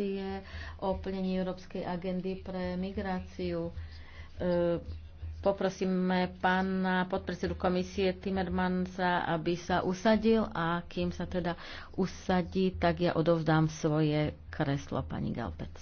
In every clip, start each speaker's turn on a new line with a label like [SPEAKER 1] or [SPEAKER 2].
[SPEAKER 1] migrácie, o plnení Európskej agendy pre migráciu. E, poprosíme pána podpredsedu komisie Timmermansa, aby sa usadil a kým sa teda usadí, tak ja odovzdám svoje kreslo pani Galpec.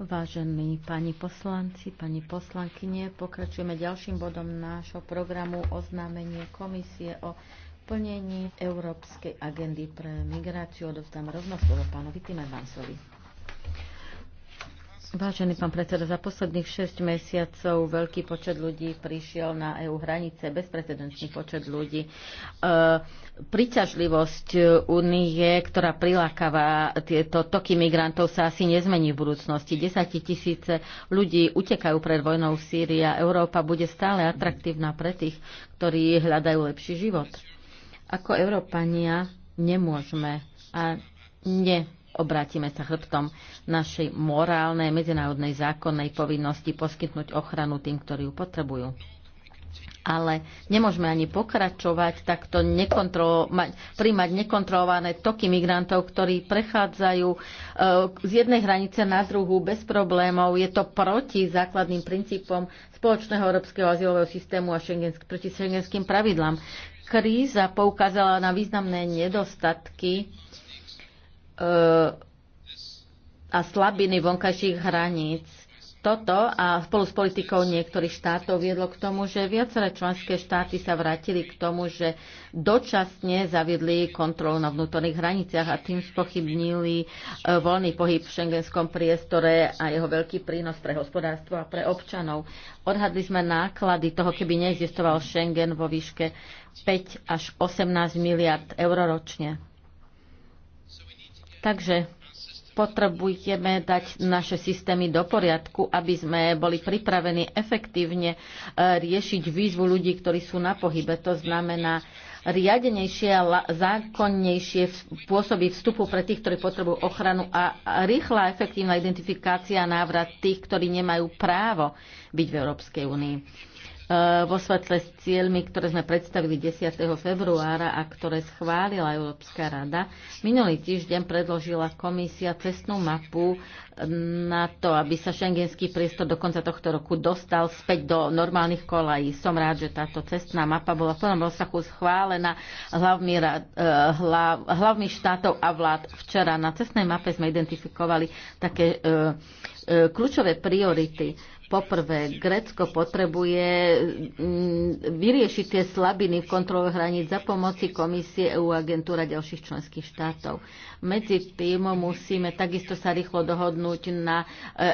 [SPEAKER 1] Vážení pani poslanci, pani poslankyne, pokračujeme ďalším bodom nášho programu oznámenie komisie o plnení Európskej agendy pre migráciu. Odovzdám rovno slovo pánovi Timmermansovi. Vážený pán predseda, za posledných 6 mesiacov veľký počet ľudí prišiel na EU hranice, bezprecedentný počet ľudí. E, priťažlivosť únie, ktorá prilákava tieto toky migrantov, sa asi nezmení v budúcnosti. 10 tisíce ľudí utekajú pred vojnou v Sýrii a Európa bude stále atraktívna pre tých, ktorí hľadajú lepší život. Ako Európania nemôžeme a ne obrátime sa chrbtom našej morálnej medzinárodnej zákonnej povinnosti poskytnúť ochranu tým, ktorí ju potrebujú. Ale nemôžeme ani pokračovať takto nekontrolo- príjmať nekontrolované toky migrantov, ktorí prechádzajú e, z jednej hranice na druhú bez problémov. Je to proti základným princípom spoločného európskeho azylového systému a šengensk- proti šengenským pravidlám. Kríza poukázala na významné nedostatky a slabiny vonkajších hraníc. Toto a spolu s politikou niektorých štátov viedlo k tomu, že viaceré členské štáty sa vrátili k tomu, že dočasne zaviedli kontrolu na vnútorných hraniciach a tým spochybnili e, voľný pohyb v šengenskom priestore a jeho veľký prínos pre hospodárstvo a pre občanov. Odhadli sme náklady toho, keby neexistoval Schengen vo výške 5 až 18 miliard eur ročne. Takže potrebujeme dať naše systémy do poriadku, aby sme boli pripravení efektívne e, riešiť výzvu ľudí, ktorí sú na pohybe. To znamená riadenejšie a zákonnejšie spôsoby vstupu pre tých, ktorí potrebujú ochranu a rýchla efektívna identifikácia a návrat tých, ktorí nemajú právo byť v Európskej únii. Eh, vo svetle s cieľmi, ktoré sme predstavili 10. februára a ktoré schválila Európska rada. Minulý týždeň predložila komisia cestnú mapu eh, na to, aby sa šengenský priestor do konca tohto roku dostal späť do normálnych kolají. Som rád, že táto cestná mapa bola v plnom rozsahu schválená hlavmi, hlav, hlavmi štátov a vlád včera. Na cestnej mape sme identifikovali také eh, kľúčové priority Poprvé, Grécko potrebuje mm, vyriešiť tie slabiny v kontrole hraníc za pomoci Komisie EU agentúra ďalších členských štátov. Medzi tým musíme takisto sa rýchlo dohodnúť na e,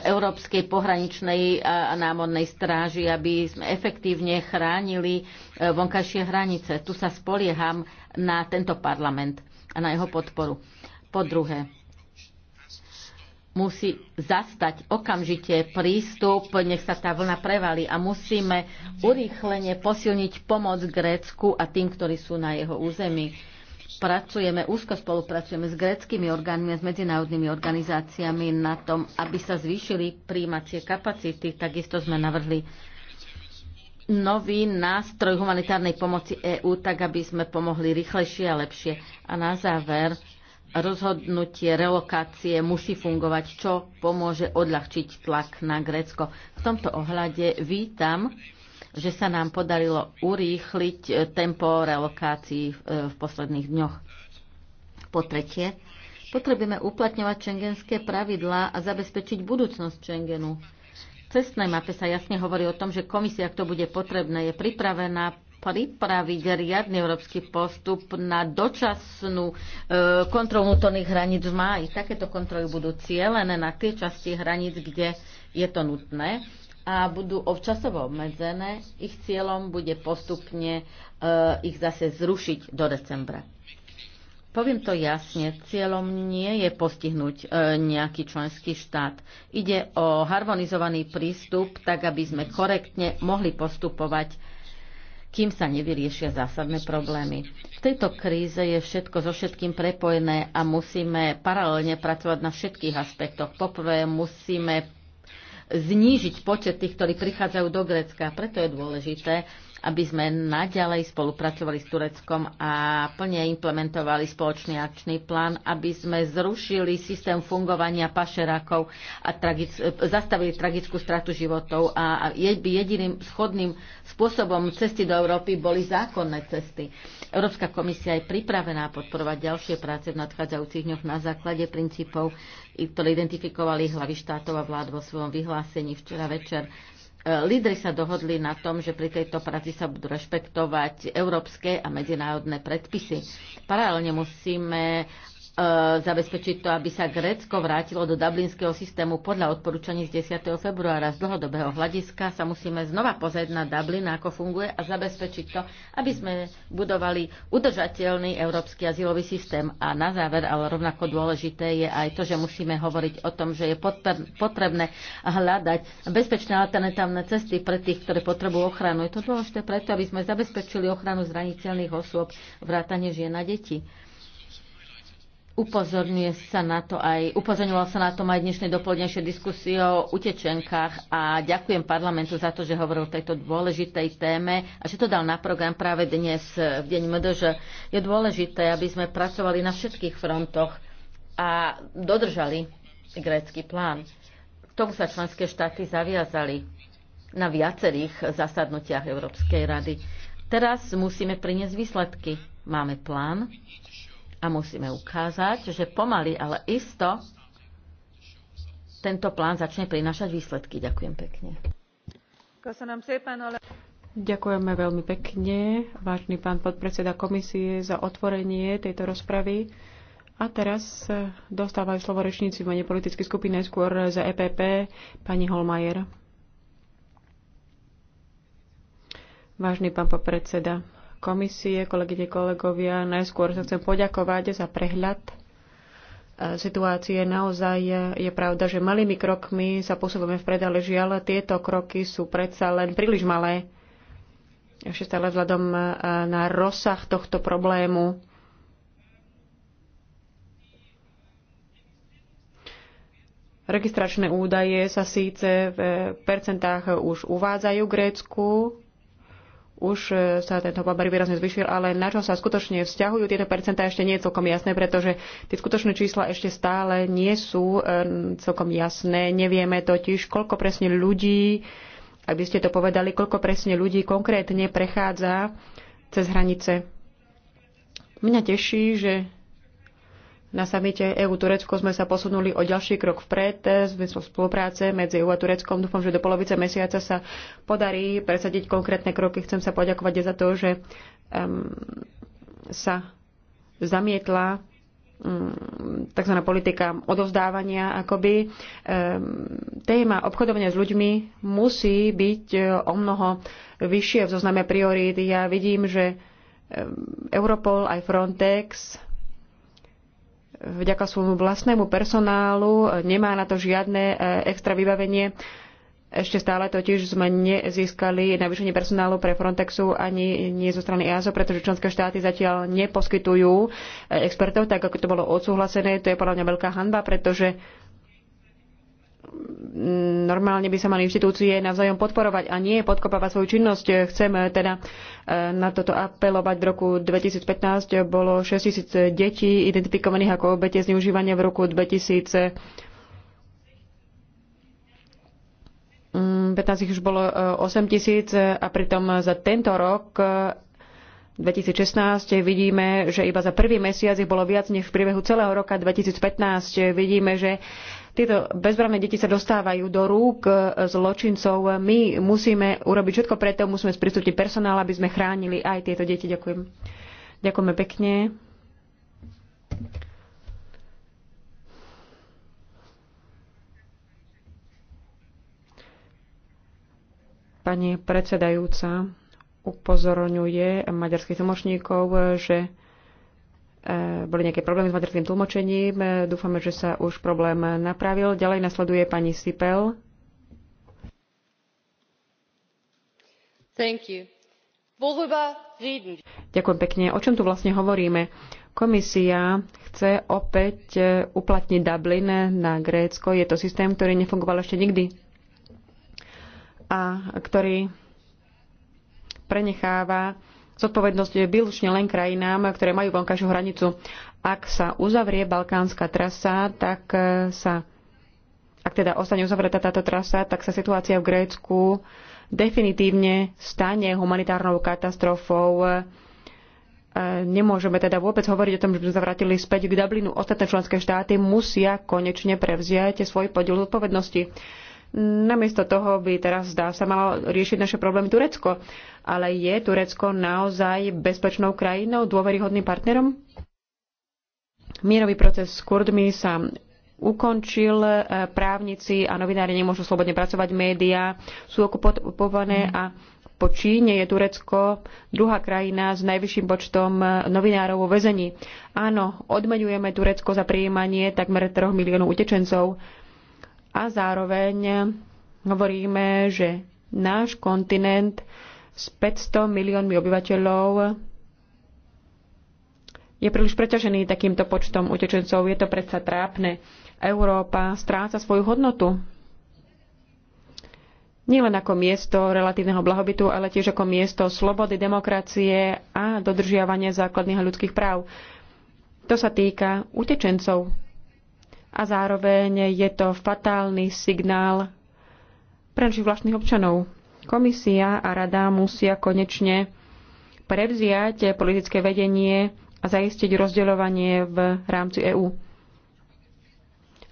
[SPEAKER 1] Európskej pohraničnej a námornej stráži, aby sme efektívne chránili e, vonkajšie hranice. Tu sa spolieham na tento parlament a na jeho podporu. Po druhé, musí zastať okamžite prístup, nech sa tá vlna prevalí a musíme urýchlene posilniť pomoc Grécku a tým, ktorí sú na jeho území. Pracujeme, úzko spolupracujeme s gréckými orgánmi a s medzinárodnými organizáciami na tom, aby sa zvýšili príjmacie kapacity. Takisto sme navrhli nový nástroj humanitárnej pomoci EÚ, tak aby sme pomohli rýchlejšie a lepšie. A na záver rozhodnutie relokácie musí fungovať, čo pomôže odľahčiť tlak na Grécko. V tomto ohľade vítam, že sa nám podarilo urýchliť tempo relokácií e, v posledných dňoch. Po tretie, potrebujeme uplatňovať šengenské pravidlá a zabezpečiť budúcnosť Schengenu. V cestnej mape sa jasne hovorí o tom, že komisia, ak to bude potrebné, je pripravená pripraviť riadny európsky postup na dočasnú e, kontrolu vnútorných hraníc v máji. Takéto kontroly budú cieľené na tie časti hraníc, kde je to nutné a budú občasovo obmedzené. Ich cieľom bude postupne e, ich zase zrušiť do decembra. Poviem to jasne, cieľom nie je postihnúť e, nejaký členský štát. Ide o harmonizovaný prístup, tak aby sme korektne mohli postupovať kým sa nevyriešia zásadné problémy. V tejto kríze je všetko so všetkým prepojené a musíme paralelne pracovať na všetkých aspektoch. Poprvé musíme znížiť počet tých, ktorí prichádzajú do Grécka. Preto je dôležité, aby sme naďalej spolupracovali s Tureckom a plne implementovali spoločný akčný plán, aby sme zrušili systém fungovania pašerákov a tragic- zastavili tragickú stratu životov a jediným schodným spôsobom cesty do Európy boli zákonné cesty. Európska komisia je pripravená podporovať ďalšie práce v nadchádzajúcich dňoch na základe princípov, ktoré identifikovali hlavy štátov a vlád vo svojom vyhlásení včera večer Lídry sa dohodli na tom, že pri tejto práci sa budú rešpektovať európske a medzinárodné predpisy. Paralelne musíme E, zabezpečiť to, aby sa Grécko vrátilo do dublinského systému podľa odporúčaní z 10. februára. Z dlhodobého hľadiska sa musíme znova pozrieť na Dublin, ako funguje a zabezpečiť to, aby sme budovali udržateľný európsky azylový systém. A na záver, ale rovnako dôležité je aj to, že musíme hovoriť o tom, že je potrebné hľadať bezpečné alternatívne cesty pre tých, ktorí potrebujú ochranu. Je to dôležité preto, aby sme zabezpečili ochranu zraniteľných osôb, vrátane žien a detí. Upozorňuje sa na to aj, upozorňoval sa na to aj dnešnej dopoludnejšej diskusie o utečenkách a ďakujem parlamentu za to, že hovoril o tejto dôležitej téme a že to dal na program práve dnes v deň MDŽ. Je dôležité, aby sme pracovali na všetkých frontoch a dodržali grécky plán. K tomu sa členské štáty zaviazali na viacerých zasadnutiach Európskej rady. Teraz musíme priniesť výsledky. Máme plán, a musíme ukázať, že pomaly, ale isto tento plán začne prinašať výsledky. Ďakujem pekne. Ďakujeme veľmi pekne, vážny
[SPEAKER 2] pán podpredseda komisie, za otvorenie tejto rozpravy. A teraz eh, dostávajú slovo rečníci v mene politickej skupiny skôr za EPP, pani Holmajer. Vážny pán podpredseda, komisie, kolegyne, kolegovia. Najskôr sa chcem poďakovať za prehľad e, situácie. Naozaj je, je pravda, že malými krokmi sa posúvame vpred, ale žiaľ, tieto kroky sú predsa len príliš malé. Ešte stále vzhľadom e, na rozsah tohto problému. Registračné údaje sa síce v percentách už uvádzajú Grécku, už e, sa tento pomer výrazne zvyšil, ale na čo sa skutočne vzťahujú tieto percentá ešte nie je celkom jasné, pretože tie skutočné čísla ešte stále nie sú e, celkom jasné. Nevieme totiž, koľko presne ľudí, aby ste to povedali, koľko presne ľudí konkrétne prechádza cez hranice. Mňa teší, že na samite EU-Turecko sme sa posunuli o ďalší krok vpred v zmysle spolupráce medzi EU a Tureckom. Dúfam, že do polovice mesiaca sa podarí presadiť konkrétne kroky. Chcem sa poďakovať za to, že um, sa zamietla mm, tzv. politika odovzdávania akoby. téma obchodovania s ľuďmi musí byť e, o mnoho vyššie v zozname priorít. Ja vidím, že Europol aj Frontex vďaka svojmu vlastnému personálu, e, nemá na to žiadne e, extra vybavenie. Ešte stále totiž sme nezískali navýšenie personálu pre Frontexu ani nie zo strany EASO, pretože členské štáty zatiaľ neposkytujú e, expertov, tak ako to bolo odsúhlasené. To je podľa mňa veľká hanba, pretože Mm, normálne by sa mali inštitúcie navzájom podporovať a nie podkopávať svoju činnosť. Chcem eh, teda eh, na toto apelovať. V roku 2015 bolo 6000 detí identifikovaných ako obete zneužívania v roku 2000 15 mm, už bolo 8 eh, tisíc a pritom za tento rok 2016 vidíme, že iba za prvý mesiac ich bolo viac než v priebehu celého roka 2015. Vidíme, že tieto bezbranné deti sa dostávajú do rúk e, zločincov. My musíme urobiť všetko preto, musíme sprístupniť personál, aby sme chránili aj tieto deti. Ďakujem. Ďakujeme pekne. Pani predsedajúca upozorňuje maďarských tlmočníkov, že Eh, boli nejaké problémy s materským tlmočením. Eh, dúfame, že sa už problém napravil. Ďalej nasleduje pani Sipel. Thank you. Ďakujem pekne. O čom tu vlastne hovoríme? Komisia chce opäť eh, uplatniť Dublin na Grécko. Je to systém, ktorý nefungoval ešte nikdy a ktorý prenecháva zodpovednosť je výlučne len krajinám, ktoré majú vonkajšiu hranicu. Ak sa uzavrie balkánska trasa, tak e, sa ak teda ostane uzavretá táto trasa, tak sa situácia v Grécku definitívne stane humanitárnou katastrofou. E, nemôžeme teda vôbec hovoriť o tom, že by sme zavratili späť k Dublinu. Ostatné členské štáty musia konečne prevziať svoj podiel zodpovednosti. Namiesto toho by teraz zdá sa malo riešiť naše problémy Turecko. Ale je Turecko naozaj bezpečnou krajinou, dôveryhodným partnerom? Mierový proces s Kurdmi sa ukončil, e, právnici a novinári nemôžu slobodne pracovať, médiá sú okupované a po Číne je Turecko druhá krajina s najvyšším počtom e, novinárov vo väzení. Áno, odmenujeme Turecko za prijímanie takmer 3 miliónov utečencov a zároveň hovoríme, že náš kontinent s 500 miliónmi obyvateľov je príliš preťažený takýmto počtom utečencov. Je to predsa trápne. Európa stráca svoju hodnotu. Nielen ako miesto relatívneho blahobytu, ale tiež ako miesto slobody, demokracie a dodržiavania základných a ľudských práv. To sa týka utečencov a zároveň je to fatálny signál pre našich vlastných občanov. Komisia a rada musia konečne prevziať politické vedenie a zaistiť rozdeľovanie v rámci EÚ.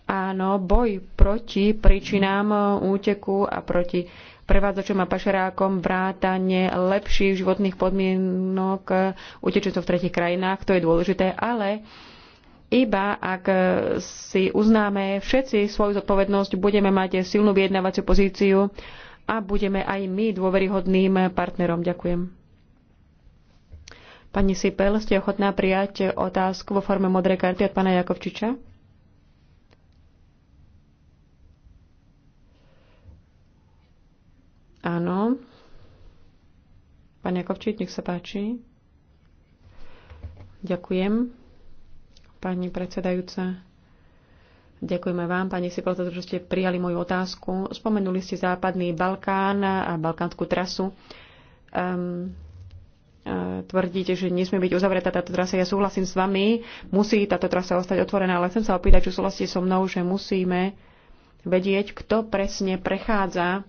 [SPEAKER 2] Áno, boj proti príčinám úteku a proti prevádzačom a pašerákom vrátane lepších životných podmienok utečencov v tretich krajinách, to je dôležité, ale iba ak e, si uznáme všetci svoju zodpovednosť, budeme mať silnú vyjednávaciu pozíciu a budeme aj my dôveryhodným partnerom. Ďakujem. Pani Sipel, ste ochotná prijať otázku vo forme modrej karty od pána Jakovčiča? Áno. Pán Jakovčič, nech sa páči. Ďakujem pani predsedajúca. Ďakujeme vám, pani Sipol, že ste prijali moju otázku. Spomenuli ste Západný Balkán a Balkánsku trasu. Um, tvrdíte, že nesmie byť uzavretá táto trasa. Ja súhlasím s vami, musí táto trasa ostať otvorená, ale chcem sa opýtať, či súhlasíte so mnou, že musíme vedieť, kto presne prechádza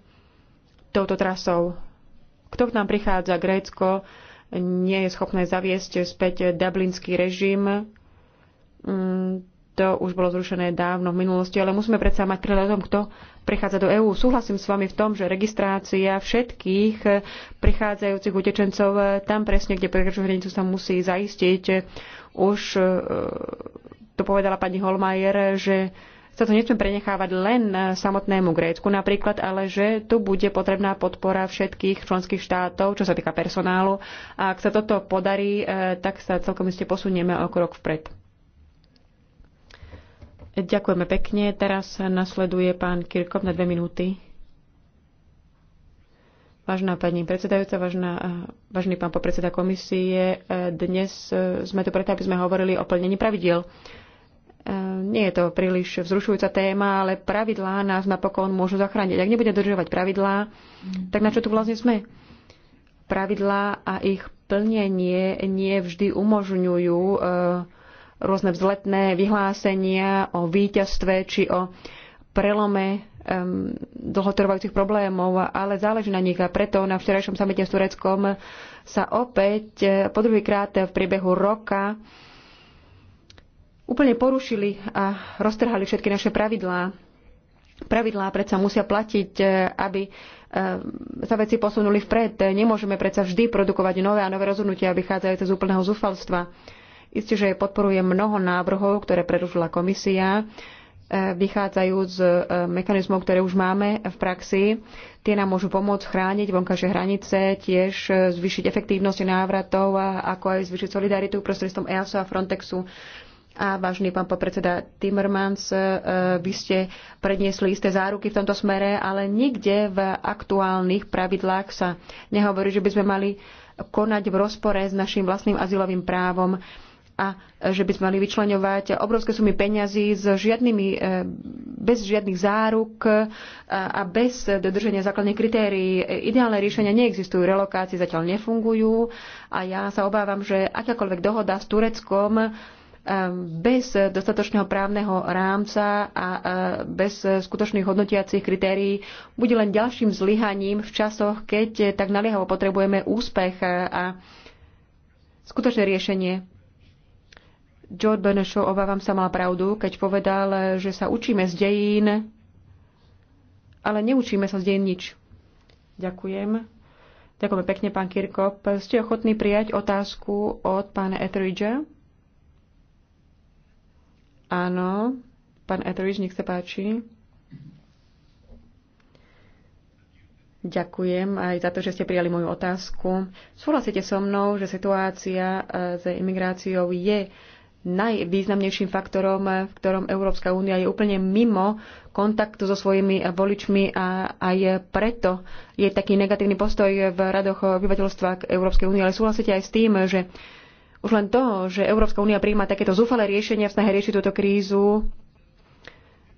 [SPEAKER 2] touto trasou. Kto k nám prichádza? Grécko nie je schopné zaviesť späť dublinský režim. Mm, to už bolo zrušené dávno v minulosti, ale musíme predsa mať prehľad kto prichádza do EÚ. Súhlasím s vami v tom, že registrácia všetkých prichádzajúcich utečencov tam presne, kde prekračujú hranicu, sa musí zaistiť. Už e, to povedala pani Holmajer, že sa to nesmie prenechávať len samotnému Grécku napríklad, ale že tu bude potrebná podpora všetkých členských štátov, čo sa týka personálu. A ak sa toto podarí, e, tak sa celkom iste posunieme o krok vpred. Ďakujeme pekne. Teraz nasleduje pán Kirkov na dve minúty. Vážená pani predsedajúca, vážna, vážený pán popredseda komisie, dnes sme tu preto, aby sme hovorili o plnení pravidiel. Nie je to príliš vzrušujúca téma, ale pravidlá nás napokon môžu zachrániť. Ak nebude dodržovať pravidlá, tak na čo tu vlastne sme? Pravidlá a ich plnenie nie vždy umožňujú uh, rôzne vzletné vyhlásenia o víťazstve či o prelome um, dlhotrvajúcich problémov, ale záleží na nich a preto na včerajšom samete s Tureckom sa opäť eh, po druhýkrát v priebehu roka úplne porušili a roztrhali všetky naše pravidlá. Pravidlá predsa musia platiť, eh, aby eh, sa veci posunuli vpred. Nemôžeme predsa vždy produkovať nové a nové rozhodnutia vychádzajúce z úplného zúfalstva. Isté, že podporuje mnoho návrhov, ktoré predložila komisia, e, vychádzajú z e, mechanizmov, ktoré už máme v praxi. Tie nám môžu pomôcť chrániť vonkajšie hranice, tiež e, zvýšiť efektívnosť návratov, ako aj zvýšiť solidaritu prostredstvom EASO a Frontexu. A vážny pán podpredseda Timmermans, vy ste predniesli isté záruky v tomto smere, ale nikde v aktuálnych pravidlách sa nehovorí, že by sme mali konať v rozpore s našim vlastným azylovým právom a že by sme mali vyčleňovať obrovské sumy peňazí s žiadnymi, e, bez žiadnych záruk e, a bez dodržania základných kritérií. Ideálne riešenia neexistujú, relokácie zatiaľ nefungujú a ja sa obávam, že akákoľvek dohoda s Tureckom e, bez dostatočného právneho rámca a bez skutočných hodnotiacich kritérií bude len ďalším zlyhaním v časoch, keď tak naliehavo potrebujeme úspech a skutočné riešenie George Benešov, obávam sa, mal pravdu, keď povedal, že sa učíme z dejín, ale neučíme sa z dejín nič. Ďakujem. Ďakujem pekne, pán Kirkop. Ste ochotní prijať otázku od pána Etheridgea? Áno. Pán Etheridge, nech sa páči. Ďakujem aj za to, že ste prijali moju otázku. Súhlasíte so mnou, že situácia eh, s imigráciou je najvýznamnejším faktorom, v ktorom Európska únia je úplne mimo kontaktu so svojimi voličmi a aj preto je taký negatívny postoj v radoch obyvateľstva k Európskej únie. Ale súhlasíte aj s tým, že už len to, že Európska únia prijíma takéto zúfalé riešenia v snahe riešiť túto krízu,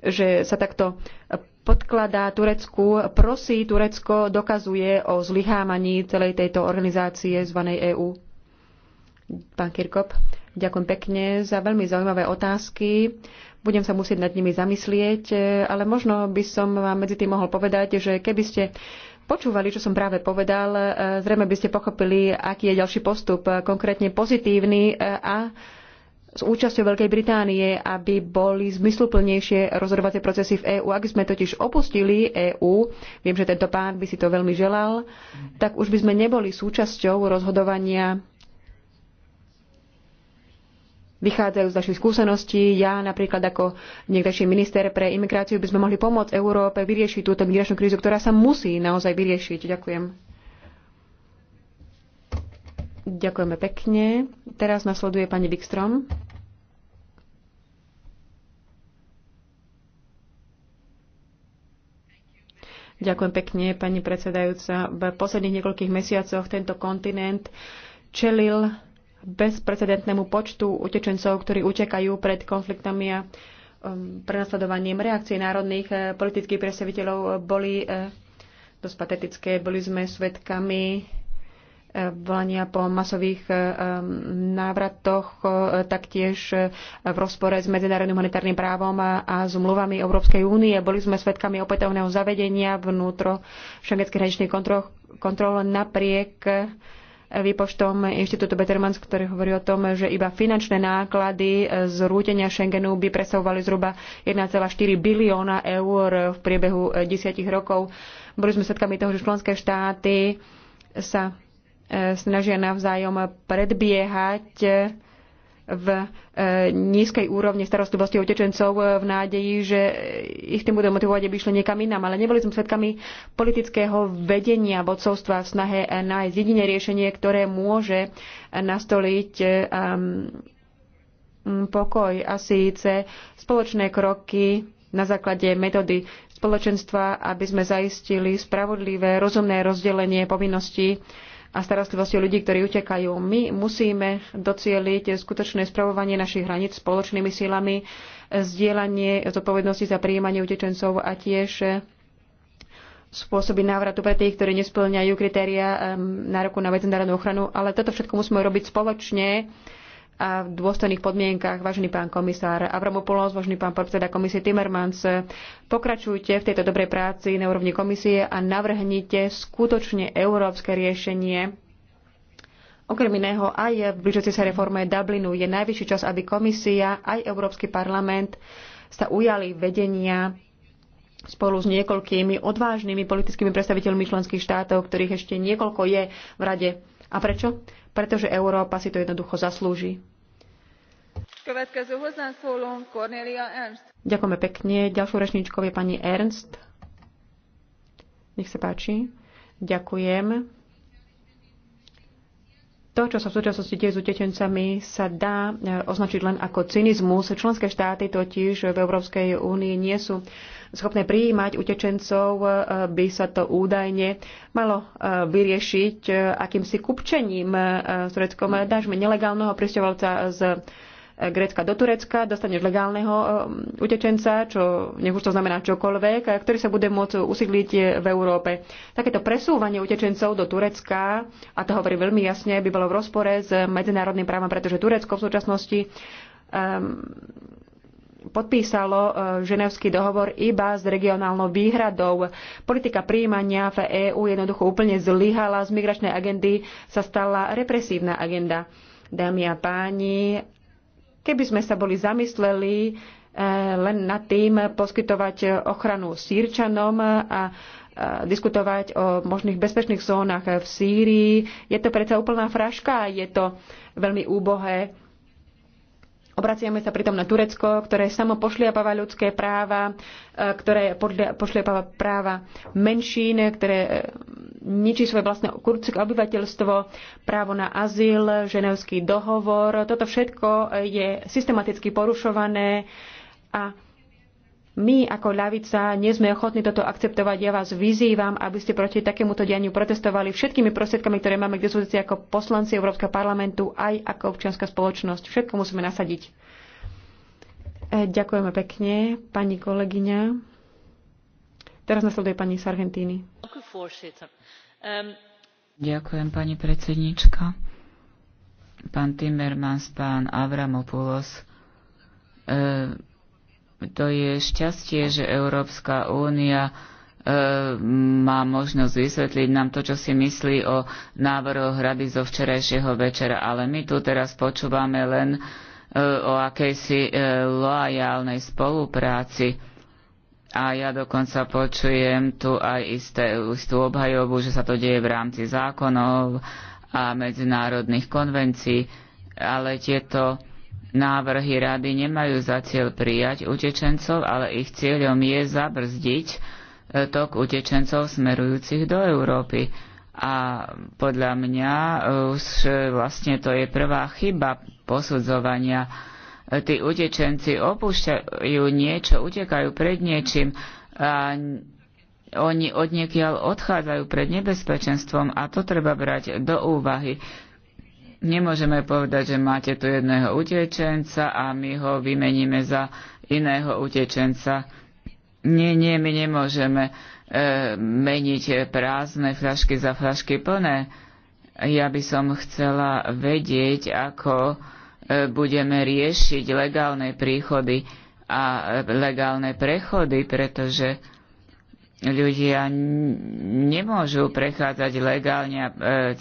[SPEAKER 2] že sa takto podkladá Turecku, prosí Turecko, dokazuje o zlyhávaní celej tejto organizácie zvanej EÚ. Pán Kirkop, Ďakujem pekne za veľmi zaujímavé otázky. Budem sa musieť nad nimi zamyslieť, e, ale možno by som vám medzi tým mohol povedať, že keby ste počúvali, čo som práve povedal, e, zrejme by ste pochopili, aký je ďalší postup, e, konkrétne pozitívny a s účasťou Veľkej Británie, aby boli zmysluplnejšie rozhodovacie procesy v EÚ. Ak sme totiž opustili EÚ, viem, že tento pán by si to veľmi želal, tak už by sme neboli súčasťou rozhodovania vychádzajú z našich skúseností. Ja napríklad ako niekdejší minister pre imigráciu by sme mohli pomôcť Európe vyriešiť túto migračnú krízu, ktorá sa musí naozaj vyriešiť. Ďakujem. Ďakujeme pekne. Teraz nasleduje pani Wikstrom. Ďakujem pekne, pani predsedajúca. V posledných niekoľkých mesiacoch tento kontinent čelil bezprecedentnému počtu utečencov, ktorí utekajú pred konfliktami a um, prenasledovaním. Reakcie národných eh, politických predstaviteľov boli eh, dosť patetické. Boli sme svetkami eh, volania po masových návratoch, taktiež v rozpore s medzinárodným humanitárnym právom a s umluvami Európskej únie. Boli sme svedkami opätovného zavedenia vnútro šengenských hraničných kontrol, kontrol napriek výpočtom Inštitútu Bettermans, ktorý hovorí o tom, že iba finančné náklady z rútenia Schengenu by presahovali zhruba 1,4 bilióna eur v priebehu eh, desiatich rokov. Boli sme svedkami toho, že členské štáty sa eh, snažia navzájom predbiehať v e, nízkej úrovni starostlivosti utečencov e, v nádeji, že ich tým budú motivovať, aby išli niekam inám. Ale neboli sme svedkami politického vedenia vodcovstva v snahe nájsť jediné riešenie, ktoré môže nastoliť e, pokoj a síce spoločné kroky na základe metódy spoločenstva, aby sme zaistili spravodlivé, rozumné rozdelenie povinností a starostlivosti o ľudí, ktorí utekajú. My musíme docieliť skutočné spravovanie našich hraníc spoločnými silami, zdieľanie zodpovednosti za prijímanie utečencov a tiež spôsoby návratu pre tých, ktorí nesplňajú kritéria ehm, nároku na medzinárodnú ochranu. Ale toto všetko musíme robiť spoločne a v dôstojných podmienkach, vážený pán komisár Avramopoulos, vážený pán predseda komisie Timmermans. Pokračujte v tejto dobrej práci na úrovni komisie a navrhnite skutočne európske riešenie. Okrem iného aj v blížiacej sa reforme Dublinu je najvyšší čas, aby komisia aj Európsky parlament sa ujali vedenia spolu s niekoľkými odvážnymi politickými predstaviteľmi členských štátov, ktorých ešte niekoľko je v rade a prečo? Pretože Európa si to jednoducho zaslúži. Ďakujeme pekne. Ďalšou rečníčkou je pani Ernst. Nech sa páči. Ďakujem. To, čo sa v súčasnosti deje s utečencami, sa dá e, označiť len ako cynizmus. Členské štáty totiž v Európskej únii nie sú schopné prijímať utečencov, e, by sa to údajne malo e, vyriešiť e, akýmsi kupčením s Tureckom. Dážme nelegálneho pristovalca z Grécka do Turecka, dostaneš legálneho utečenca, čo nech už to znamená čokoľvek, ktorý sa bude môcť usídliť v Európe. Takéto presúvanie utečencov do Turecka, a to hovorí veľmi jasne, by bolo v rozpore s medzinárodným právom, pretože Turecko v súčasnosti um, podpísalo e, ženevský dohovor iba s regionálnou výhradou. Politika príjmania v EÚ jednoducho úplne zlyhala, z migračnej agendy sa stala represívna agenda. Dámy a páni, keby sme sa boli zamysleli e, len nad tým poskytovať ochranu sírčanom a diskutovať o možných bezpečných zónach v Sýrii. Je to predsa úplná fraška, je to veľmi úbohé Obraciame sa pritom na Turecko, ktoré samo pošliapáva ľudské práva, e, ktoré pošliapáva práva menšín, ktoré e, ničí svoje vlastné kurdské obyvateľstvo, právo na azyl, ženevský dohovor. Toto všetko je systematicky porušované a my ako ľavica nie sme ochotní toto akceptovať. Ja vás vyzývam, aby ste proti takémuto dianiu protestovali všetkými prostriedkami, ktoré máme k dispozícii ako poslanci Európskeho parlamentu, aj ako občianská spoločnosť. Všetko musíme nasadiť. E, ďakujeme pekne, pani kolegyňa. Teraz nasleduje pani Sargentini.
[SPEAKER 3] Ďakujem, pani predsednička. Pán Timmermans, pán Avramopoulos, e to je šťastie, že Európska únia e, má možnosť vysvetliť nám to, čo si myslí o návrhoch rady zo včerajšieho večera. Ale my tu teraz počúvame len e, o akejsi e, loajálnej spolupráci. A ja dokonca počujem tu aj isté, istú obhajobu, že sa to deje v rámci zákonov a medzinárodných konvencií. Ale tieto Návrhy rady nemajú za cieľ prijať utečencov, ale ich cieľom je zabrzdiť e, tok utečencov smerujúcich do Európy. A podľa mňa e, už e, vlastne to je prvá chyba posudzovania. Tí utečenci opúšťajú niečo, utekajú pred niečím a oni odniekiaľ odchádzajú pred nebezpečenstvom a to treba brať do úvahy. Nemôžeme povedať, že máte tu jedného utečenca a my ho vymeníme za iného utečenca. Nie, nie, my nemôžeme e, meniť prázdne fľašky za fľašky plné. Ja by som chcela vedieť, ako e, budeme riešiť legálne príchody a e, legálne prechody, pretože ľudia nemôžu prechádzať legálne e,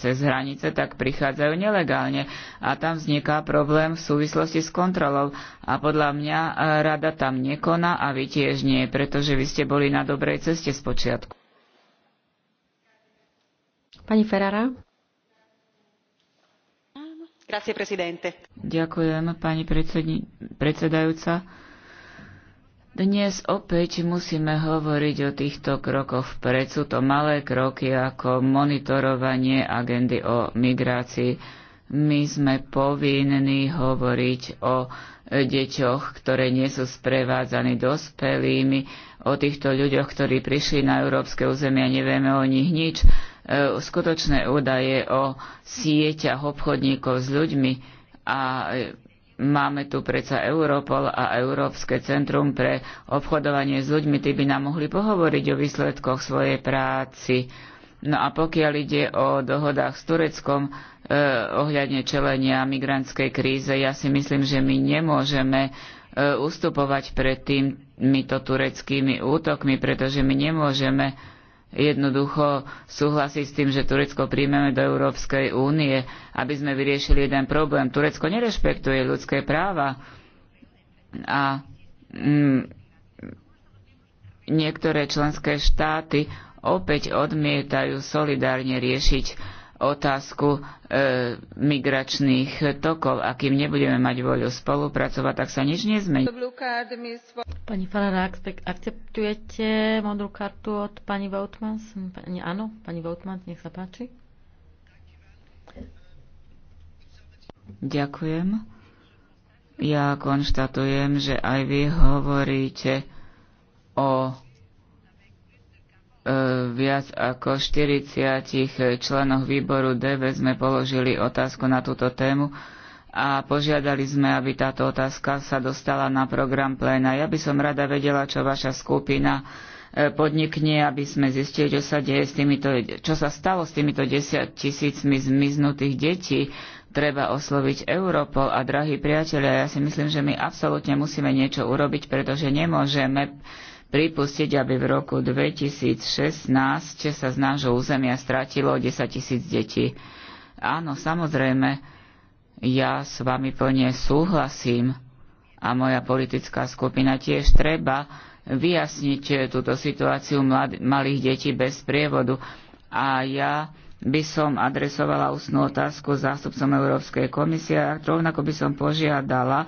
[SPEAKER 3] cez hranice, tak prichádzajú nelegálne a tam vzniká problém v súvislosti s kontrolou. A podľa mňa e, rada tam nekoná a vy tiež nie, pretože vy ste boli na dobrej ceste z počiatku. Pani Ferrara. Grazie, Ďakujem, pani predsedajúca dnes opäť musíme hovoriť o týchto krokoch vpred. Sú to malé kroky ako monitorovanie agendy o migrácii. My sme povinní hovoriť o deťoch, ktoré nie sú sprevádzaní dospelými, o týchto ľuďoch, ktorí prišli na európske územie a nevieme o nich nič, e, skutočné údaje o sieťach obchodníkov s ľuďmi a e, Máme tu predsa Europol a Európske centrum pre obchodovanie s ľuďmi, tí by nám mohli pohovoriť o výsledkoch svojej práci. No a pokiaľ ide o dohodách s Tureckom eh, ohľadne čelenia migrantskej kríze, ja si myslím, že my nemôžeme eh, ustupovať pred týmito tureckými útokmi, pretože my nemôžeme jednoducho súhlasí s tým, že Turecko príjmeme do Európskej únie, aby sme vyriešili jeden problém. Turecko nerešpektuje ľudské práva a mm, niektoré členské štáty opäť odmietajú solidárne riešiť otázku e, migračných tokov. A kým nebudeme mať voľu spolupracovať, tak sa nič nezmení.
[SPEAKER 1] Pani Farara, akceptujete modrú kartu od pani Voutmans? Pani, áno, pani Voutmans, nech sa páči.
[SPEAKER 3] Ďakujem. Ja konštatujem, že aj vy hovoríte o E, viac ako 40 členov výboru DV sme položili otázku na túto tému a požiadali sme, aby táto otázka sa dostala na program pléna. Ja by som rada vedela, čo vaša skupina e, podnikne, aby sme zistili, čo sa, deje s týmito, čo sa stalo s týmito 10 tisícmi zmiznutých detí. Treba osloviť Europol a drahí priatelia, ja si myslím, že my absolútne musíme niečo urobiť, pretože nemôžeme pripustiť, aby v roku 2016 sa z nášho územia stratilo 10 tisíc detí. Áno, samozrejme, ja s vami plne súhlasím a moja politická skupina tiež treba vyjasniť túto situáciu mlad- malých detí bez prievodu. A ja by som adresovala ústnú otázku zástupcom Európskej komisie a rovnako by som požiadala,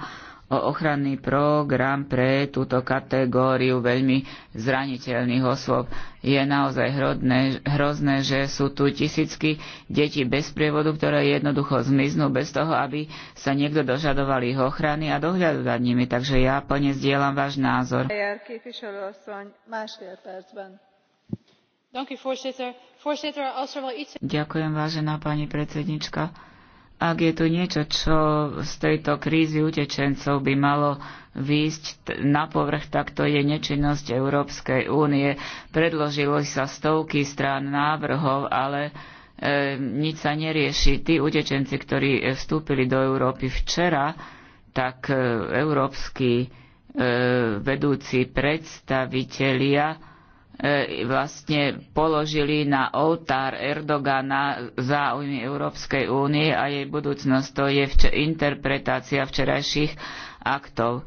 [SPEAKER 3] o ochranný program pre túto kategóriu veľmi zraniteľných osôb. Je naozaj hrodné, hrozné, že sú tu tisícky detí bez prievodu, ktoré jednoducho zmiznú bez toho, aby sa niekto dožadoval ich ochrany a dohľadu nad nimi. Takže ja plne zdieľam váš názor. Er Ďakujem, vážená pani predsednička ak je tu niečo, čo z tejto krízy utečencov by malo výjsť na povrch, tak to je nečinnosť Európskej únie. Predložilo sa stovky strán návrhov, ale e, nič sa nerieši. Tí utečenci, ktorí e, vstúpili do Európy včera, tak e, európsky e, vedúci predstavitelia E, vlastne položili na oltár Erdogana záujmy Európskej únie a jej budúcnosť. To je interpretácia včerajších aktov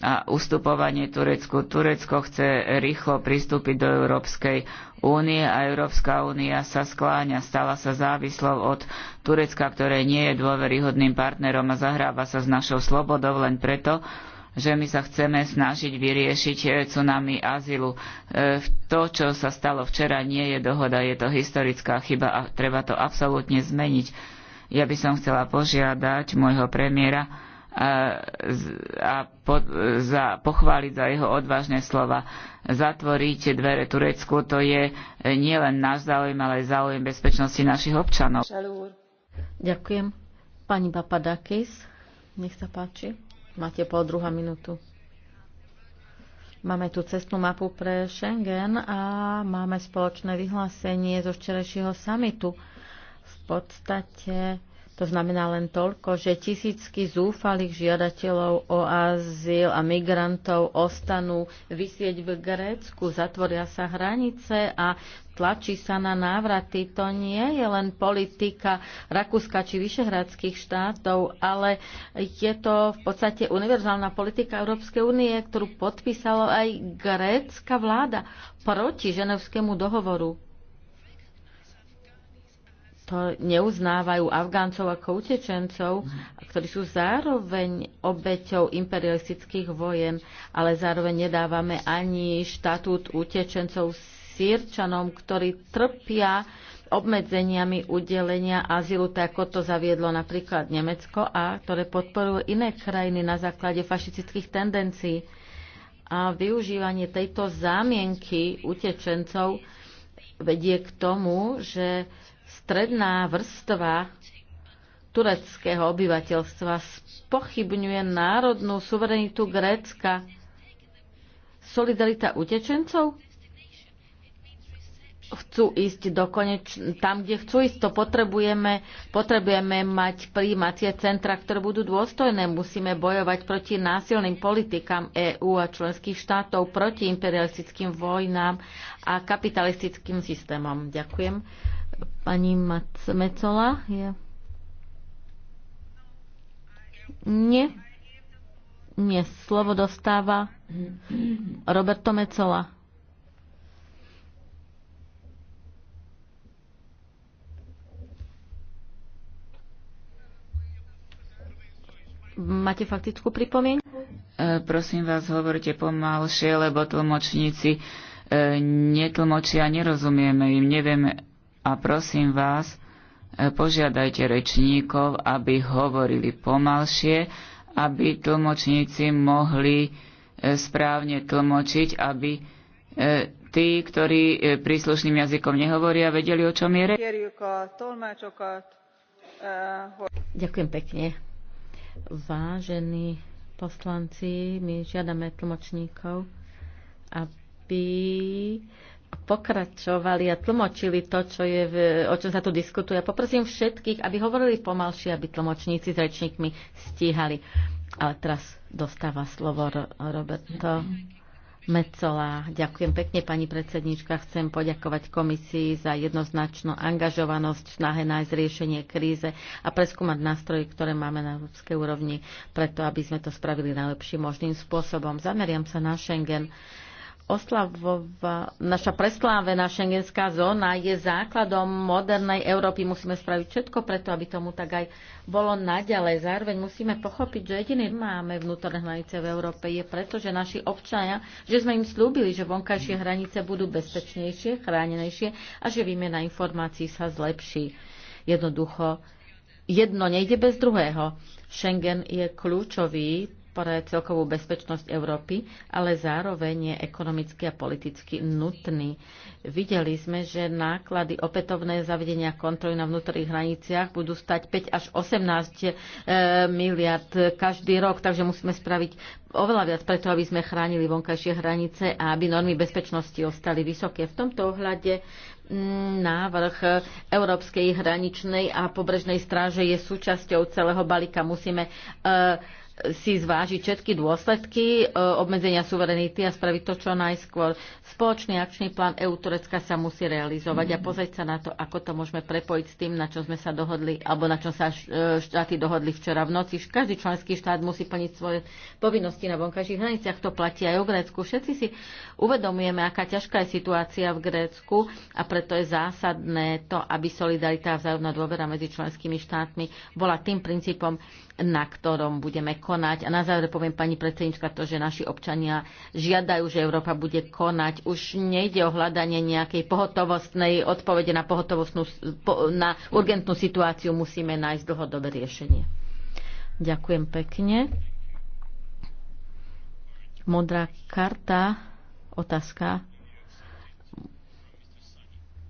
[SPEAKER 3] a ustupovanie Turecku. Turecko chce rýchlo pristúpiť do Európskej únie a Európska únia sa skláňa, stala sa závislou od Turecka, ktoré nie je dôveryhodným partnerom a zahráva sa s našou slobodou len preto, že my sa chceme snažiť vyriešiť eh, tsunami azylu. Eh, to, čo sa stalo včera, nie je dohoda, je to historická chyba a treba to absolútne zmeniť. Ja by som chcela požiadať môjho premiéra a, eh, a po, za, pochváliť za jeho odvážne slova. Zatvoriť dvere Turecku, to je nielen náš záujem, ale aj záujem bezpečnosti našich občanov.
[SPEAKER 1] Ďakujem. Pani Papadakis, nech sa páči. Máte pol druhá minútu. Máme tu cestnú mapu pre Schengen a máme spoločné vyhlásenie zo včerajšieho samitu. V podstate to znamená len toľko, že tisícky zúfalých žiadateľov o azyl a migrantov ostanú vysieť v Grécku, zatvoria sa hranice a tlačí sa na návraty. To nie je len politika Rakúska či vyšehradských štátov, ale je to v podstate univerzálna politika Európskej únie, ktorú podpísala aj grécka vláda proti ženevskému dohovoru. To neuznávajú Afgáncov ako utečencov, ktorí sú zároveň obeťou imperialistických vojen, ale zároveň nedávame ani štatút utečencov sírčanom, ktorí trpia obmedzeniami udelenia azylu, tak ako to zaviedlo napríklad Nemecko a ktoré podporujú iné krajiny na základe fašistických tendencií. A využívanie tejto zámienky utečencov vedie k tomu, že stredná vrstva tureckého obyvateľstva spochybňuje národnú suverenitu Grécka. Solidarita utečencov? chcú ísť do koneč... tam, kde chcú ísť, to potrebujeme, potrebujeme mať príjímacie centra, ktoré budú dôstojné. Musíme bojovať proti násilným politikám EÚ a členských štátov, proti imperialistickým vojnám a kapitalistickým systémom. Ďakujem. Pani Macmecola Mecola je... Nie. Nie, slovo dostáva Roberto Mecola.
[SPEAKER 3] Máte faktickú pripomienku? E, prosím vás, hovorte pomalšie, lebo tlmočníci e, netlmočia, nerozumieme im, nevieme. A prosím vás, e, požiadajte rečníkov, aby hovorili pomalšie, aby tlmočníci mohli e, správne tlmočiť, aby e, tí, ktorí e, príslušným jazykom nehovoria, vedeli, o čom je reč. E, Ďakujem pekne
[SPEAKER 1] Vážení poslanci, my žiadame tlmočníkov, aby pokračovali a tlmočili to, čo je, v, o čom sa tu diskutuje. Poprosím všetkých, aby hovorili pomalšie, aby tlmočníci s rečníkmi stíhali. Ale teraz dostáva slovo Roberto. Mecola. Ďakujem pekne, pani predsednička. Chcem poďakovať komisii za jednoznačnú angažovanosť v snahe nájsť riešenie kríze a preskúmať nástroje, ktoré máme na európskej úrovni, preto aby sme to spravili najlepším možným spôsobom. Zameriam sa na Schengen oslavova, naša preslávená šengenská zóna je základom modernej Európy. Musíme spraviť všetko preto, aby tomu tak aj bolo naďalej. Zároveň musíme pochopiť, že jediný máme vnútorné hranice v Európe je preto, že naši občania, že sme im slúbili, že vonkajšie hranice budú bezpečnejšie, chránenejšie a že výmena informácií sa zlepší. Jednoducho, jedno nejde bez druhého. Schengen je kľúčový pre celkovú bezpečnosť Európy, ale zároveň je ekonomicky a politicky nutný. Videli sme, že náklady opätovné zavedenia kontroly na vnútorných hraniciach budú stať 5 až 18 e, miliard každý rok, takže musíme spraviť oveľa viac preto, aby sme chránili vonkajšie hranice a aby normy bezpečnosti ostali vysoké. V tomto ohľade mm, návrh Európskej hraničnej a pobrežnej stráže je súčasťou celého balíka. Musíme uh, si zvážiť všetky dôsledky e, obmedzenia suverenity a spraviť to čo najskôr. Spoločný akčný plán EU Turecka sa musí realizovať a pozrieť sa na to, ako to môžeme prepojiť s tým, na čo sme sa dohodli, alebo na čo sa e, štáty dohodli včera v noci. Každý členský štát musí plniť svoje povinnosti na vonkajších hraniciach. To platí aj o Grécku. Všetci si uvedomujeme, aká ťažká je situácia v Grécku a preto je zásadné to, aby solidarita a vzájomná dôvera medzi členskými štátmi bola tým princípom, na ktorom budeme konať. A na záver poviem pani predsednička to, že naši občania žiadajú, že Európa bude konať. Už nejde o hľadanie nejakej pohotovostnej odpovede na, pohotovostnú, na urgentnú situáciu. Musíme nájsť dlhodobé riešenie. Ďakujem pekne. Modrá karta, otázka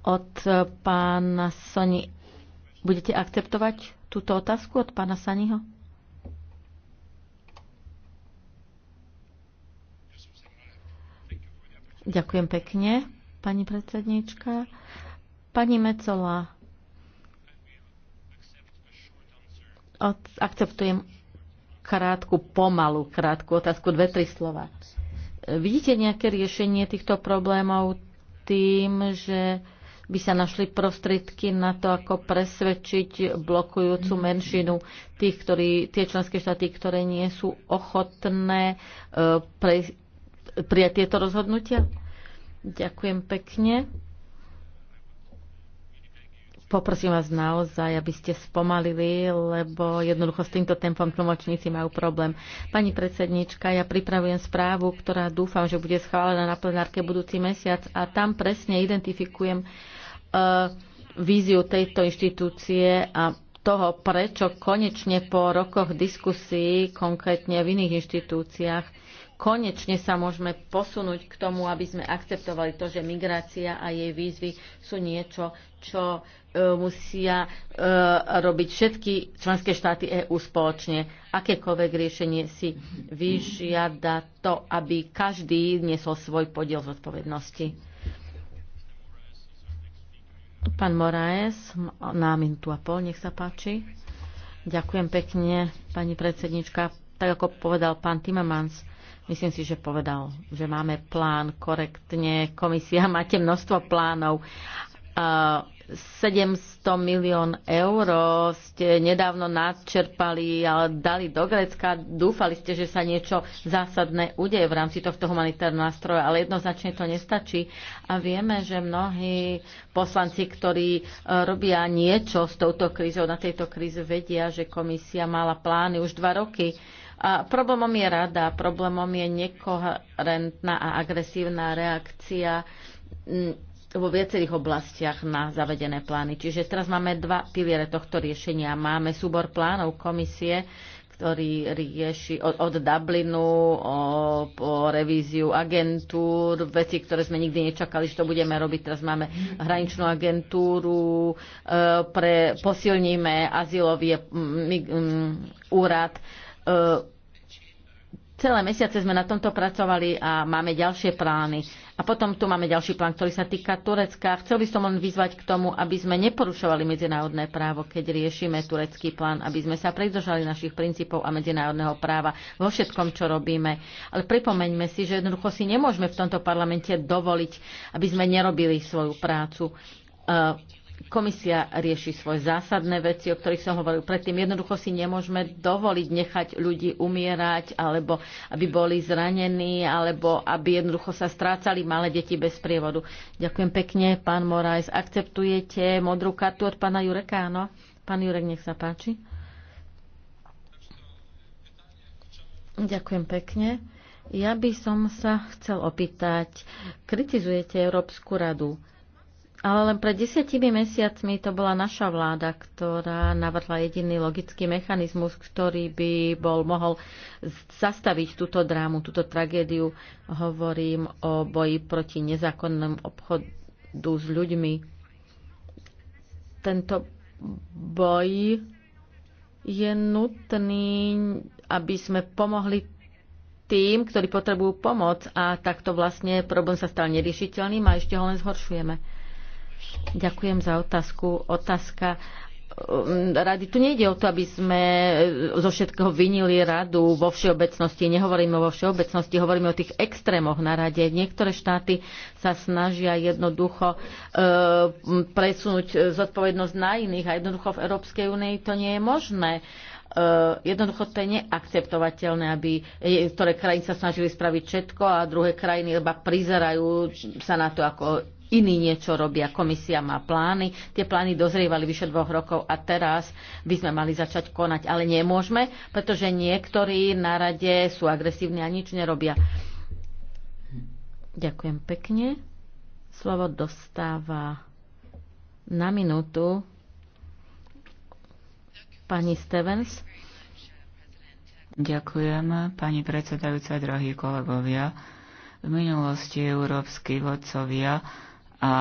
[SPEAKER 1] od pána Soni. Budete akceptovať túto otázku od pána Saniho? Ďakujem pekne, pani predsednička. Pani Mecola, akceptujem krátku, pomalu, krátku otázku, dve, tri slova. Vidíte nejaké riešenie týchto problémov tým, že by sa našli prostriedky na to, ako presvedčiť blokujúcu menšinu tých, ktorí, tie členské štáty, ktoré nie sú ochotné e, pre, prijať tieto rozhodnutia? Ďakujem pekne. Poprosím vás naozaj, aby ste spomalili, lebo jednoducho s týmto tempom tlmočníci majú problém. Pani predsednička, ja pripravujem správu, ktorá dúfam, že bude schválená na plenárke budúci mesiac a tam presne identifikujem uh, víziu tejto inštitúcie a toho, prečo konečne po rokoch diskusí, konkrétne v iných inštitúciách, konečne sa môžeme posunúť k tomu, aby sme akceptovali to, že migrácia a jej výzvy sú niečo, čo e, musia e, robiť všetky členské štáty EÚ spoločne. Akékoľvek riešenie si vyžiada to, aby každý niesol svoj podiel zodpovednosti. Pán Moraes, na minútu a pol, nech sa páči. Ďakujem pekne, pani predsednička. Tak ako povedal pán Timmermans, Myslím si, že povedal, že máme plán korektne. Komisia, máte množstvo plánov. 700 uh, milión eur ste nedávno nadčerpali a dali do Grécka. Dúfali ste, že sa niečo zásadné udeje v rámci tohto humanitárneho nástroja, ale jednoznačne to nestačí. A vieme, že mnohí poslanci, ktorí uh, robia niečo s touto krízou, na tejto kríze vedia, že komisia mala plány už dva roky a problémom je rada, problémom je nekoherentná a agresívna reakcia mm, vo viacerých oblastiach na zavedené plány. Čiže teraz máme dva piliere tohto riešenia. Máme súbor plánov komisie, ktorý rieši od, od Dublinu, o, po revíziu agentúr, veci, ktoré sme nikdy nečakali, že to budeme robiť. Teraz máme hraničnú agentúru, e, pre, posilníme azylový m, m, m, úrad E, celé mesiace sme na tomto pracovali a máme ďalšie plány. A potom tu máme ďalší plán, ktorý sa týka Turecka. Chcel by som len vyzvať k tomu, aby sme neporušovali medzinárodné právo, keď riešime turecký plán, aby sme sa pridržali našich princípov a medzinárodného práva vo všetkom, čo robíme. Ale pripomeňme si, že jednoducho si nemôžeme v tomto parlamente dovoliť, aby sme nerobili svoju prácu e, Komisia rieši svoje zásadné veci, o ktorých som hovoril predtým. Jednoducho si nemôžeme dovoliť nechať ľudí umierať, alebo aby boli zranení, alebo aby jednoducho sa strácali malé deti bez prievodu. Ďakujem pekne, pán Morajs. Akceptujete modrú kartu od pána Jureka, áno? Pán Jurek, nech sa páči. Ďakujem pekne. Ja by som sa chcel opýtať, kritizujete Európsku radu ale len pred desiatimi mesiacmi to bola naša vláda, ktorá navrhla jediný logický mechanizmus, ktorý by bol mohol zastaviť túto drámu, túto tragédiu. Hovorím o boji proti nezákonnému obchodu s ľuďmi. Tento boj je nutný, aby sme pomohli tým, ktorí potrebujú pomoc a takto vlastne problém sa stal neriešiteľným a ešte ho len zhoršujeme. Ďakujem za otázku. Otázka um, rady. Tu nejde o to, aby sme zo všetkého vinili radu vo všeobecnosti. Nehovoríme vo všeobecnosti, hovoríme o tých extrémoch na rade. Niektoré štáty sa snažia jednoducho e, presunúť zodpovednosť na iných a jednoducho v Európskej únii to nie je možné. Uh, jednoducho to je neakceptovateľné, aby eh, ktoré krajiny sa snažili spraviť všetko a druhé krajiny iba prizerajú sa na to, ako iní niečo robia. Komisia má plány, tie plány dozrievali vyše dvoch rokov a teraz by sme mali začať konať, ale nemôžeme, pretože niektorí na rade sú agresívni a nič nerobia. Ďakujem pekne. Slovo dostáva na minútu
[SPEAKER 3] pani Stevens. Ďakujem, pani predsedajúca, drahí kolegovia. V minulosti európsky vodcovia a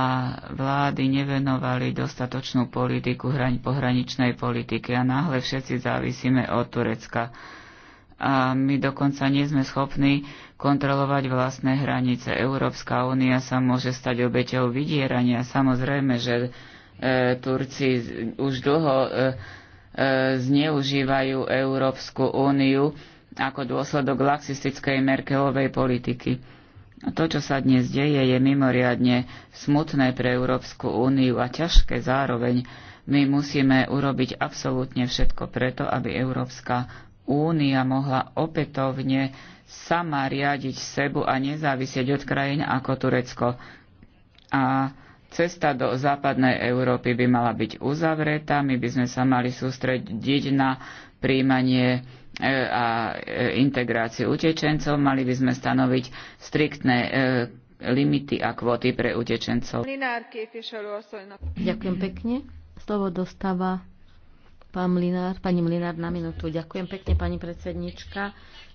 [SPEAKER 3] vlády nevenovali dostatočnú politiku hraň, pohraničnej politike a náhle všetci závisíme od Turecka. A my dokonca nie sme schopní kontrolovať vlastné hranice. Európska únia sa môže stať obeťou vydierania. Samozrejme, že e, Turci už dlho e, e, zneužívajú Európsku úniu ako dôsledok laxistickej Merkelovej politiky to, čo sa dnes deje, je mimoriadne smutné pre Európsku úniu a ťažké zároveň. My musíme urobiť absolútne všetko preto, aby Európska únia mohla opätovne sama riadiť sebu a nezávisieť od krajín ako Turecko. A cesta do západnej Európy by mala byť uzavretá, my by sme sa mali sústrediť na príjmanie E, a e, integráciu utečencov. Mali by sme stanoviť striktné e, limity a kvóty pre utečencov. Ďakujem
[SPEAKER 1] pekne. Slovo dostáva pán Mlinár, pani Mlinár na minútu. Ďakujem pekne, pani predsednička.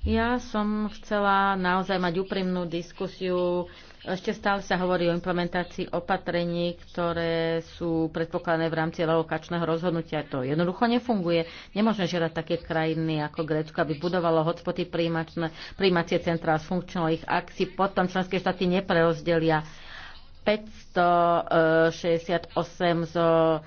[SPEAKER 1] Ja som chcela naozaj mať úprimnú diskusiu. Ešte stále sa hovorí o implementácii opatrení, ktoré sú predpokladané v rámci relokačného rozhodnutia. To jednoducho nefunguje. Nemôžeme žiadať také krajiny ako Grécko, aby budovalo hotspoty príjmacie centrá ich, ak akcií. Potom členské štáty neprerozdelia 568 e, zo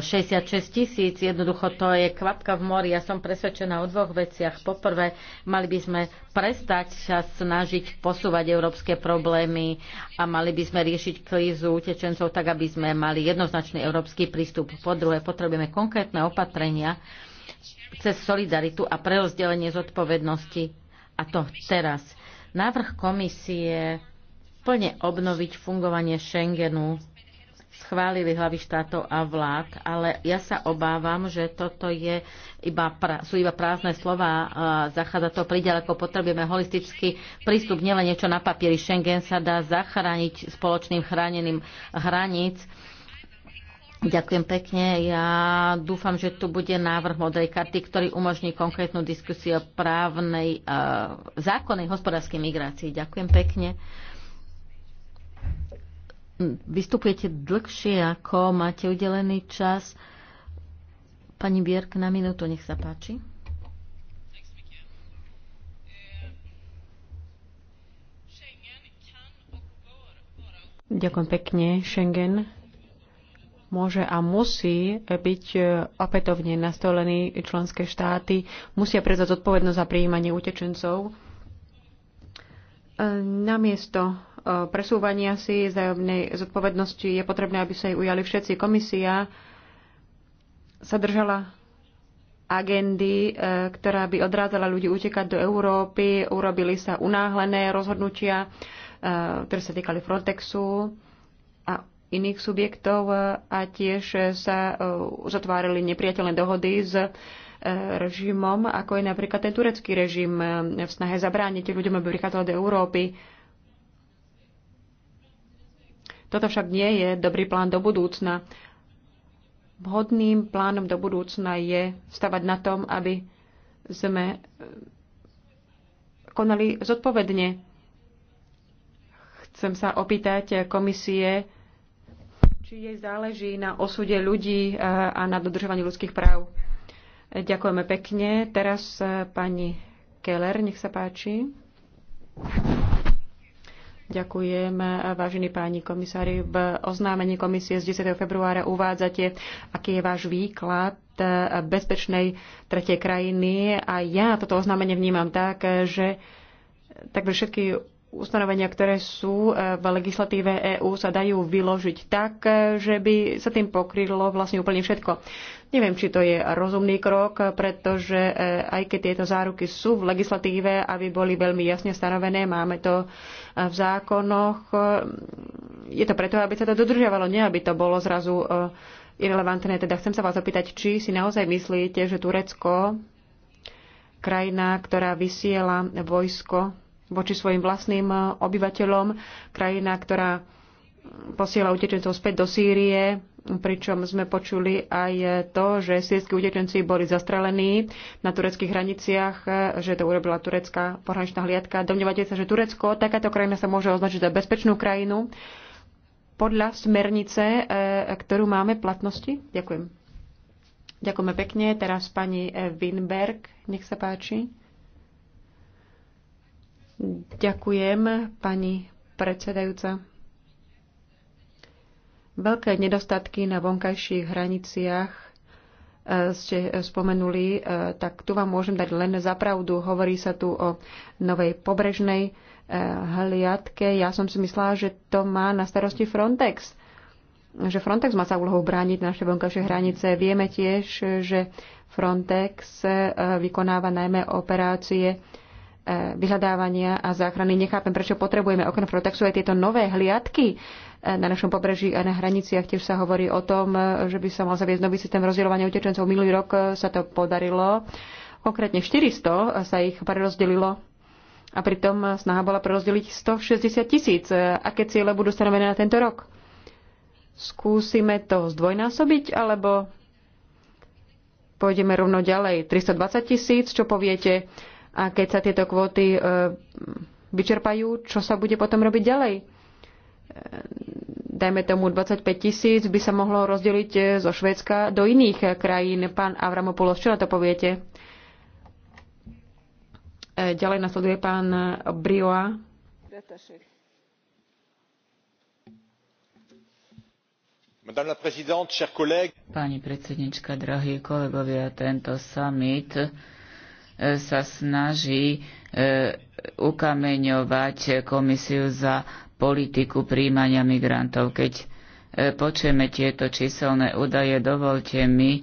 [SPEAKER 1] 66 tisíc, jednoducho to je kvapka v mori. Ja som presvedčená o dvoch veciach. Poprvé, mali by sme prestať sa snažiť posúvať európske problémy a mali by sme riešiť krízu utečencov tak, aby sme mali jednoznačný európsky prístup. Po druhé, potrebujeme konkrétne opatrenia cez solidaritu a prerozdelenie zodpovednosti. A to teraz. Návrh komisie plne obnoviť fungovanie Schengenu schválili hlavy štátov a vlád, ale ja sa obávam, že toto je iba pra, sú iba prázdne slova, zachádza to priďaleko, potrebujeme holistický prístup, nielen niečo na papieri. Schengen sa dá zachrániť spoločným chráneným hraníc. Ďakujem pekne. Ja dúfam, že tu bude návrh modrej karty, ktorý umožní konkrétnu diskusiu o právnej, e, zákonnej hospodárskej migrácii. Ďakujem pekne vystupujete dlhšie, ako máte udelený čas. Pani Bierk, na minútu, nech sa páči.
[SPEAKER 4] Ďakujem pekne. Schengen
[SPEAKER 2] môže a musí byť e, opätovne nastolený. Členské štáty musia prezať zodpovednosť za prijímanie utečencov. E, namiesto presúvania si zájomnej zodpovednosti je potrebné, aby sa jej ujali všetci. Komisia sa držala agendy, e, ktorá by odrádzala ľudí utekať do Európy. Urobili sa unáhlené rozhodnutia, e, ktoré sa týkali Frontexu a iných subjektov e, a tiež sa zatvárali nepriateľné dohody s režimom, ako je napríklad ten turecký režim v snahe zabrániť ľuďom, aby prichádzali do Európy. Toto však nie je dobrý plán do budúcna. Vhodným plánom do budúcna je stavať na tom, aby sme eh, konali zodpovedne. Chcem sa opýtať komisie, či jej záleží na osude ľudí eh, a na dodržovaní ľudských práv. Ďakujeme pekne. Teraz eh, pani Keller, nech sa páči. Ďakujem, vážení páni komisári. V oznámení komisie z 10. februára uvádzate, aký je váš výklad bezpečnej tretej krajiny a ja toto oznámenie vnímam tak, že takže všetky ustanovenia, ktoré sú v legislatíve EÚ, sa dajú vyložiť tak, že by sa tým pokrylo vlastne úplne všetko. Neviem, či to je rozumný krok, pretože e, aj keď tieto záruky sú v legislatíve, aby boli veľmi jasne stanovené, máme to e, v zákonoch, e, je to preto, aby sa to dodržiavalo, nie aby to bolo zrazu irrelevantné. Teda chcem sa vás opýtať, či si naozaj myslíte, že Turecko, krajina, ktorá vysiela vojsko voči svojim vlastným obyvateľom, krajina, ktorá posiela utečencov späť do Sýrie, pričom sme počuli aj to, že sírsky utečenci boli zastrelení na tureckých hraniciach, že to urobila turecká pohraničná hliadka. Domnievate sa, že Turecko, takáto krajina sa môže označiť za bezpečnú krajinu podľa smernice, e, ktorú máme platnosti? Ďakujem. Ďakujeme pekne. Teraz pani e, Winberg, nech sa páči. Ďakujem, pani predsedajúca. Veľké nedostatky na vonkajších hraniciach e, ste spomenuli, e, tak tu vám môžem dať len za pravdu. Hovorí sa tu o novej pobrežnej e, hliadke. Ja som si myslela, že to má na starosti Frontex že Frontex má sa úlohou brániť naše vonkajšie hranice. Vieme tiež, že Frontex vykonáva najmä operácie vyhľadávania a záchrany. Nechápem, prečo potrebujeme okrem Frontexu aj tieto nové hliadky na našom pobreží a na hraniciach. Tiež sa hovorí o tom, že by sa mal zaviesť nový systém rozdielovania utečencov. Minulý rok sa to podarilo. Konkrétne 400 sa ich prerozdelilo a pritom snaha bola prerozdeliť 160 tisíc. Aké ciele budú stanovené na tento rok? Skúsime to zdvojnásobiť, alebo pôjdeme rovno ďalej. 320 tisíc, čo poviete? A keď sa tieto kvóty e, vyčerpajú, čo sa bude potom robiť ďalej? Eh, dajme tomu 25 tisíc, by sa mohlo rozdeliť eh, zo Švédska do iných eh, krajín. Pán Avramopoulos, čo na to poviete? Ďalej nasleduje pán Brioa.
[SPEAKER 3] Pani predsednička, drahí kolegovia, tento summit sa snaží ukameňovať komisiu za politiku príjmania migrantov. Keď e, počujeme tieto číselné údaje, dovolte mi e,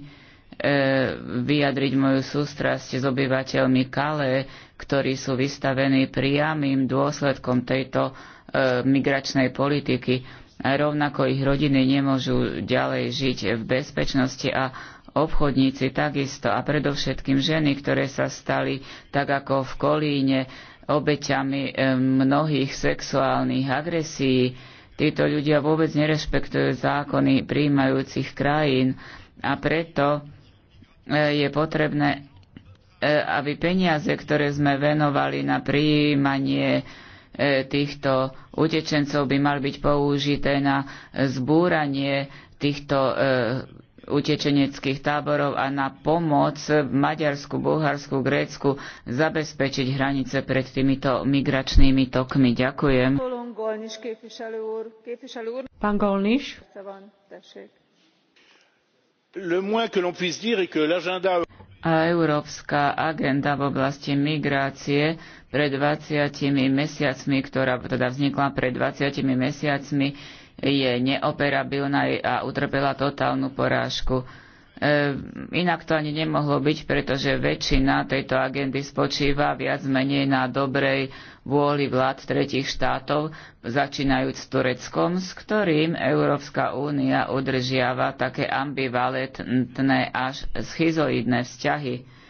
[SPEAKER 3] vyjadriť moju sústrasť s obyvateľmi Kale, ktorí sú vystavení priamým dôsledkom tejto e, migračnej politiky. A rovnako ich rodiny nemôžu ďalej žiť v bezpečnosti a obchodníci takisto a predovšetkým ženy, ktoré sa stali tak ako v Kolíne obeťami eh, mnohých sexuálnych agresí. Títo ľudia vôbec nerešpektujú zákony príjmajúcich krajín a preto eh, je potrebné, eh, aby peniaze, ktoré sme venovali na príjmanie týchto utečencov, by mali byť použité na zbúranie týchto utečeneckých táborov a na pomoc Maďarsku, Bulharsku, Grécku zabezpečiť hranice pred týmito migračnými tokmi. Ďakujem. Pán Golniš. A európska agenda v oblasti migrácie pred 20 mesiacmi, ktorá teda vznikla pred 20 mesiacmi, je neoperabilná a utrpela totálnu porážku. E, inak to ani nemohlo byť, pretože väčšina tejto agendy spočíva viac menej na dobrej vôli vlád tretich štátov, začínajúc s Tureckom, s ktorým Európska únia udržiava také ambivalentné až schizoidné vzťahy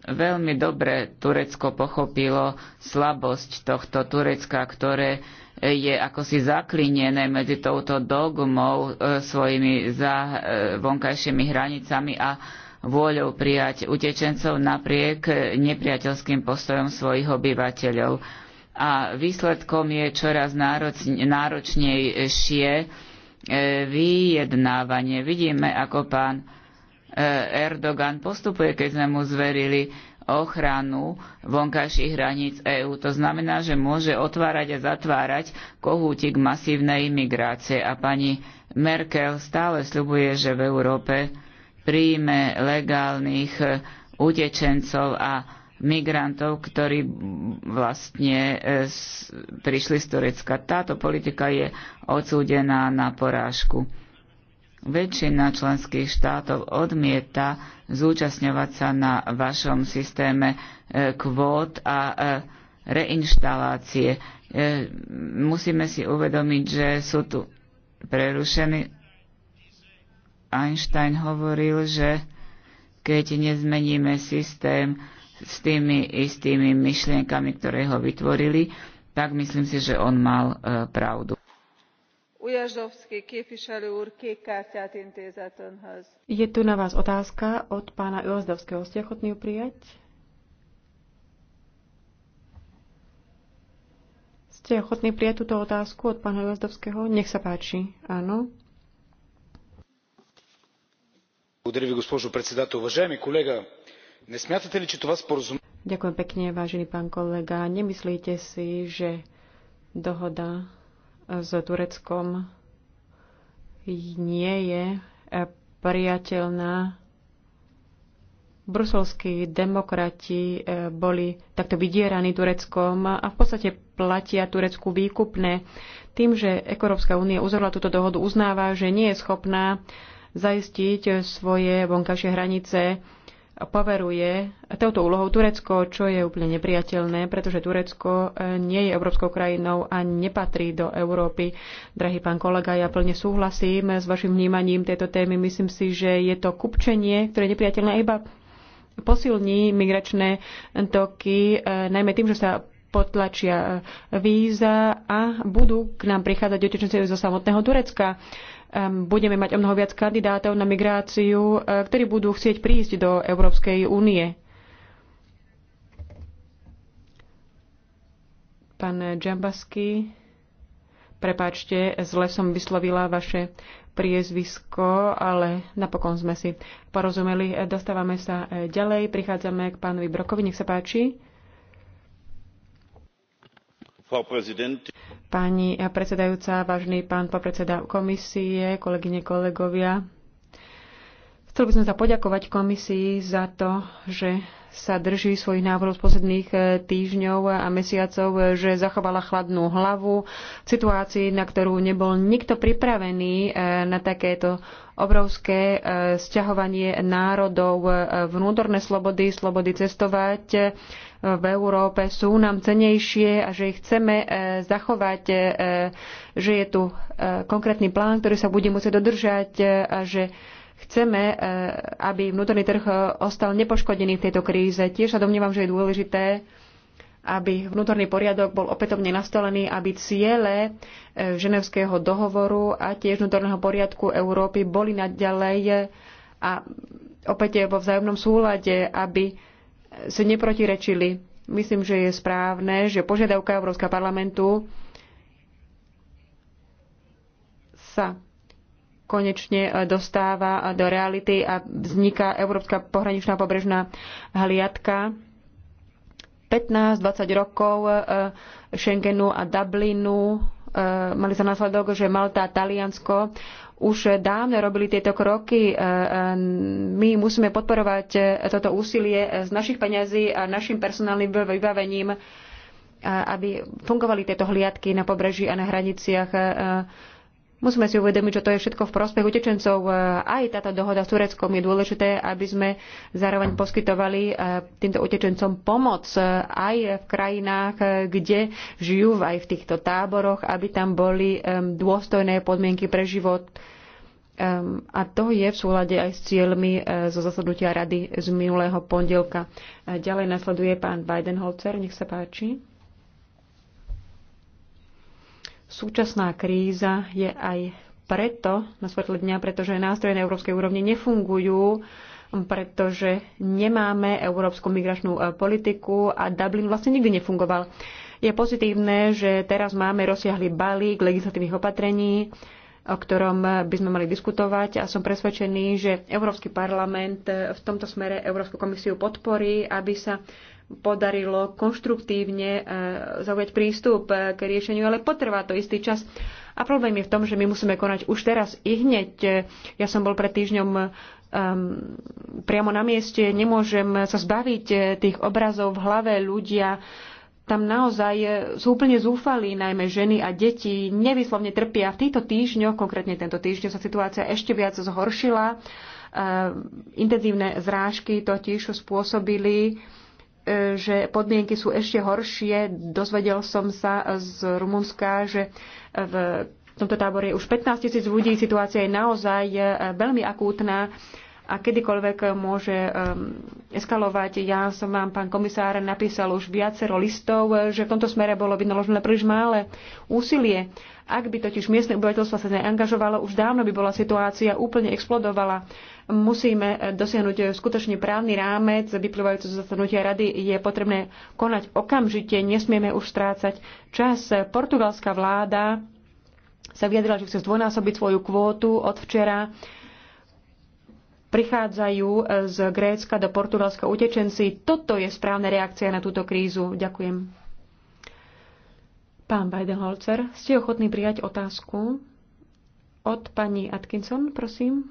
[SPEAKER 3] veľmi dobre Turecko pochopilo slabosť tohto Turecka, ktoré je ako si zaklinené medzi touto dogmou e, svojimi za e, vonkajšími hranicami a vôľou prijať utečencov napriek nepriateľským postojom svojich obyvateľov. A výsledkom je čoraz náročnejšie e, vyjednávanie. Vidíme, ako pán Erdogan postupuje, keď sme mu zverili ochranu vonkajších hraníc EÚ. To znamená, že môže otvárať a zatvárať kohútik masívnej imigrácie. A pani Merkel stále sľubuje, že v Európe príjme legálnych utečencov a migrantov, ktorí vlastne e, prišli z Turecka. Táto politika je odsúdená na porážku väčšina členských štátov odmieta zúčastňovať sa na vašom systéme e, kvót a e, reinštalácie. E, musíme si uvedomiť, že sú tu prerušení. Einstein hovoril, že keď nezmeníme systém s tými istými myšlienkami, ktoré ho vytvorili, tak myslím si, že on mal pravdu.
[SPEAKER 2] Je tu na vás otázka od pána Ujazdovského. Ste ochotní ju prijať? Ste ochotní prijať túto otázku od pána Ujazdovského? Nech sa páči. Áno. Ďakujem pekne, vážený pán kolega. Nemyslíte si, že dohoda s Tureckom nie je e, priateľná. Bruselskí demokrati e, boli takto vydieraní Tureckom a v podstate platia Turecku výkupné. Tým, že Európska únia uzorla túto dohodu, uznáva, že nie je schopná zaistiť svoje vonkajšie hranice poveruje touto úlohou Turecko, čo je úplne nepriateľné, pretože Turecko e, nie je európskou krajinou a nepatrí do Európy. Drahý pán kolega, ja plne súhlasím s vašim vnímaním tejto témy. Myslím si, že je to kupčenie, ktoré je nepriateľné iba posilní migračné toky, e, najmä tým, že sa potlačia e, víza a budú k nám prichádzať utečenci zo samotného Turecka budeme mať o mnoho viac kandidátov na migráciu, e, ktorí budú chcieť prísť do Európskej únie. Pán Džambasky, prepáčte, zle som vyslovila vaše priezvisko, ale napokon sme si porozumeli. E, dostávame sa e, ďalej, prichádzame k pánovi Brokovi, nech sa páči. Frau Pani predsedajúca, vážny pán popredseda komisie, kolegyne, kolegovia, chcel by som sa poďakovať komisii za to, že sa drží svojich návrhov z posledných e, týždňov a mesiacov, e, že zachovala chladnú hlavu v situácii, na ktorú nebol nikto pripravený e, na takéto obrovské sťahovanie národov, vnútorné slobody, slobody cestovať, v Európe sú nám cenejšie a že ich chceme e, zachovať, e, e, že je tu konkrétny plán, ktorý sa bude musieť dodržať a že chceme, aby vnútorný trh ostal nepoškodený v tejto kríze. Tiež sa domnievam, že je dôležité, aby vnútorný poriadok bol opätovne nastolený, aby ciele ženevského dohovoru a tiež vnútorného poriadku Európy boli naďalej a opäť vo vzájomnom súlade, aby si neprotirečili. Myslím, že je správne, že požiadavka Európskeho parlamentu sa konečne e, dostáva e, do reality a vzniká Európska pohraničná pobrežná hliadka. 15-20 rokov e, Schengenu a Dublinu mali sa následok, že Malta a Taliansko už dávno robili tieto kroky. E, e, my musíme podporovať toto úsilie z našich peňazí a našim personálnym vybavením, aby fungovali tieto hliadky na pobreží a na hraniciach. E, Musíme si uvedomiť, že to je všetko v prospech utečencov. E, aj táto dohoda s Tureckom je dôležité, aby sme zároveň poskytovali e, týmto utečencom pomoc e, aj v krajinách, kde žijú aj v týchto táboroch, aby tam boli dôstojné podmienky pre život. A to je v súlade aj s cieľmi zo zasadnutia rady z minulého pondelka. Ďalej nasleduje pán Bidenholzer, nech sa páči. Súčasná kríza je aj preto, na svetle dňa, pretože nástroje na európskej úrovni nefungujú, pretože nemáme európsku migračnú e, politiku a Dublin vlastne nikdy nefungoval. Je pozitívne, že teraz máme rozsiahly balík legislatívnych opatrení, o ktorom by sme mali diskutovať a som presvedčený, že Európsky parlament e, v tomto smere Európsku komisiu podporí, aby sa podarilo konštruktívne e, zaujať prístup e, k riešeniu, ale potrvá to istý čas. A problém je v tom, že my musíme konať už teraz i hneď. E, ja som bol pred týždňom um, priamo na mieste, nemôžem sa zbaviť tých obrazov v hlave ľudia. Tam naozaj sú úplne zúfalí, najmä ženy a deti nevyslovne trpia. V týchto týždňoch, konkrétne tento týždeň, sa situácia ešte viac zhoršila. Uh, intenzívne zrážky totiž spôsobili že podmienky sú ešte horšie. Dozvedel som sa z Rumunska, že v tomto tábore je už 15 tisíc ľudí. Situácia je naozaj e, veľmi akútna a kedykoľvek môže e, eskalovať. Ja som vám, pán komisár, napísal už viacero listov, e, že v tomto smere bolo vynaložené príliš mále úsilie. Ak by totiž miestne obyvateľstvo sa neangažovalo, už dávno by bola situácia úplne explodovala musíme dosiahnuť skutočne právny rámec vyplývajúci zo zasadnutia rady. Je potrebné konať okamžite, nesmieme už strácať čas. Portugalská vláda sa vyjadrila, že chce zdvojnásobiť svoju kvótu od včera. Prichádzajú z Grécka do Portugalska utečenci. Toto je správna reakcia na túto krízu. Ďakujem. Pán Weidenholzer, ste ochotní prijať otázku od pani Atkinson, prosím?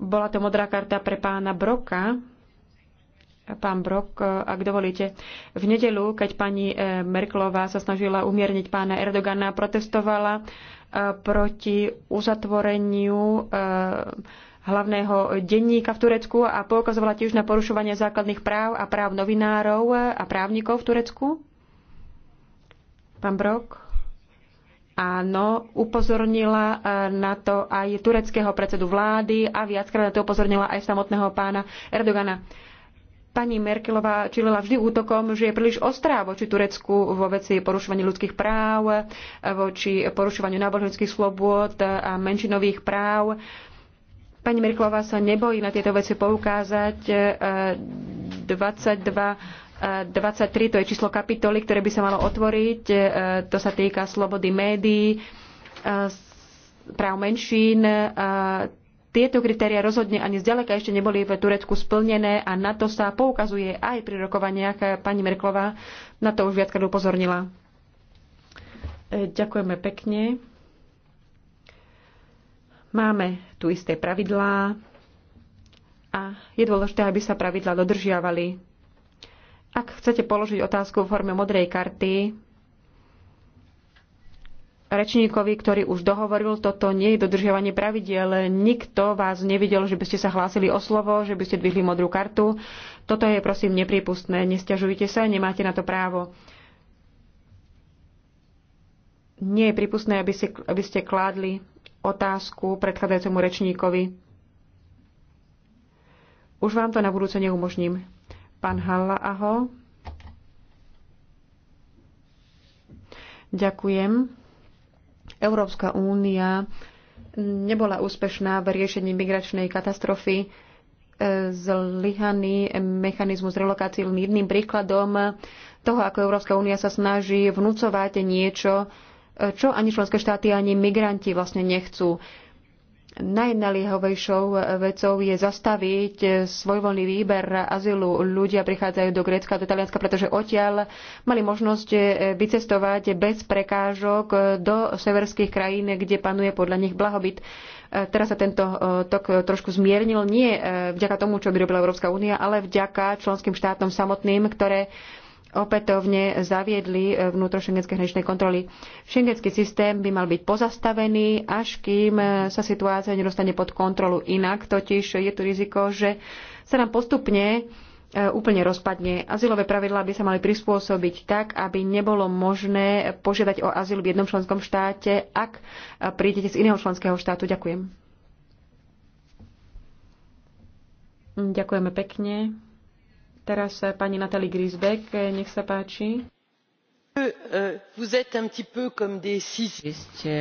[SPEAKER 2] Bola to modrá karta pre pána Broka. Pán Brok, e, ak dovolíte, v nedelu, keď pani e, Merklová sa snažila umierniť pána Erdogana, protestovala e, proti uzatvoreniu hlavného denníka v Turecku a poukazovala tiež na porušovanie základných práv a práv novinárov a právnikov v Turecku? Pán Brok? Áno, upozornila eh, na to aj tureckého predsedu vlády a viackrát na to upozornila aj samotného pána Erdogana. Pani Merkelová čilila vždy útokom, že je príliš ostrá voči Turecku vo veci porušovania ľudských práv, eh, voči porušovaniu náboženských slobôd eh, a menšinových práv. Pani Merkelová sa nebojí na tieto veci poukázať. 22 23, to je číslo kapitoly, ktoré by sa malo otvoriť. E, to sa týka slobody médií, e, práv menšín. E, tieto kritéria rozhodne ani zďaleka ešte neboli v Turecku splnené a na to sa poukazuje aj pri rokovaniach. Pani Merklová na to už viackrát upozornila. Ďakujeme pekne. Máme tu isté pravidlá a je dôležité, aby sa pravidlá dodržiavali ak chcete položiť otázku v forme modrej karty rečníkovi, ktorý už dohovoril, toto nie je dodržiavanie pravidiel. Nikto vás nevidel, že by ste sa hlásili o slovo, že by ste dvihli modrú kartu. Toto je prosím nepripustné. Nestiažujte sa, nemáte na to právo nie je prípustné, aby, si, aby ste kládli otázku predchádzajúcemu rečníkovi. Už vám to na budúce neumožním. Pán Halla Aho. Ďakujem. Európska únia nebola úspešná v riešení migračnej katastrofy. E, zlyhaný mechanizmus relokácií len jedným príkladom toho, ako Európska únia sa snaží vnúcovať niečo, e, čo ani členské štáty, ani migranti vlastne nechcú. Najnaliehovejšou vecou je zastaviť svojvoľný výber azylu. Ľudia prichádzajú do Grécka, do Talianska, pretože odtiaľ mali možnosť vycestovať bez prekážok do severských krajín, kde panuje podľa nich blahobyt. Teraz sa tento eh, tok trošku zmiernil, nie eh, vďaka tomu, čo by robila Európska únia, ale vďaka členským štátom samotným, ktoré opätovne zaviedli e, vnútrošengenské hraničné kontroly. Šengenský systém by mal byť pozastavený, až kým e, sa situácia nedostane pod kontrolu. Inak totiž je tu riziko, že sa nám postupne e, úplne rozpadne. Azylové pravidlá by sa mali prispôsobiť tak, aby nebolo možné požiadať o azyl v jednom členskom štáte, ak prídete z iného členského štátu. Ďakujem. Ďakujeme pekne. Teraz eh, pani Natalie Grisbeck, eh, nech
[SPEAKER 3] sa páči. Eh, Vy ste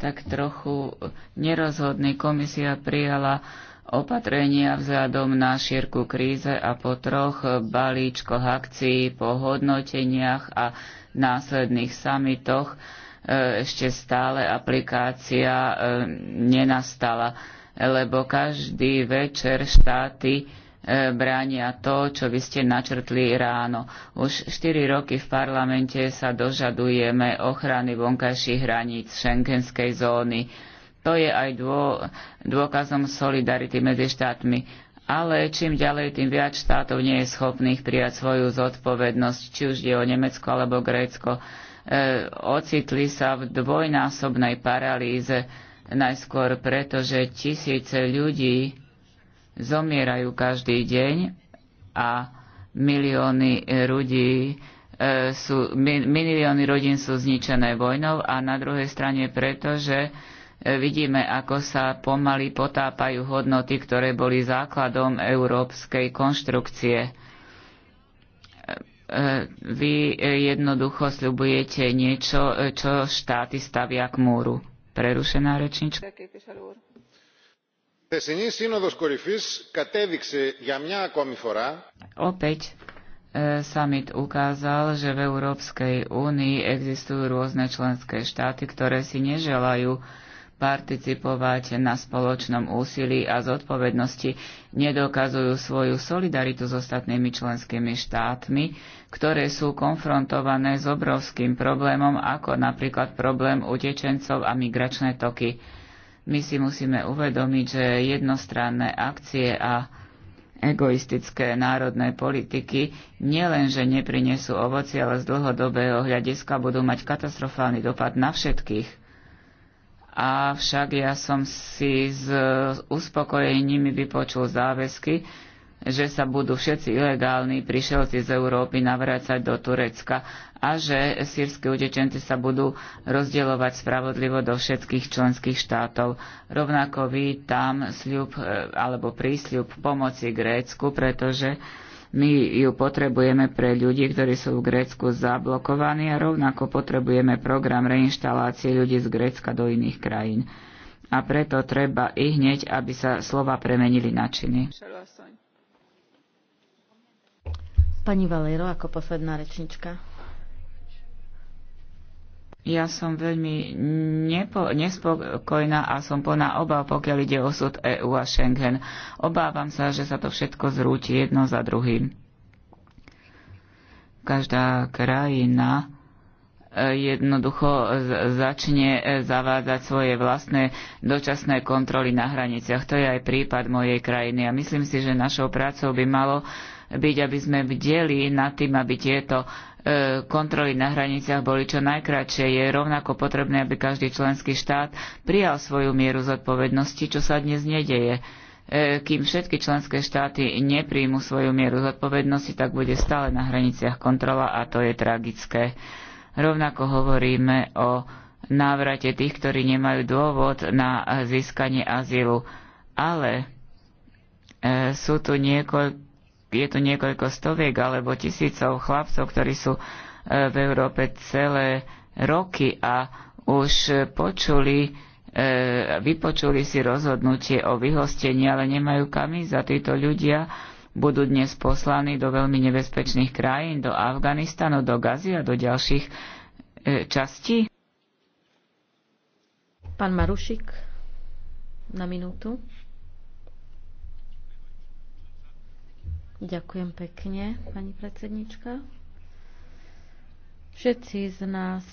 [SPEAKER 3] tak trochu nerozhodný. Komisia prijala opatrenia vzhľadom na šírku kríze a po troch balíčkoch akcií, po hodnoteniach a následných samitoch ešte stále aplikácia nenastala, lebo každý večer štáty E, bránia to, čo by ste načrtli ráno. Už 4 roky v parlamente sa dožadujeme ochrany vonkajších hraníc šengenskej zóny. To je aj dô, dôkazom solidarity medzi štátmi. Ale čím ďalej, tým viac štátov nie je schopných prijať svoju zodpovednosť, či už je o Nemecko alebo Grécko. E, ocitli sa v dvojnásobnej paralýze, najskôr preto, že tisíce ľudí zomierajú každý deň a milióny ľudí e, sú, milióny rodín sú zničené vojnou a na druhej strane preto, že e, vidíme, ako sa pomaly potápajú hodnoty, ktoré boli základom európskej konštrukcie. E, vy jednoducho sľubujete niečo, čo štáty stavia k múru. Prerušená rečnička. Opäť e, summit ukázal, že v Európskej únii existujú rôzne členské štáty, ktoré si neželajú participovať na spoločnom úsilí a zodpovednosti, nedokazujú svoju solidaritu s ostatnými členskými štátmi, ktoré sú konfrontované s obrovským problémom, ako napríklad problém utečencov a migračné toky. My si musíme uvedomiť, že jednostranné akcie a egoistické národné politiky nielenže neprinesú ovoci, ale z dlhodobého hľadiska budú mať katastrofálny dopad na všetkých. Avšak ja som si s uspokojením vypočul záväzky, že sa budú všetci ilegálni prišielci z Európy navrácať do Turecka a že sírsky utečenci sa budú rozdielovať spravodlivo do všetkých členských štátov. Rovnako vítam sľub e, alebo prísľub pomoci Grécku, pretože my ju potrebujeme pre ľudí, ktorí sú v Grécku zablokovaní a rovnako potrebujeme program reinštalácie ľudí z Grécka do iných krajín. A preto treba i hneď, aby sa slova premenili na činy.
[SPEAKER 1] Pani Valero, ako posledná rečnička.
[SPEAKER 3] Ja som veľmi nepo, nespokojná a som plná obav, pokiaľ ide o súd EÚ a Schengen. Obávam sa, že sa to všetko zrúti jedno za druhým. Každá krajina e, jednoducho začne e, zavádzať svoje vlastné dočasné kontroly na hraniciach. To je aj prípad mojej krajiny a myslím si, že našou prácou by malo byť, aby sme bdeli nad tým, aby tieto e, kontroly na hraniciach boli čo najkratšie. Je rovnako potrebné, aby každý členský štát prijal svoju mieru zodpovednosti, čo sa dnes nedeje. E, kým všetky členské štáty nepríjmu svoju mieru zodpovednosti, tak bude stále na hraniciach kontrola a to je tragické. Rovnako hovoríme o návrate tých, ktorí nemajú dôvod na získanie azylu. Ale e, sú tu niekoľko je tu niekoľko stoviek alebo tisícov chlapcov, ktorí sú e, v Európe celé roky a už počuli, e, vypočuli si rozhodnutie o vyhostení, ale nemajú kam ísť a títo ľudia budú dnes poslaní do veľmi nebezpečných krajín, do Afganistanu, do Gazy a do ďalších e, častí.
[SPEAKER 1] Pán Marušik, na minútu. Ďakujem pekne, pani predsednička. Všetci z nás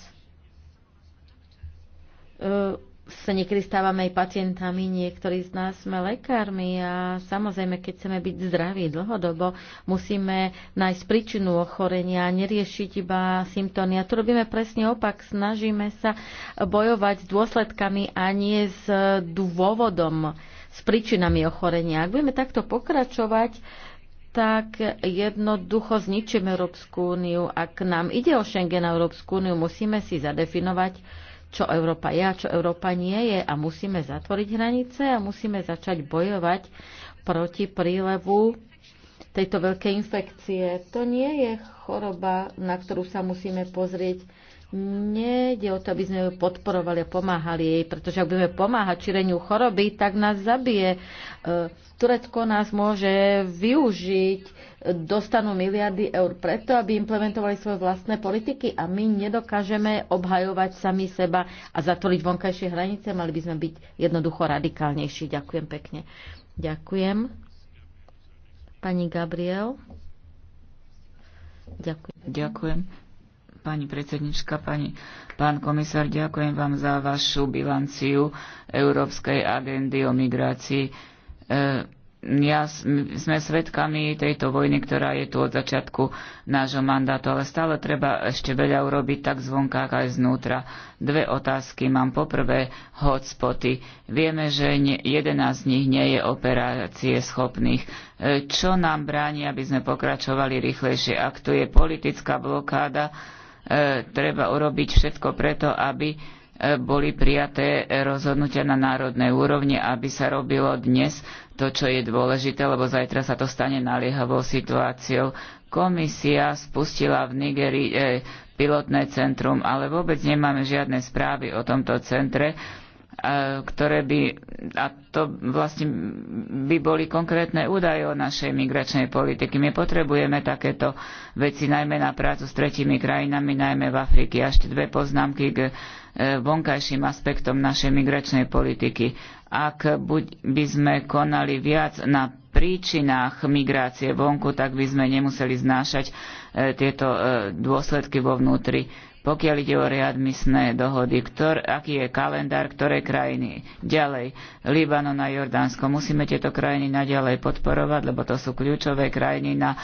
[SPEAKER 1] uh, sa niekedy stávame aj pacientami, niektorí z nás sme lekármi a samozrejme, keď chceme byť zdraví dlhodobo, musíme nájsť príčinu ochorenia, neriešiť iba symptómy. A tu robíme presne opak, snažíme sa bojovať s dôsledkami a nie s dôvodom, s príčinami ochorenia. Ak budeme takto pokračovať, tak jednoducho zničíme Európsku úniu. Ak nám ide o Schengen a Európsku úniu, musíme si zadefinovať, čo Európa je a čo Európa nie je a musíme zatvoriť hranice a musíme začať bojovať proti prílevu tejto veľkej infekcie. To nie je choroba, na ktorú sa musíme pozrieť Nejde o to, aby sme ju podporovali a pomáhali jej, pretože ak budeme pomáhať šíreniu choroby, tak nás zabije. E, Turecko nás môže využiť, dostanú miliardy eur preto, aby implementovali svoje vlastné politiky a my nedokážeme obhajovať sami seba a zatvoriť vonkajšie hranice. Mali by sme byť jednoducho radikálnejší. Ďakujem pekne. Ďakujem. Pani Gabriel.
[SPEAKER 3] Ďakujem. Ďakujem pani predsednička, pani, pán komisár, ďakujem vám za vašu bilanciu Európskej agendy o migrácii. E, ja, sme svedkami tejto vojny, ktorá je tu od začiatku nášho mandátu, ale stále treba ešte veľa urobiť tak zvonka, aj znútra. Dve otázky mám. Poprvé, hotspoty. Vieme, že jeden z nich nie je operácie schopných. E, čo nám bráni, aby sme pokračovali rýchlejšie? Ak tu je politická blokáda, E, treba urobiť všetko preto, aby e, boli prijaté rozhodnutia na národnej úrovni, aby sa robilo dnes to, čo je dôležité, lebo zajtra sa to stane naliehavou situáciou. Komisia spustila v Nigerii e, pilotné centrum, ale vôbec nemáme žiadne správy o tomto centre ktoré by, a to vlastne by boli konkrétne údaje o našej migračnej politiky. My potrebujeme takéto veci najmä na prácu s tretimi krajinami, najmä v Afrike. Ešte dve poznámky k e, vonkajším aspektom našej migračnej politiky. Ak by sme konali viac na príčinách migrácie vonku, tak by sme nemuseli znášať e, tieto e, dôsledky vo vnútri pokiaľ ide o readmisné dohody, ktor, aký je kalendár, ktoré krajiny ďalej, Libanon a Jordánsko. Musíme tieto krajiny naďalej podporovať, lebo to sú kľúčové krajiny na e,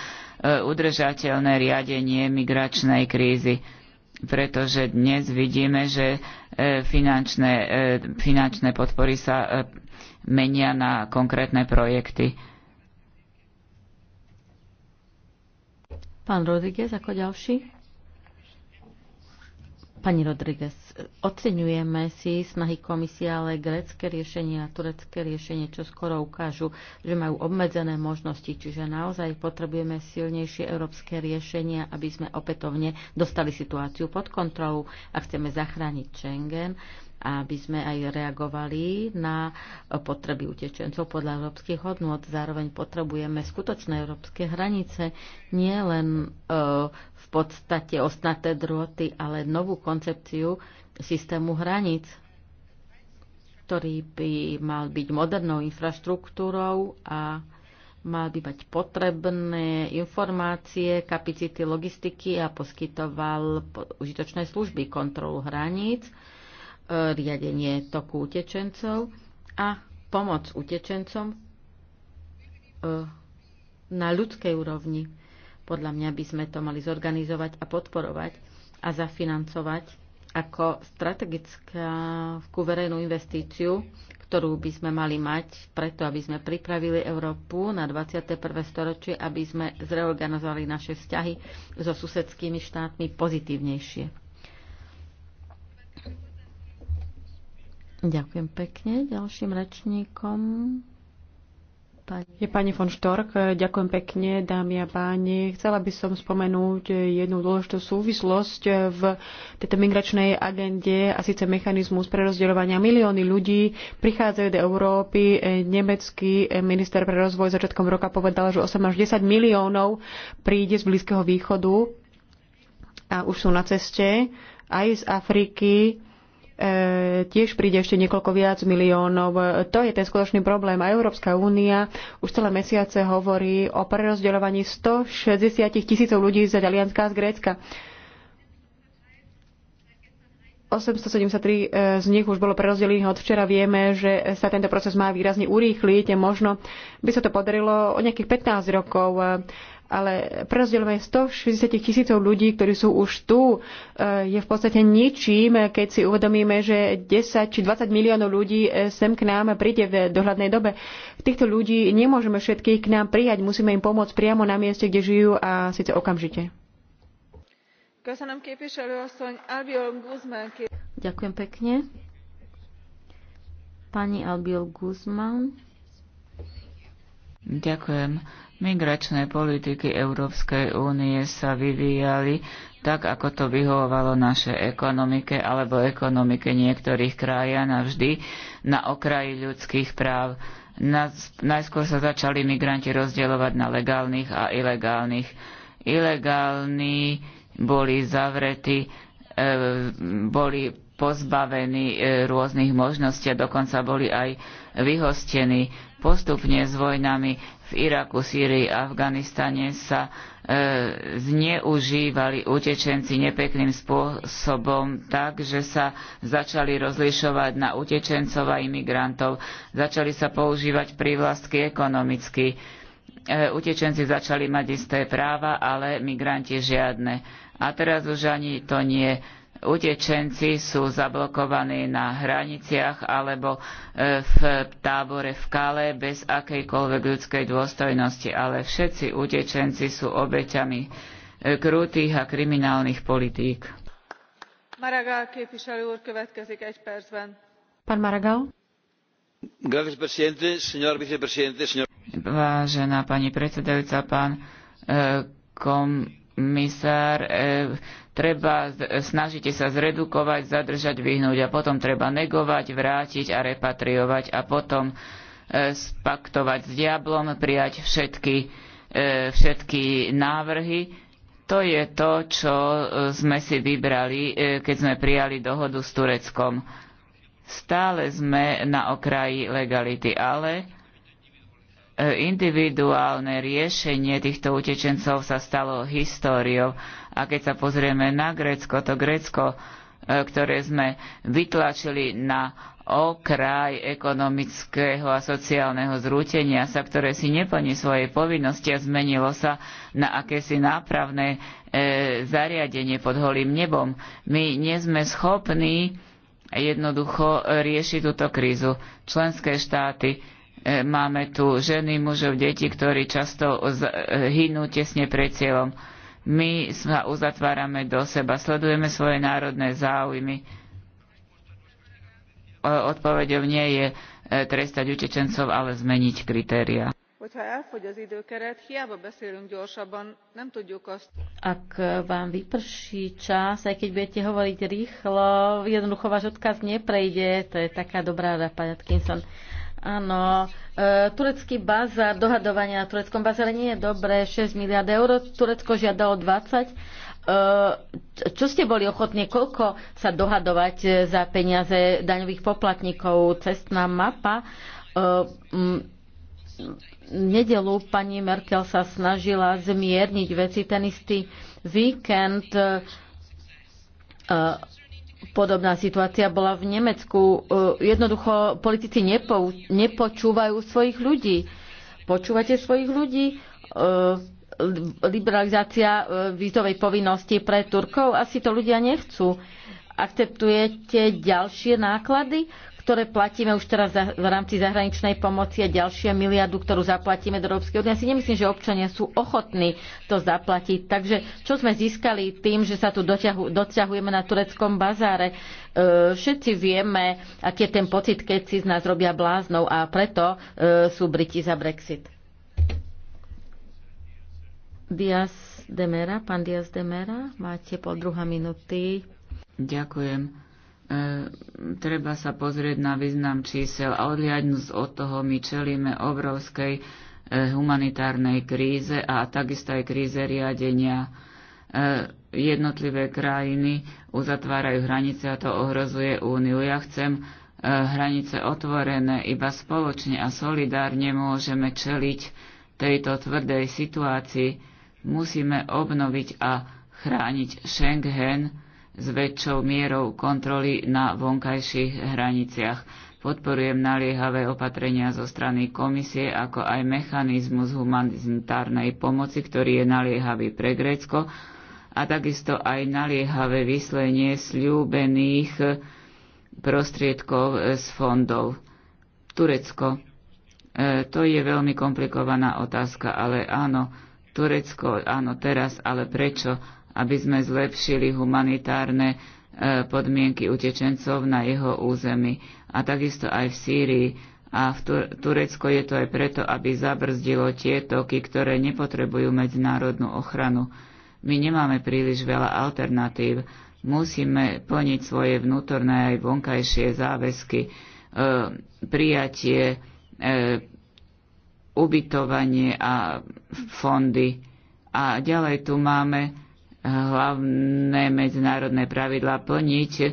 [SPEAKER 3] udržateľné riadenie migračnej krízy pretože dnes vidíme, že e, finančné, e, finančné podpory sa e, menia na konkrétne projekty.
[SPEAKER 1] Pán Rodriguez ako ďalší. Pani Rodriguez, oceňujeme si snahy komisie, ale grecké riešenie a turecké riešenie čo skoro ukážu, že majú obmedzené možnosti, čiže naozaj potrebujeme silnejšie európske riešenia, aby sme opätovne dostali situáciu pod kontrolu a chceme zachrániť Schengen aby sme aj reagovali na potreby utečencov podľa európskych hodnôt. Zároveň potrebujeme skutočné európske hranice, nie len e, v podstate osnaté drôty, ale novú koncepciu systému hraníc ktorý by mal byť modernou infraštruktúrou a mal by mať potrebné informácie, kapacity logistiky a poskytoval užitočné služby, kontrolu hraníc, E, riadenie toku utečencov a pomoc utečencom e, na ľudskej úrovni. Podľa mňa by sme to mali zorganizovať a podporovať a zafinancovať ako strategickú verejnú investíciu, ktorú by sme mali mať preto, aby sme pripravili Európu na 21. storočie, aby sme zreorganizovali naše vzťahy so susedskými štátmi pozitívnejšie. Ďakujem pekne. Ďalším rečníkom pani... je
[SPEAKER 2] pani von Štork. Ďakujem pekne, dámy a páni. Chcela by som spomenúť jednu dôležitú súvislosť v tejto migračnej agende a síce mechanizmus prerozdeľovania. Milióny ľudí prichádzajú do Európy. Nemecký minister pre rozvoj začiatkom roka povedal, že 8 až 10 miliónov príde z Blízkeho východu a už sú na ceste aj z Afriky E, tiež príde ešte niekoľko viac miliónov. To je ten skutočný problém. A Európska únia už celé mesiace hovorí o prerozdeľovaní 160 tisícov ľudí z Talianska a z Grécka. 873 e, z nich už bolo prerozdelených. Od včera vieme, že sa tento proces má výrazne urýchliť. Možno by sa to podarilo o nejakých 15 rokov ale prerozdeľovanie 160 tisícov ľudí, ktorí sú už tu, e, je v podstate ničím, keď si uvedomíme, že 10 či 20 miliónov ľudí e, sem k nám príde v dohľadnej dobe. Týchto ľudí nemôžeme všetkých k nám prijať, musíme im pomôcť priamo na mieste, kde žijú a síce okamžite.
[SPEAKER 1] Ďakujem pekne. Pani Albiol Guzman.
[SPEAKER 3] Ďakujem. Migračné politiky Európskej únie sa vyvíjali tak, ako to vyhovovalo našej ekonomike alebo ekonomike niektorých krajín a vždy na okraji ľudských práv. Najskôr sa začali migranti rozdielovať na legálnych a ilegálnych. Ilegálni boli zavretí, e, boli pozbavení e, rôznych možností a dokonca boli aj vyhostení postupne s vojnami v Iraku, Sýrii, Afganistane sa e, zneužívali utečenci nepekným spôsobom tak, že sa začali rozlišovať na utečencov a imigrantov. Začali sa používať prívlastky ekonomicky. E, utečenci začali mať isté práva, ale migranti žiadne. A teraz už ani to nie utečenci sú zablokovaní na hraniciach alebo e, v tábore v Kale bez akejkoľvek ľudskej dôstojnosti, ale všetci utečenci sú obeťami e, krutých a kriminálnych politík. Pán Vážená pani predsedajúca, pán e, kom, komisár, e, treba snažite sa zredukovať, zadržať, vyhnúť a potom treba negovať, vrátiť a repatriovať a potom e, spaktovať s diablom, prijať všetky, e, všetky návrhy. To je to, čo sme si vybrali, keď sme prijali dohodu s Tureckom. Stále sme na okraji legality, ale individuálne riešenie týchto utečencov sa stalo históriou. A keď sa pozrieme na Grécko, to Grécko, e, ktoré sme vytlačili na okraj ekonomického a sociálneho zrútenia sa, ktoré si neplní svoje povinnosti a zmenilo sa na akési nápravné e, zariadenie pod holým nebom. My nie sme schopní jednoducho riešiť túto krízu. Členské štáty E, máme tu ženy, mužov, deti, ktorí často e, hynú tesne pred cieľom. My sa uzatvárame do seba, sledujeme svoje národné záujmy. Odpovedou nie je e, trestať utečencov, ale zmeniť kritéria.
[SPEAKER 1] Ak vám vyprší čas, aj keď budete hovoriť rýchlo, jednoducho váš odkaz neprejde. To je taká dobrá rada, pani Atkinson. Áno, e, turecký bazár, dohadovania na tureckom bazáre nie je dobré, 6 miliard eur, Turecko žiadalo 20. E, čo ste boli ochotní, koľko sa dohadovať e, za peniaze daňových poplatníkov? Cestná mapa. Nedelu pani Merkel sa snažila zmierniť veci ten istý víkend Podobná situácia bola v Nemecku. E, jednoducho politici nepo, nepočúvajú svojich ľudí. Počúvate svojich ľudí? E, liberalizácia e, vízovej povinnosti pre Turkov? Asi to ľudia nechcú. Akceptujete ďalšie náklady, ktoré platíme už teraz v rámci zahraničnej pomoci a ďalšia miliardu, ktorú zaplatíme do Európskej únie. Ja si nemyslím, že občania sú ochotní to zaplatiť. Takže čo sme získali tým, že sa tu doťahujeme na tureckom bazáre? E, všetci vieme, aký je ten pocit, keď si z nás robia bláznou a preto e, sú Briti za Brexit. Diaz Demera, pán Diaz Demera, máte
[SPEAKER 3] pol druhá minúty. Ďakujem. E, treba sa pozrieť na význam čísel a odliadnúť od toho my čelíme obrovskej e, humanitárnej kríze a takisto aj kríze riadenia. E, jednotlivé krajiny uzatvárajú hranice a to ohrozuje úniu. Ja chcem hranice otvorené, iba spoločne a solidárne môžeme čeliť tejto tvrdej situácii. Musíme obnoviť a chrániť Schengen, s väčšou mierou kontroly na vonkajších hraniciach. Podporujem naliehavé opatrenia zo strany komisie, ako aj mechanizmus humanitárnej pomoci, ktorý je naliehavý pre Grécko, a takisto aj naliehavé vyslenie sľúbených prostriedkov z fondov. Turecko. E, to je veľmi komplikovaná otázka, ale áno, Turecko, áno teraz, ale prečo? aby sme zlepšili humanitárne e, podmienky utečencov na jeho území a takisto aj v Sýrii. A v Turecko je to aj preto, aby zabrzdilo tie toky, ktoré nepotrebujú medzinárodnú ochranu. My nemáme príliš veľa alternatív. Musíme plniť svoje vnútorné aj vonkajšie záväzky, e, prijatie, e, ubytovanie a fondy. A ďalej tu máme hlavné medzinárodné pravidlá plniť e,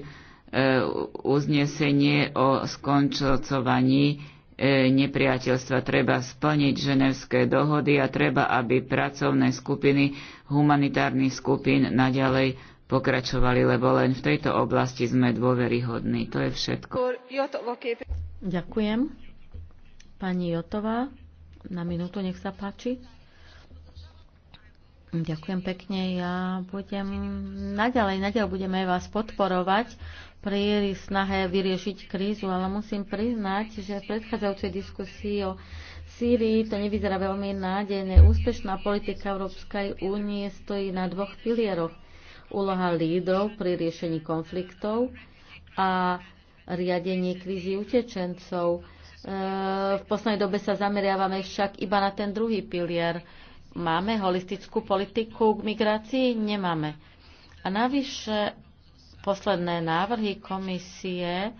[SPEAKER 3] uznesenie o skončocovaní e, nepriateľstva. Treba splniť ženevské dohody a treba, aby pracovné skupiny humanitárnych skupín naďalej pokračovali, lebo len v tejto oblasti sme dôveryhodní. To je všetko.
[SPEAKER 1] Ďakujem. Pani Jotová, na minútu nech sa páči. Ďakujem pekne. Ja budem naďalej, naďalej budeme vás podporovať pri snahe vyriešiť krízu, ale musím priznať, že v predchádzajúcej diskusii o Sýrii to nevyzerá veľmi nádejne. Úspešná politika Európskej únie stojí na dvoch pilieroch. Úloha lídrov pri riešení konfliktov a riadenie krízy utečencov. E, v poslednej dobe sa zameriavame však iba na ten druhý pilier Máme holistickú politiku k migrácii? Nemáme. A navyše posledné návrhy komisie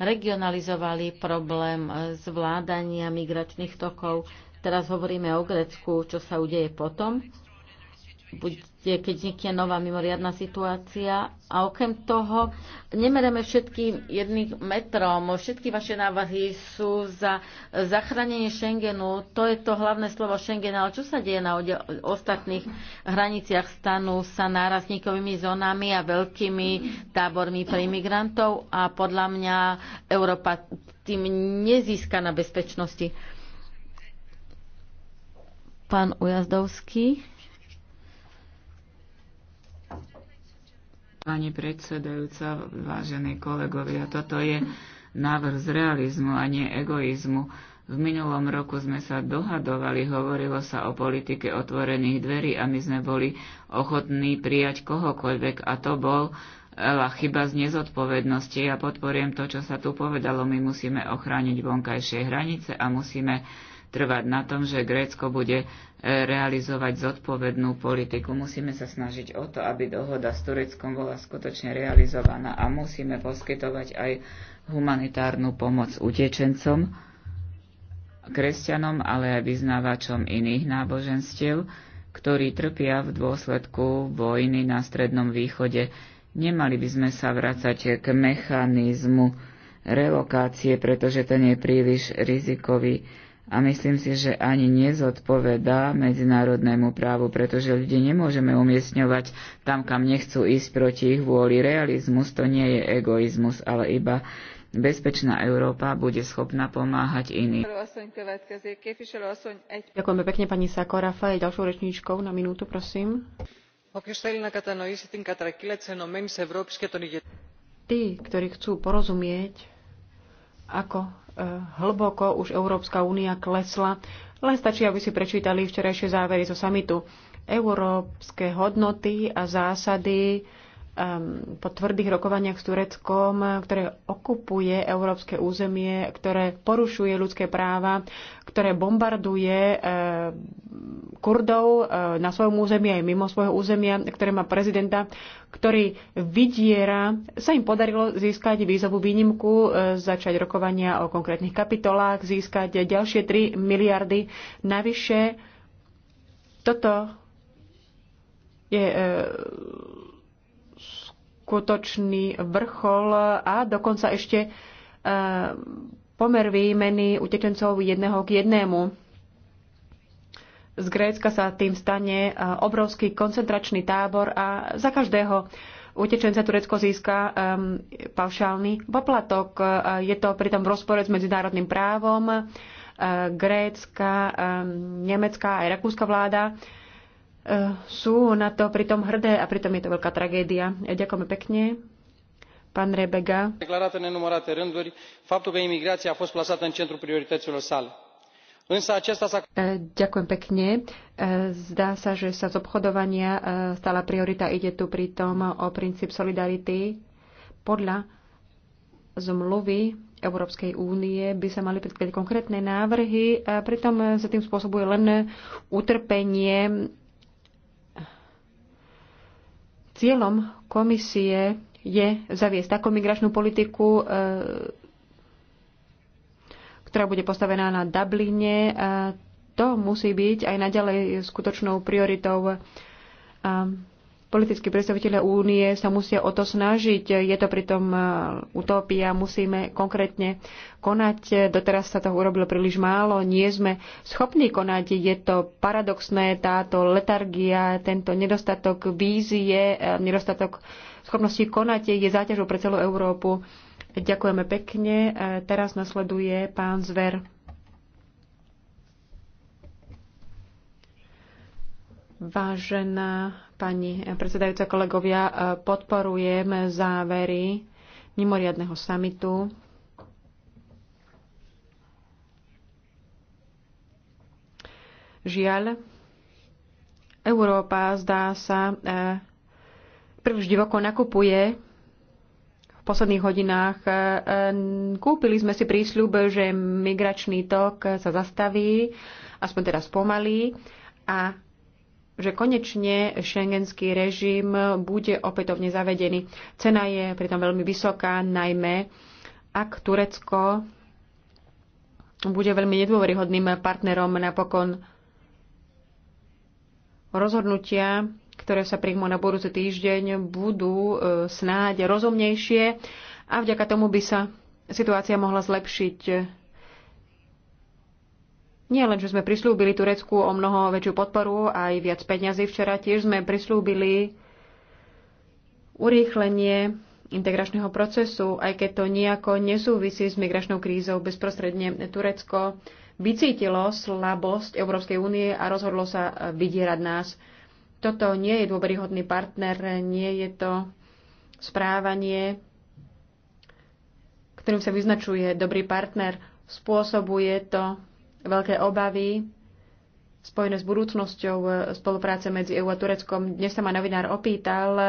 [SPEAKER 1] regionalizovali problém zvládania migračných tokov. Teraz hovoríme o Grécku, čo sa udeje potom bude, keď vznikne nová mimoriadná situácia. A okrem toho, nemereme všetkým jedným metrom. Všetky vaše návahy sú za zachránenie Schengenu. To je to hlavné slovo Schengen. Ale čo sa deje na ostatných hraniciach? Stanú sa nárazníkovými zónami a veľkými tábormi pre imigrantov. A podľa mňa Európa tým nezíska na bezpečnosti. Pán Ujazdovský.
[SPEAKER 3] Pani predsedajúca, vážení kolegovia, toto je návrh z realizmu a nie egoizmu. V minulom roku sme sa dohadovali, hovorilo sa o politike otvorených dverí a my sme boli ochotní prijať kohokoľvek a to bol Ela eh, chyba z nezodpovednosti. Ja podporiem to, čo sa tu povedalo. My musíme ochrániť vonkajšie hranice a musíme trvať na tom, že Grécko bude realizovať zodpovednú politiku. Musíme sa snažiť o to, aby dohoda s Tureckom bola skutočne realizovaná a musíme poskytovať aj humanitárnu pomoc utečencom, kresťanom, ale aj vyznávačom iných náboženstiev, ktorí trpia v dôsledku vojny na Strednom východe. Nemali by sme sa vrácať k mechanizmu relokácie, pretože ten je príliš rizikový a myslím si, že ani nezodpovedá medzinárodnému právu, pretože ľudí nemôžeme umiestňovať tam, kam nechcú ísť proti ich vôli. Realizmus to nie je egoizmus, ale iba bezpečná Európa bude schopná pomáhať iným. Ďakujeme pekne
[SPEAKER 2] pani Sakorafa. Je ďalšou rečníčkou na minútu, prosím. Tí, ktorí chcú porozumieť, ako Eh, hlboko už Európska únia klesla. Len stačí, aby si prečítali včerajšie závery zo samitu. Európske hodnoty a zásady Um, po tvrdých rokovaniach s Tureckom, ktoré okupuje európske územie, ktoré porušuje ľudské práva, ktoré bombarduje uh, Kurdov uh, na svojom území aj mimo svojho územia, ktoré má prezidenta, ktorý vydiera, sa im podarilo získať výzovú výnimku, uh, začať rokovania o konkrétnych kapitolách, získať ďalšie 3 miliardy navyše. Toto je skutočný vrchol a dokonca ešte e, pomer výmeny utečencov jedného k jednému. Z Grécka sa tým stane e, obrovský koncentračný tábor a za každého utečenca Turecko získa um, paušálny poplatok. E, je to pritom v rozpore s medzinárodným právom. Grécka, um, nemecká aj rakúska vláda uh, Eh, sú na to pritom hrdé a pritom je to veľká tragédia. Ďakujeme pekne. Pán Rebega.
[SPEAKER 4] Declarat în nenumărate rânduri faptul că imigrația a fost plasată în centrul priorităților sale. Însă acesta s-a...
[SPEAKER 2] Eh, ďakujem pekne. Eh, zdá sa, že sa z obchodovania stala priorita. Ide tu pritom o princíp solidarity. Podľa zmluvy Európskej únie by sa mali predkladať konkrétne návrhy, a pritom sa tým spôsobuje len utrpenie Cieľom komisie je zaviesť takú migračnú politiku, e, ktorá bude postavená na Dubline. E, to musí byť aj naďalej skutočnou prioritou. Politickí predstaviteľe únie sa musia o to snažiť. Je to pritom e, utopia. Musíme konkrétne konať. Doteraz sa toho urobilo príliš málo. Nie sme schopní konať. Je to paradoxné, táto letargia, tento nedostatok vízie, e, nedostatok schopnosti konať je záťažou pre celú Európu. Ďakujeme pekne. E, teraz nasleduje pán Zver. Vážená pani predsedajúca, kolegovia, e, podporujem závery mimoriadného samitu. Žiaľ, Európa zdá sa e, príliš divoko nakupuje v posledných hodinách. E, kúpili sme si prísľub, že migračný tok sa zastaví, aspoň teraz pomalý. a že konečne šengenský režim bude opätovne zavedený. Cena je pritom veľmi vysoká, najmä ak Turecko bude veľmi nedôveryhodným partnerom napokon rozhodnutia, ktoré sa príjmú na budúci týždeň, budú e, snáď rozumnejšie a vďaka tomu by sa situácia mohla zlepšiť nie len, že sme prislúbili Turecku o mnoho väčšiu podporu, aj viac peňazí včera, tiež sme prislúbili urýchlenie integračného procesu, aj keď to nejako nesúvisí s migračnou krízou bezprostredne. Turecko vycítilo slabosť Európskej únie a rozhodlo sa vydierať nás. Toto nie je dôveryhodný partner, nie je to správanie, ktorým sa vyznačuje dobrý partner. Spôsobuje to veľké obavy spojené s budúcnosťou e, spolupráce medzi EU a Tureckom. Dnes sa ma novinár opýtal, e,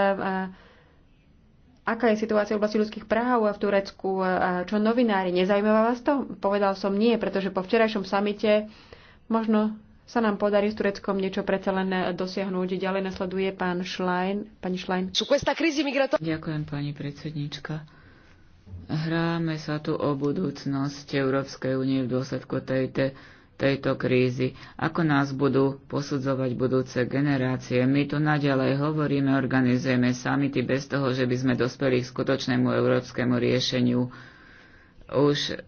[SPEAKER 2] aká je situácia v oblasti ľudských práv v Turecku, e, čo novinári, nezaujímavá vás to? Povedal som nie, pretože po včerajšom samite možno sa nám podarí s Tureckom niečo predsa len dosiahnuť. Ďalej nasleduje pán Schlein. Pani Schlein.
[SPEAKER 3] Ďakujem, pani predsedníčka Hráme sa tu o budúcnosť Európskej únie v dôsledku tejto, tejto krízy. Ako nás budú posudzovať budúce generácie? My tu naďalej hovoríme, organizujeme samity bez toho, že by sme dospeli k skutočnému európskemu riešeniu. Už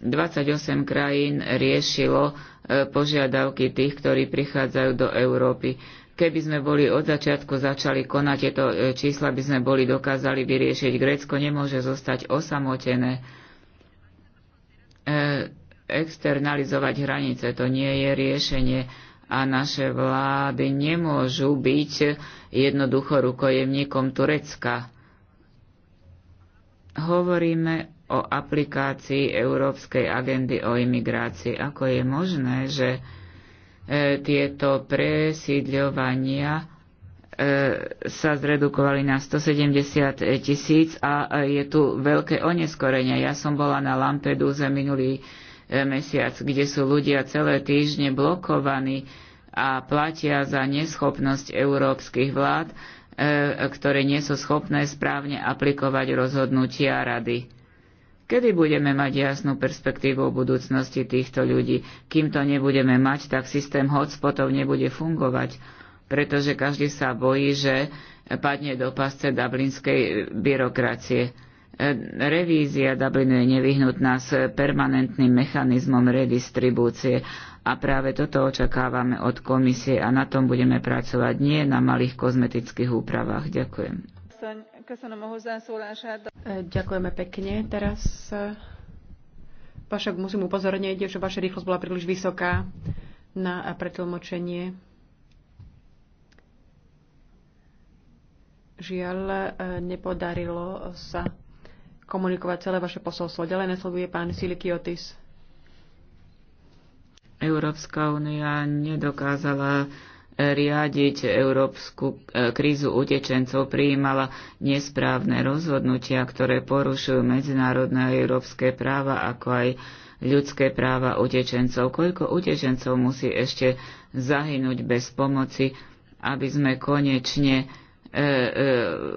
[SPEAKER 3] 28 krajín riešilo e, požiadavky tých, ktorí prichádzajú do Európy. Keby sme boli od začiatku začali konať tieto e, čísla, by sme boli dokázali vyriešiť. Grécko nemôže zostať osamotené. E, externalizovať hranice to nie je riešenie a naše vlády nemôžu byť jednoducho rukojemníkom Turecka. Hovoríme o aplikácii Európskej agendy o imigrácii. Ako je možné, že E, tieto presídľovania e, sa zredukovali na 170 tisíc a e, je tu veľké oneskorenie. Ja som bola na Lampedúze minulý mesiac, kde sú ľudia celé týždne blokovaní a platia za neschopnosť európskych vlád, ktoré nie sú schopné správne aplikovať rozhodnutia rady Kedy budeme mať jasnú perspektívu budúcnosti týchto ľudí? Kým to nebudeme mať, tak systém hotspotov nebude fungovať, pretože každý sa bojí, že padne do pasce dublinskej byrokracie. E, revízia Dublinu je nevyhnutná s permanentným mechanizmom redistribúcie a práve toto očakávame od komisie a na tom budeme pracovať nie na malých kozmetických úpravách. Ďakujem.
[SPEAKER 5] Ďakujeme
[SPEAKER 2] pekne. Teraz Pašak e, musím upozorniť, že vaša rýchlosť bola príliš vysoká na pretlmočenie. Žiaľ, e, nepodarilo sa komunikovať celé vaše posolstvo. Ďalej nesleduje pán Silikiotis.
[SPEAKER 3] Európska únia nedokázala riadiť európsku e, krízu utečencov, prijímala nesprávne rozhodnutia, ktoré porušujú medzinárodné a európske práva, ako aj ľudské práva utečencov. Koľko utečencov musí ešte zahynúť bez pomoci, aby sme konečne e, e,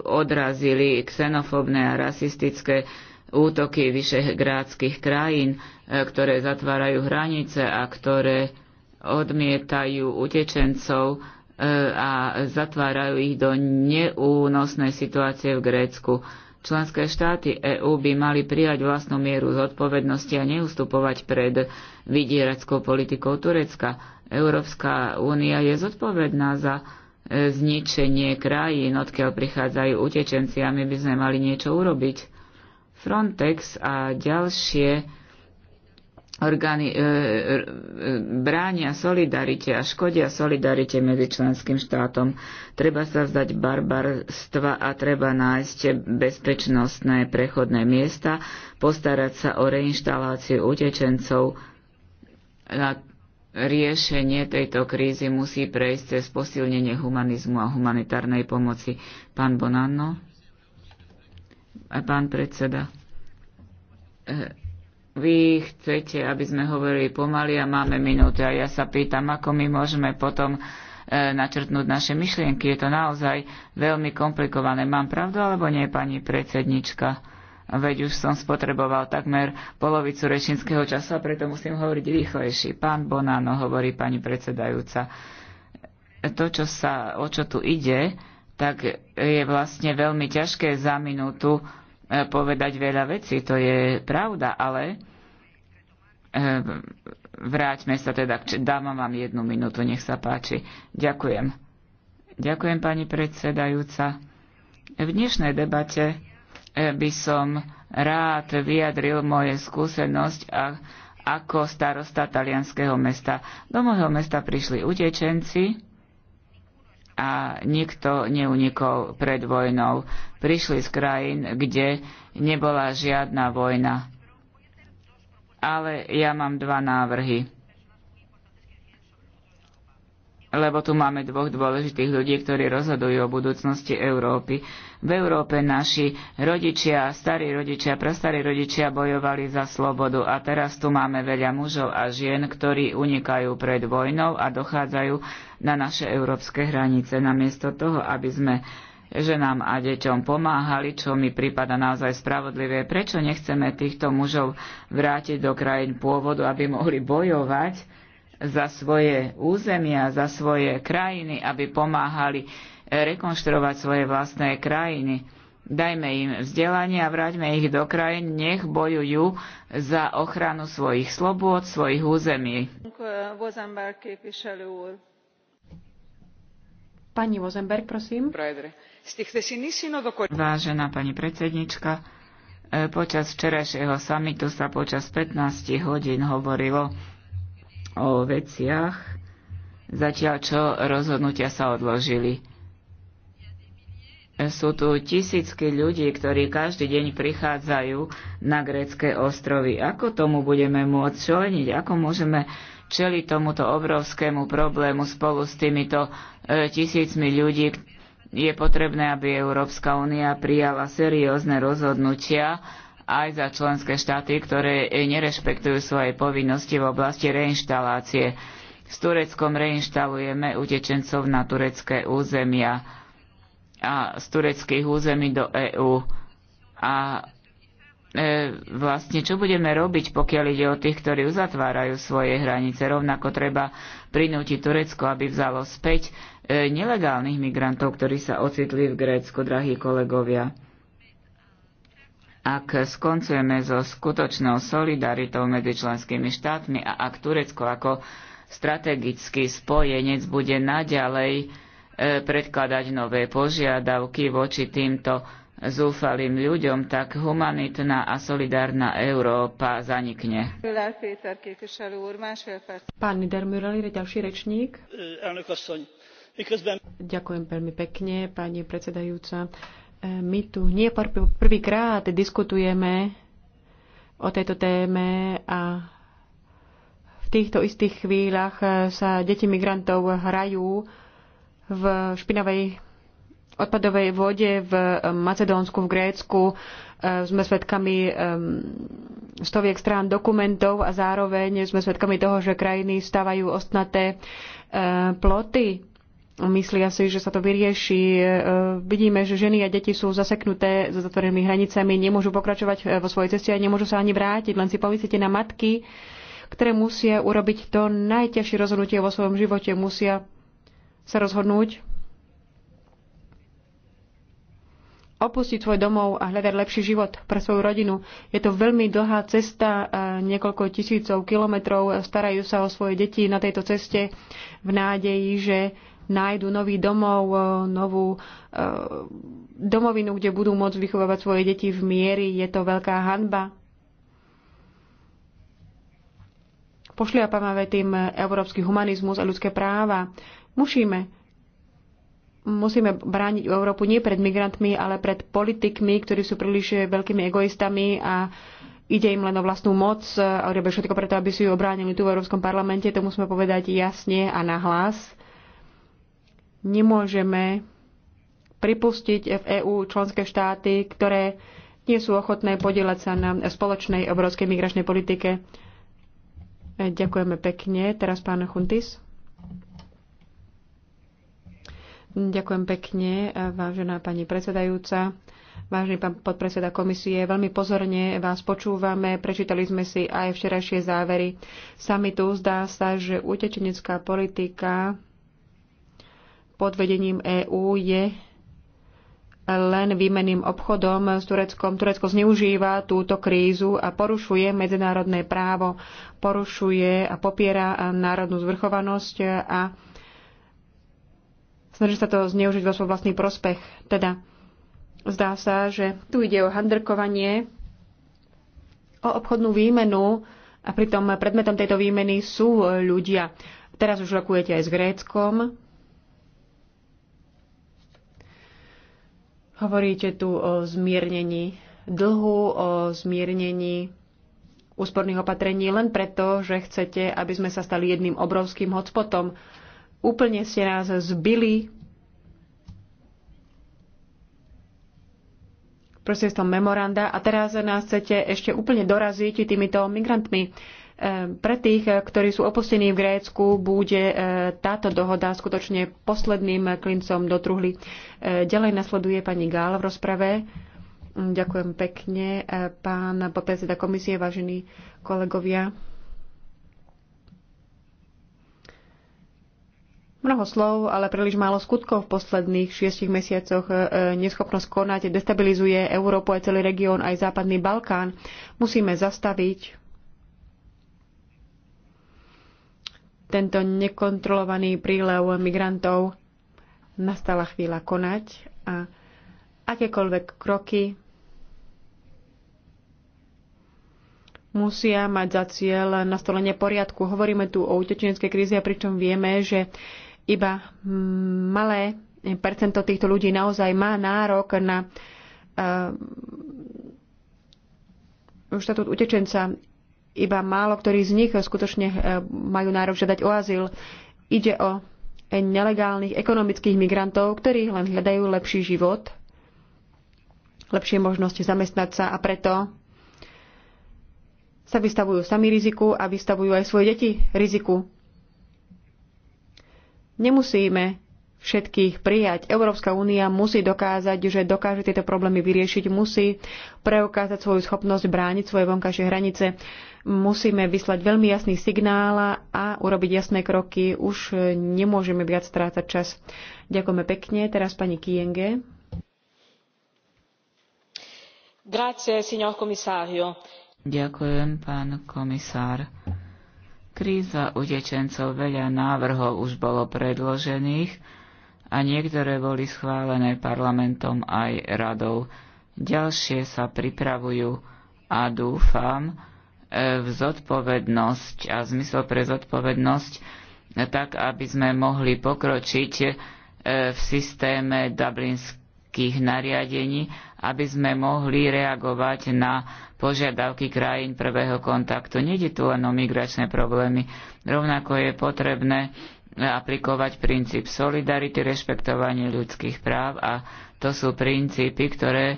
[SPEAKER 3] odrazili xenofobné a rasistické útoky vyšehrádskych krajín, e, ktoré zatvárajú hranice a ktoré odmietajú utečencov e, a zatvárajú ich do neúnosnej situácie v Grécku. Členské štáty EÚ by mali prijať vlastnú mieru zodpovednosti a neustupovať pred vydierackou politikou Turecka. Európska únia je zodpovedná za e, zničenie krajín, odkiaľ prichádzajú utečenci a my by sme mali niečo urobiť. Frontex a ďalšie orgány e, e, e, bránia solidarite a škodia solidarite medzi členským štátom. Treba sa vzdať barbarstva a treba nájsť bezpečnostné prechodné miesta, postarať sa o reinštaláciu utečencov. Na riešenie tejto krízy musí prejsť cez posilnenie humanizmu a humanitárnej pomoci. Pán Bonanno? Pán predseda? E vy chcete, aby sme hovorili pomaly a máme minúty a ja sa pýtam, ako my môžeme potom e, načrtnúť naše myšlienky. Je to naozaj veľmi komplikované. Mám pravdu alebo nie, pani predsednička? Veď už som spotreboval takmer polovicu rečníckého času a preto musím hovoriť rýchlejšie. Pán Bonano hovorí pani predsedajúca. To, čo sa, o čo tu ide, tak je vlastne veľmi ťažké za minútu E, povedať veľa vecí, to je pravda, ale e, vráťme sa teda, dávam vám jednu minútu, nech sa páči. Ďakujem. Ďakujem, pani predsedajúca. E, v dnešnej debate by som rád vyjadril moje skúsenosť a ako starosta talianského mesta. Do môjho mesta prišli utečenci, a nikto neunikol pred vojnou. Prišli z krajín, kde nebola žiadna vojna. Ale ja mám dva návrhy lebo tu máme dvoch dôležitých ľudí, ktorí rozhodujú o budúcnosti Európy. V Európe naši rodičia, starí rodičia, prastarí rodičia bojovali za slobodu a teraz tu máme veľa mužov a žien, ktorí unikajú pred vojnou a dochádzajú na naše európske hranice. Namiesto toho, aby sme ženám a deťom pomáhali, čo mi prípada naozaj spravodlivé. Prečo nechceme týchto mužov vrátiť do krajín pôvodu, aby mohli bojovať za svoje územia, za svoje krajiny, aby pomáhali rekonštruovať svoje vlastné krajiny. Dajme im vzdelanie a vráťme ich do krajín, nech bojujú za ochranu svojich slobôd, svojich území.
[SPEAKER 2] Pani Vozenberg, prosím.
[SPEAKER 3] Vážená pani predsednička, e, počas včerajšieho samitu sa počas 15 hodín hovorilo o veciach, zatiaľ čo rozhodnutia sa odložili. Sú tu tisícky ľudí, ktorí každý deň prichádzajú na grécké ostrovy. Ako tomu budeme môcť členiť? Ako môžeme čeliť tomuto obrovskému problému spolu s týmito e, tisícmi ľudí? Je potrebné, aby Európska únia prijala seriózne rozhodnutia, aj za členské štáty, ktoré nerešpektujú svoje povinnosti v oblasti reinštalácie. S Tureckom reinštalujeme utečencov na turecké územia a z tureckých území do EÚ. A e, vlastne čo budeme robiť, pokiaľ ide o tých, ktorí uzatvárajú svoje hranice? Rovnako treba prinútiť Turecko, aby vzalo späť e, nelegálnych migrantov, ktorí sa ocitli v Grécku, drahí kolegovia. Ak skoncujeme so skutočnou solidaritou medzi členskými štátmi a ak Turecko ako strategický spojenec bude naďalej e, predkladať nové požiadavky voči týmto zúfalým ľuďom, tak humanitná a solidárna Európa zanikne.
[SPEAKER 2] Pán Dermurali, ďalší rečník. Ďakujem veľmi pekne, pani predsedajúca. E, my tu nie prvýkrát diskutujeme o tejto téme a v týchto istých chvíľach e, sa deti migrantov hrajú v špinavej odpadovej vode v Macedónsku, v Grécku. E, sme svedkami stoviek strán dokumentov a zároveň sme svedkami toho, že krajiny stávajú ostnaté ploty Myslia si, že sa to vyrieši. E, vidíme, že ženy a deti sú zaseknuté za zatvorenými hranicami, nemôžu pokračovať e, vo svojej ceste a nemôžu sa ani vrátiť. Len si pomyslite na matky, ktoré musia urobiť to najťažšie rozhodnutie vo svojom živote. Musia sa rozhodnúť opustiť svoj domov a hľadať lepší život pre svoju rodinu. Je to veľmi dlhá cesta, e, niekoľko tisícov kilometrov. Starajú sa o svoje deti na tejto ceste v nádeji, že nájdu nový domov, e, novú e, domovinu, kde budú môcť vychovávať svoje deti v miery. Je to veľká hanba. Pošliapávame tým európsky humanizmus a ľudské práva. Musíme musíme brániť Európu nie pred migrantmi, ale pred politikmi, ktorí sú príliš veľkými egoistami a ide im len o vlastnú moc a urobia všetko preto, aby si ju obránili tu v Európskom parlamente. To musíme povedať jasne a nahlas nemôžeme pripustiť v EÚ členské štáty, ktoré nie sú ochotné podielať sa na spoločnej obrovskej migračnej politike. Ďakujeme pekne. Teraz pán Chuntis. Ďakujem pekne, vážená pani predsedajúca. Vážený pán podpredseda komisie, veľmi pozorne vás počúvame. Prečítali sme si aj včerajšie závery samitu. Zdá sa, že utečenecká politika pod vedením EÚ je len výmenným obchodom s Tureckom. Turecko zneužíva túto krízu a porušuje medzinárodné právo, porušuje a popiera národnú zvrchovanosť a snaží sa to zneužiť vo svoj vlastný prospech. Teda zdá sa, že tu ide o handrkovanie, o obchodnú výmenu a pritom predmetom tejto výmeny sú ľudia. Teraz už rokujete aj s Gréckom, Hovoríte tu o zmiernení dlhu, o zmiernení úsporných opatrení len preto, že chcete, aby sme sa stali jedným obrovským hotspotom. Úplne ste nás zbili z toho memoranda a teraz nás chcete ešte úplne doraziť týmito migrantmi. Ehm, pre tých, eh, ktorí sú opustení v Grécku, bude eh, táto dohoda skutočne posledným klincom do truhly. Eh, ďalej nasleduje pani Gál v rozprave. Mm, ďakujem pekne, pán podpredseda komisie, vážení kolegovia. Mnoho slov, ale príliš málo skutkov v posledných šiestich mesiacoch. Neschopnosť konať destabilizuje Európu a celý región, aj západný Balkán. Musíme zastaviť tento nekontrolovaný prílev migrantov, nastala chvíľa konať a akékoľvek kroky musia mať za cieľ nastolenie poriadku. Hovoríme tu o utečeneckej kríze, pričom vieme, že iba malé percento týchto ľudí naozaj má nárok na uh, štatút utečenca. Iba málo ktorí z nich skutočne e, majú nárok žiadať o azyl. Ide o nelegálnych ekonomických migrantov, ktorí len hľadajú lepší život, lepšie možnosti zamestnať sa a preto sa vystavujú sami riziku a vystavujú aj svoje deti riziku. Nemusíme všetkých prijať. Európska únia musí dokázať, že dokáže tieto problémy vyriešiť, musí preukázať svoju schopnosť brániť svoje vonkajšie hranice. Musíme vyslať veľmi jasný signál a urobiť jasné kroky. Už nemôžeme viac strácať čas. Ďakujeme pekne. Teraz pani Kienge.
[SPEAKER 5] Grazie, signor komisario.
[SPEAKER 3] Ďakujem, pán komisár. Kríza utečencov veľa návrhov už bolo predložených a niektoré boli schválené parlamentom aj radou. Ďalšie sa pripravujú a dúfam e, v zodpovednosť a zmysel pre zodpovednosť, e, tak aby sme mohli pokročiť e, v systéme dublinských nariadení, aby sme mohli reagovať na požiadavky krajín prvého kontaktu. Nede tu len o migračné problémy. Rovnako je potrebné aplikovať princíp solidarity, rešpektovanie ľudských práv a to sú princípy, ktoré e,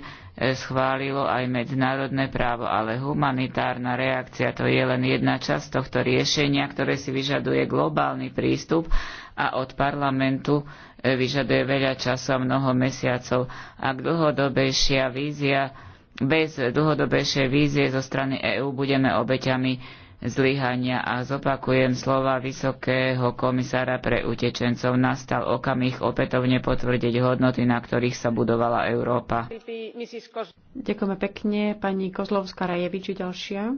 [SPEAKER 3] schválilo aj medzinárodné právo, ale humanitárna reakcia to je len jedna časť tohto riešenia, ktoré si vyžaduje globálny prístup a od parlamentu e, vyžaduje veľa času a mnoho mesiacov. Ak dlhodobejšia vízia bez dlhodobejšej vízie zo strany EÚ budeme obeťami zlyhania a zopakujem slova vysokého komisára pre utečencov. Nastal okamih opätovne potvrdiť hodnoty, na ktorých sa budovala Európa.
[SPEAKER 2] Ďakujeme pekne. Pani Kozlovská Rajevič, ďalšia.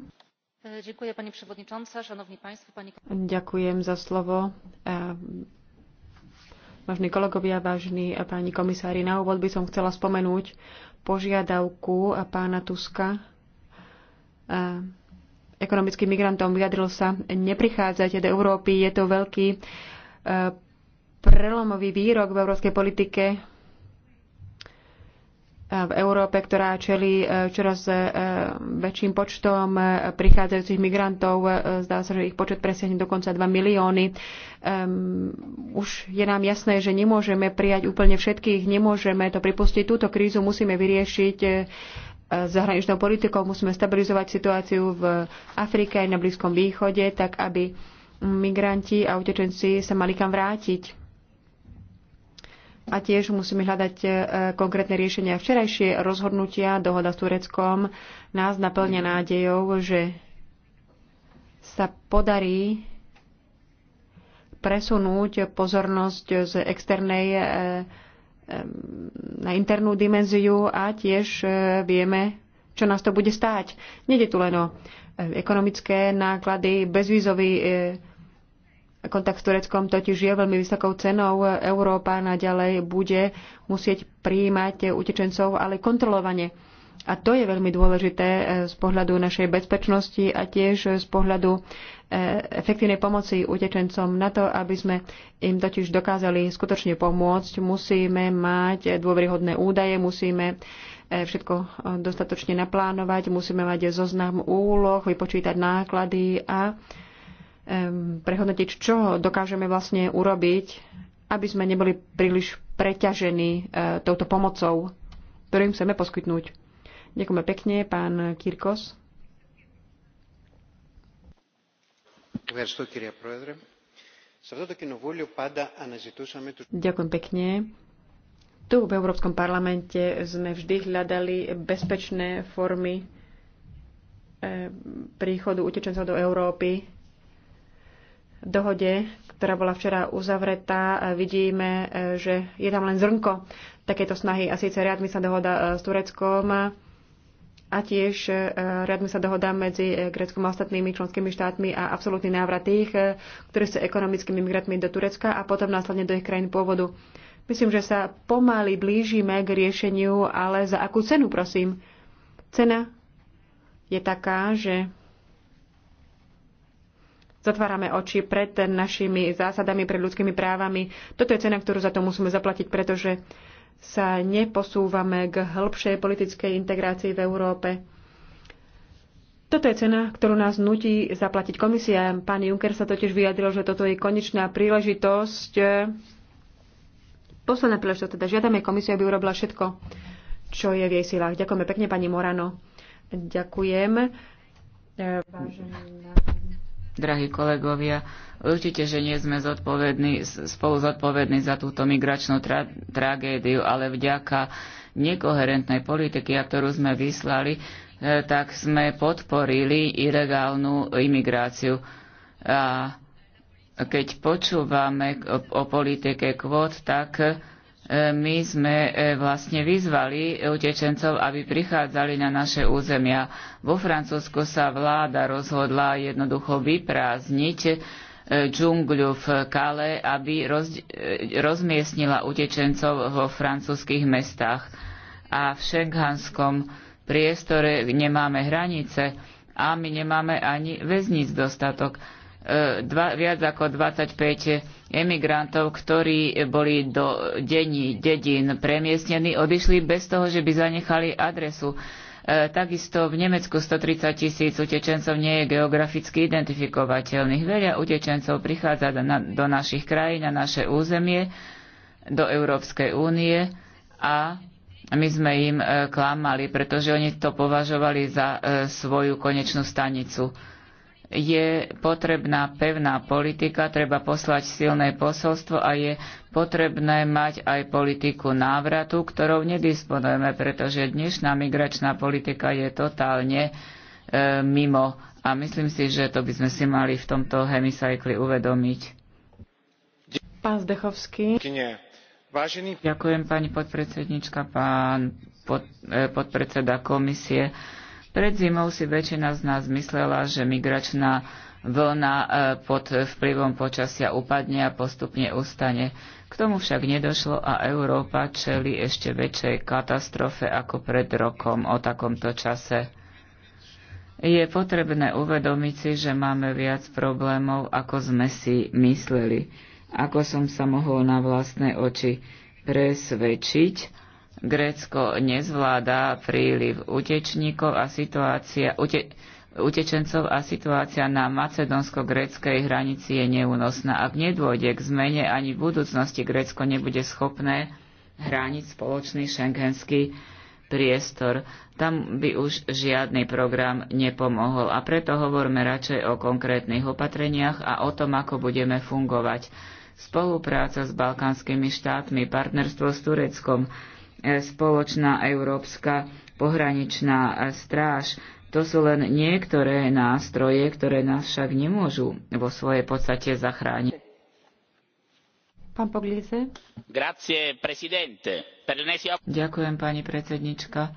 [SPEAKER 1] Ďakujem, pani prevodničanca, šanovní państwo, pani...
[SPEAKER 2] Ďakujem za slovo. E, vážni kolegovia, vážni páni komisári, na úvod by som chcela spomenúť požiadavku pána Tuska e, ekonomickým migrantom. Vyjadril sa, neprichádzať do Európy, je to veľký e, prelomový výrok v európskej politike e, v Európe, ktorá čelí e, čoraz väčším počtom prichádzajúcich migrantov. Zdá sa, že ich počet presiahne dokonca 2 milióny. E, už je nám jasné, že nemôžeme prijať úplne všetkých, nemôžeme to pripustiť. Túto krízu musíme vyriešiť zahraničnou politikou. Musíme stabilizovať situáciu v Afrike aj na Blízkom východe, tak aby migranti a utečenci sa mali kam vrátiť. A tiež musíme hľadať e, konkrétne riešenia. Včerajšie rozhodnutia, dohoda s Tureckom, nás naplňa nádejou, že sa podarí presunúť pozornosť z externej e, na internú dimenziu a tiež e, vieme, čo nás to bude stáť. Nede tu len o e, ekonomické náklady, bezvízový e, kontakt s Tureckom totiž je veľmi vysokou cenou. Európa naďalej bude musieť prijímať utečencov, ale kontrolovane a to je veľmi dôležité eh, z pohľadu našej bezpečnosti a tiež eh, z pohľadu eh, efektívnej pomoci utečencom. Na to, aby sme im totiž dokázali skutočne pomôcť, musíme mať dôveryhodné údaje, musíme všetko dostatočne naplánovať, musíme mať zoznam úloh, vypočítať náklady a prehodnotiť, čo dokážeme vlastne urobiť, aby sme neboli príliš preťažení touto pomocou, ktorú im chceme poskytnúť. Ďakujeme pekne, pán Kirkos. Ďakujem pekne. Tu v Európskom parlamente sme vždy hľadali bezpečné formy eh, príchodu utečencov do Európy. V dohode, ktorá bola včera uzavretá, eh, vidíme, eh, že je tam len zrnko takéto snahy a síce riadmi sa dohoda s Tureckom a tiež e, riadme sa dohoda medzi e, Gréckom a ostatnými členskými štátmi a absolútny návrat tých, e, ktorí sú ekonomickými migrantmi do Turecka a potom následne do ich krajín pôvodu. Myslím, že sa pomaly blížime k riešeniu, ale za akú cenu, prosím? Cena je taká, že zatvárame oči pred našimi zásadami, pred ľudskými právami. Toto je cena, ktorú za to musíme zaplatiť, pretože sa neposúvame k hĺbšej politickej integrácii v Európe. Toto je cena, ktorú nás nutí zaplatiť komisia. Pán Juncker sa totiž vyjadril, že toto je konečná príležitosť. Posledná príležitosť teda. Žiadame komisiu, aby urobila všetko, čo je v jej silách. Ďakujeme pekne, pani Morano. Ďakujem. Vážený
[SPEAKER 3] drahí kolegovia, určite, že nie sme zodpovední, spolu zodpovední za túto migračnú tra- tragédiu, ale vďaka nekoherentnej politiky, a ktorú sme vyslali, eh, tak sme podporili ilegálnu imigráciu. A keď počúvame o politike kvót, tak E, my sme e, vlastne vyzvali utečencov, aby prichádzali na naše územia. Vo Francúzsku sa vláda rozhodla jednoducho vyprázdniť e, džungľu v Kale, aby roz, rozmiestnila utečencov vo francúzskych mestách. A v šenghanskom priestore nemáme hranice a my nemáme ani väzníc dostatok. E, dva, viac ako 25 emigrantov, ktorí boli do dení, dedín premiestnení, odišli bez toho, že by zanechali adresu. E, takisto v Nemecku 130 tisíc utečencov nie je geograficky identifikovateľných. Veľa utečencov prichádza do, našich krajín, na naše územie, do Európskej únie a my sme im e, klamali, pretože oni to považovali za svoju konečnú stanicu je potrebná pevná politika, treba poslať silné posolstvo a je potrebné mať aj politiku návratu, ktorou nedisponujeme, pretože dnešná migračná politika je totálne e, mimo. A myslím si, že to by sme si mali v tomto hemisajkli uvedomiť. Pán Zdechovský. Ďakujem pani podpredsednička, pán pod, e, podpredseda komisie. Pred zimou si väčšina z nás myslela, že migračná vlna e, pod vplyvom počasia upadne a postupne ustane. K tomu však nedošlo a Európa čeli ešte väčšej katastrofe ako pred rokom o takomto čase. Je potrebné uvedomiť si, že máme viac problémov, ako sme si mysleli. Ako som sa mohol na vlastné oči presvedčiť, Grécko nezvláda príliv utečníkov a situácia, ute, utečencov a situácia na macedonsko gréckej hranici je neúnosná. Ak nedôjde k zmene, ani v budúcnosti Grécko nebude schopné hrániť spoločný šengenský priestor. Tam by už žiadny program nepomohol a preto hovorme radšej o konkrétnych opatreniach a o tom, ako budeme fungovať. Spolupráca s balkánskymi štátmi, partnerstvo s Tureckom, E, spoločná európska pohraničná e, stráž. To sú len niektoré nástroje, ktoré nás však nemôžu vo svojej podstate zachrániť. Pán Pogliese. Grazie, presidente. Pernesio... Ďakujem, pani predsednička.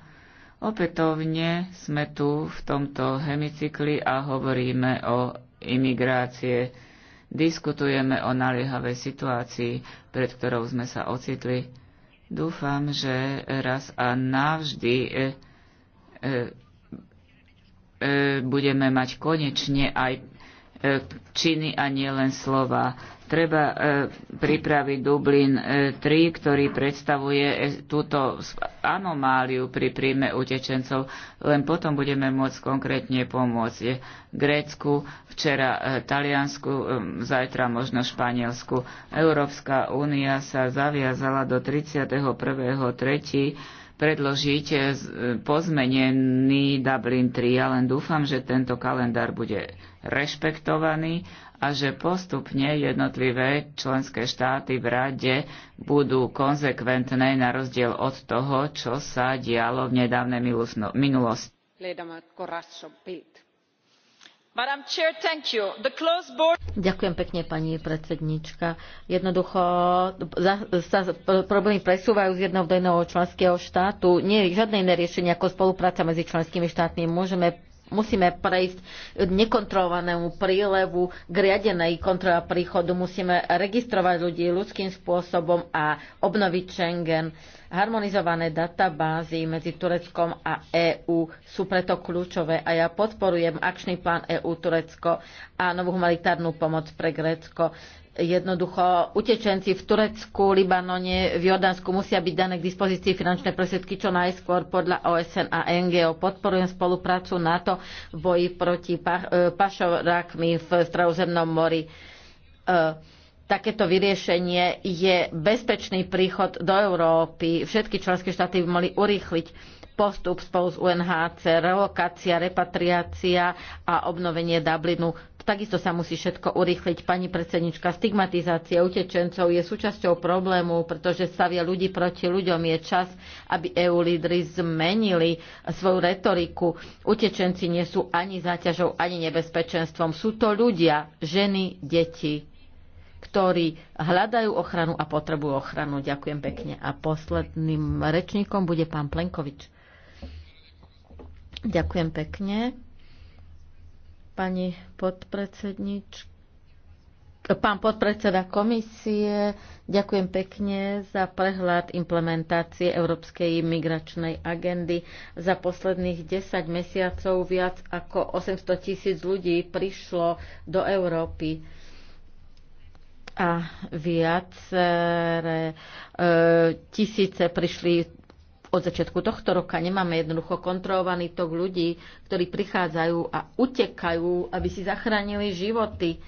[SPEAKER 3] Opätovne sme tu v tomto hemicykli a hovoríme o imigrácie. Diskutujeme o naliehavej situácii, pred ktorou sme sa ocitli Dúfam, že raz a navždy e, e, e, budeme mať konečne aj E, činy a nielen slova. Treba e, pripraviť Dublin 3, e, ktorý predstavuje túto anomáliu pri príjme utečencov. Len potom budeme môcť konkrétne pomôcť Grécku, včera Taliansku, zajtra možno Španielsku. Európska únia sa zaviazala do 31. 3 predložiť e, e, pozmenený Dublin 3. Ja len dúfam, že tento kalendár bude rešpektovaný a že postupne jednotlivé členské štáty v rade budú konzekventné na rozdiel od toho, čo sa dialo v nedávnej minulosti.
[SPEAKER 1] Ďakujem pekne, pani predsednička. Jednoducho sa problémy presúvajú z jedného do jedného členského štátu. Nie je žiadne iné riešenie ako spolupráca medzi členskými štátmi. Môžeme musíme prejsť k nekontrolovanému prílevu, k riadenej kontrole príchodu, musíme registrovať ľudí ľudským spôsobom a obnoviť Schengen. Harmonizované databázy medzi Tureckom a EÚ sú preto kľúčové a ja podporujem akčný plán EÚ Turecko a novú humanitárnu pomoc pre Grécko. Jednoducho utečenci v Turecku, Libanone, v Jordánsku musia byť dané k dispozícii finančné prostriedky čo najskôr podľa OSN a NGO. Podporujem spoluprácu NATO v boji proti e, pašorákmi v Strauzemnom mori. E, takéto vyriešenie je bezpečný príchod do Európy. Všetky členské štáty by mohli urýchliť postup spolu s UNHC, relokácia, repatriácia a obnovenie Dublinu Takisto sa musí všetko urýchliť. Pani predsednička, stigmatizácia utečencov je súčasťou problému, pretože stavia ľudí proti ľuďom. Je čas, aby EU lídry zmenili svoju retoriku. Utečenci nie sú ani záťažou, ani nebezpečenstvom. Sú to ľudia, ženy, deti, ktorí hľadajú ochranu a potrebujú ochranu. Ďakujem pekne. A posledným rečníkom bude pán Plenkovič. Ďakujem pekne pani podpredsednička Pán podpredseda komisie, ďakujem pekne za prehľad implementácie Európskej migračnej agendy. Za posledných 10 mesiacov viac ako 800 tisíc ľudí prišlo do Európy a viaceré e, tisíce prišli od začiatku tohto roka nemáme jednoducho kontrolovaný tok ľudí, ktorí prichádzajú a utekajú, aby si zachránili životy.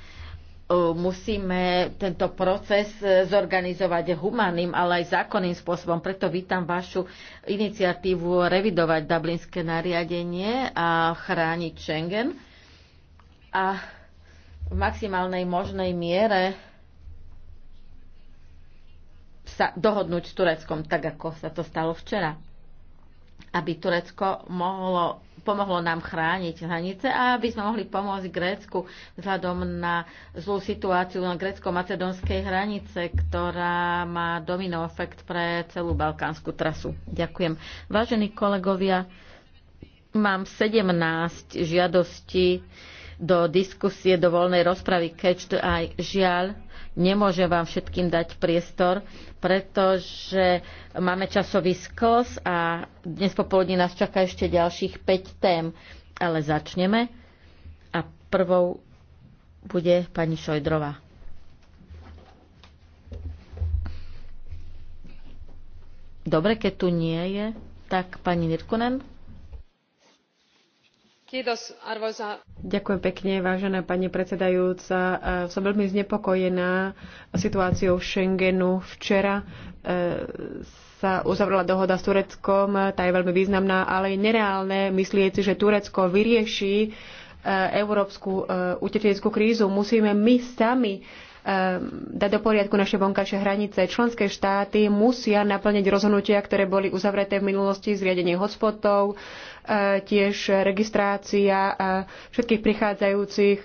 [SPEAKER 1] Musíme tento proces e, zorganizovať humánnym, ale aj zákonným spôsobom. Preto vítam vašu iniciatívu revidovať dublinské nariadenie a chrániť Schengen. A v maximálnej možnej miere sa dohodnúť s Tureckom, tak ako sa to stalo včera. Aby Turecko mohlo, pomohlo nám chrániť hranice a aby sme mohli pomôcť Grécku vzhľadom na zlú situáciu na grécko macedonskej hranice, ktorá má domino efekt pre celú balkánsku trasu. Ďakujem. Vážení kolegovia, mám 17 žiadostí do diskusie, do voľnej rozpravy Catch aj Žiaľ, Nemôžem vám všetkým dať priestor, pretože máme časový skos a dnes popoludne nás čaká ešte ďalších 5 tém. Ale začneme a prvou bude pani Šojdrová. Dobre, keď tu nie je, tak pani Nirkunen.
[SPEAKER 4] Ďakujem
[SPEAKER 1] pekne, vážená
[SPEAKER 2] pani predsedajúca. Eh, som veľmi znepokojená situáciou Schengenu. Včera eh, sa uzavrela dohoda s Tureckom, tá je veľmi významná, ale je nereálne myslieť si, že Turecko vyrieši eh, európsku utečeneckú krízu. Musíme my sami Eh, dať do poriadku naše vonkajšie hranice. Členské štáty musia naplniť rozhodnutia, ktoré boli uzavreté v minulosti, zriadenie hotspotov, eh, tiež registrácia eh, všetkých prichádzajúcich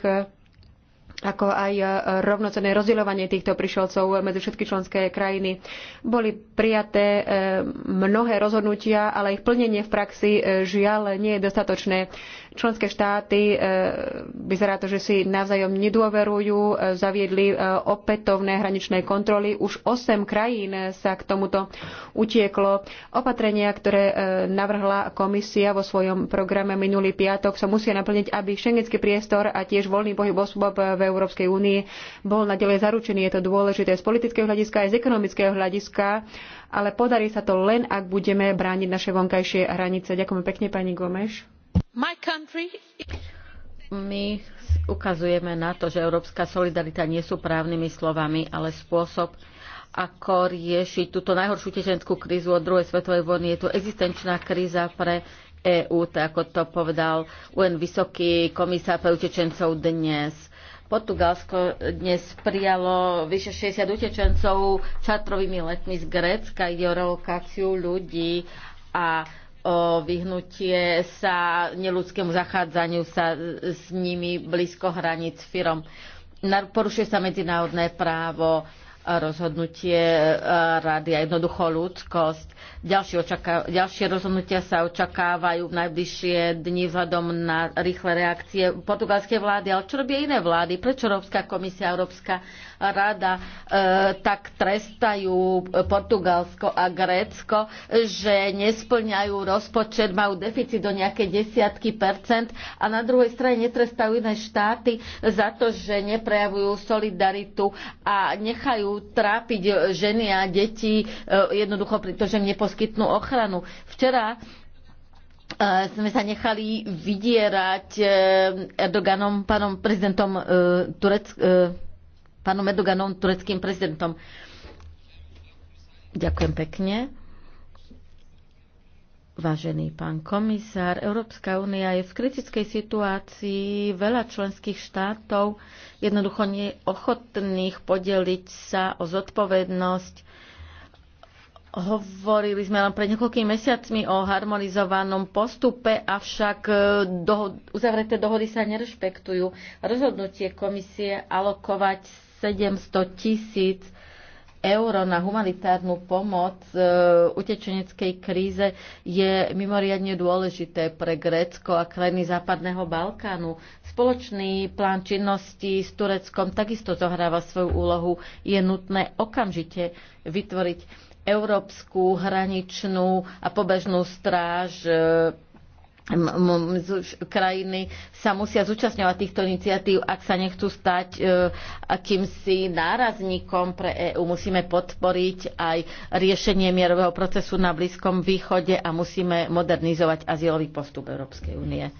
[SPEAKER 2] ako aj e, rovnocenné rozdeľovanie týchto prišielcov medzi všetky členské krajiny. Boli prijaté e, mnohé rozhodnutia, ale ich plnenie v praxi e, žiaľ nie je dostatočné. Členské štáty vyzerá to, že si navzájom nedôverujú, zaviedli opätovné hraničné kontroly. Už 8 krajín sa k tomuto utieklo. Opatrenia, ktoré navrhla komisia vo svojom programe minulý piatok, sa musia naplniť, aby šengenský priestor a tiež voľný pohyb osôb v Európskej únie bol nadalej zaručený. Je to dôležité z politického hľadiska aj z ekonomického hľadiska, ale podarí sa to len, ak budeme brániť naše vonkajšie hranice.
[SPEAKER 1] Ďakujem pekne, pani Gomeš. My country my ukazujeme na to, že európska solidarita nie sú právnymi slovami, ale spôsob, ako riešiť túto najhoršiu teženskú krízu od druhej svetovej vojny. Je tu existenčná kríza pre EÚ, tak ako to povedal UN vysoký komisár pre utečencov dnes Portugalsko dnes prijalo vyše 60 utečencov čatrovými letmi z Grécka. Ide o relokáciu ľudí a o vyhnutie sa neludskému zachádzaniu sa s nimi blízko hraníc firom. Porušuje sa medzinárodné právo, rozhodnutie e, rady a jednoducho ľudskosť. Ďalšie, očaká, ďalšie rozhodnutia sa očakávajú v najbližšie dni vzhľadom na rýchle reakcie portugalskej vlády. Ale čo robia iné vlády? Prečo Európska komisia, Európska rada e, tak trestajú Portugalsko a Grécko, že nesplňajú rozpočet, majú deficit do nejaké desiatky percent a na druhej strane netrestajú iné štáty za to, že neprejavujú solidaritu a nechajú trápiť ženy a deti e, jednoducho, pretože im neposkytnú ochranu. Včera e, sme sa nechali vydierať Erdoganom, pánom prezidentom Turecka pánom Erdoganom, tureckým prezidentom. Ďakujem pekne. Vážený pán komisár, Európska únia je v kritickej situácii. Veľa členských štátov jednoducho nie je ochotných podeliť sa o zodpovednosť. Hovorili sme len pred niekoľkými mesiacmi o harmonizovanom postupe, avšak eh, dohod- uzavreté dohody sa nerešpektujú. Rozhodnutie komisie alokovať 700 tisíc euro na humanitárnu pomoc e, utečeneckej kríze je mimoriadne dôležité pre Grécko a krajiny Západného Balkánu. Spoločný plán činnosti s Tureckom takisto zohráva svoju úlohu. Je nutné okamžite vytvoriť európsku hraničnú a pobežnú stráž e, krajiny sa musia zúčastňovať týchto iniciatív, ak sa nechcú stať e, akýmsi nárazníkom pre EÚ. Musíme podporiť aj riešenie mierového procesu na Blízkom východe a musíme modernizovať azylový postup Európskej únie. E,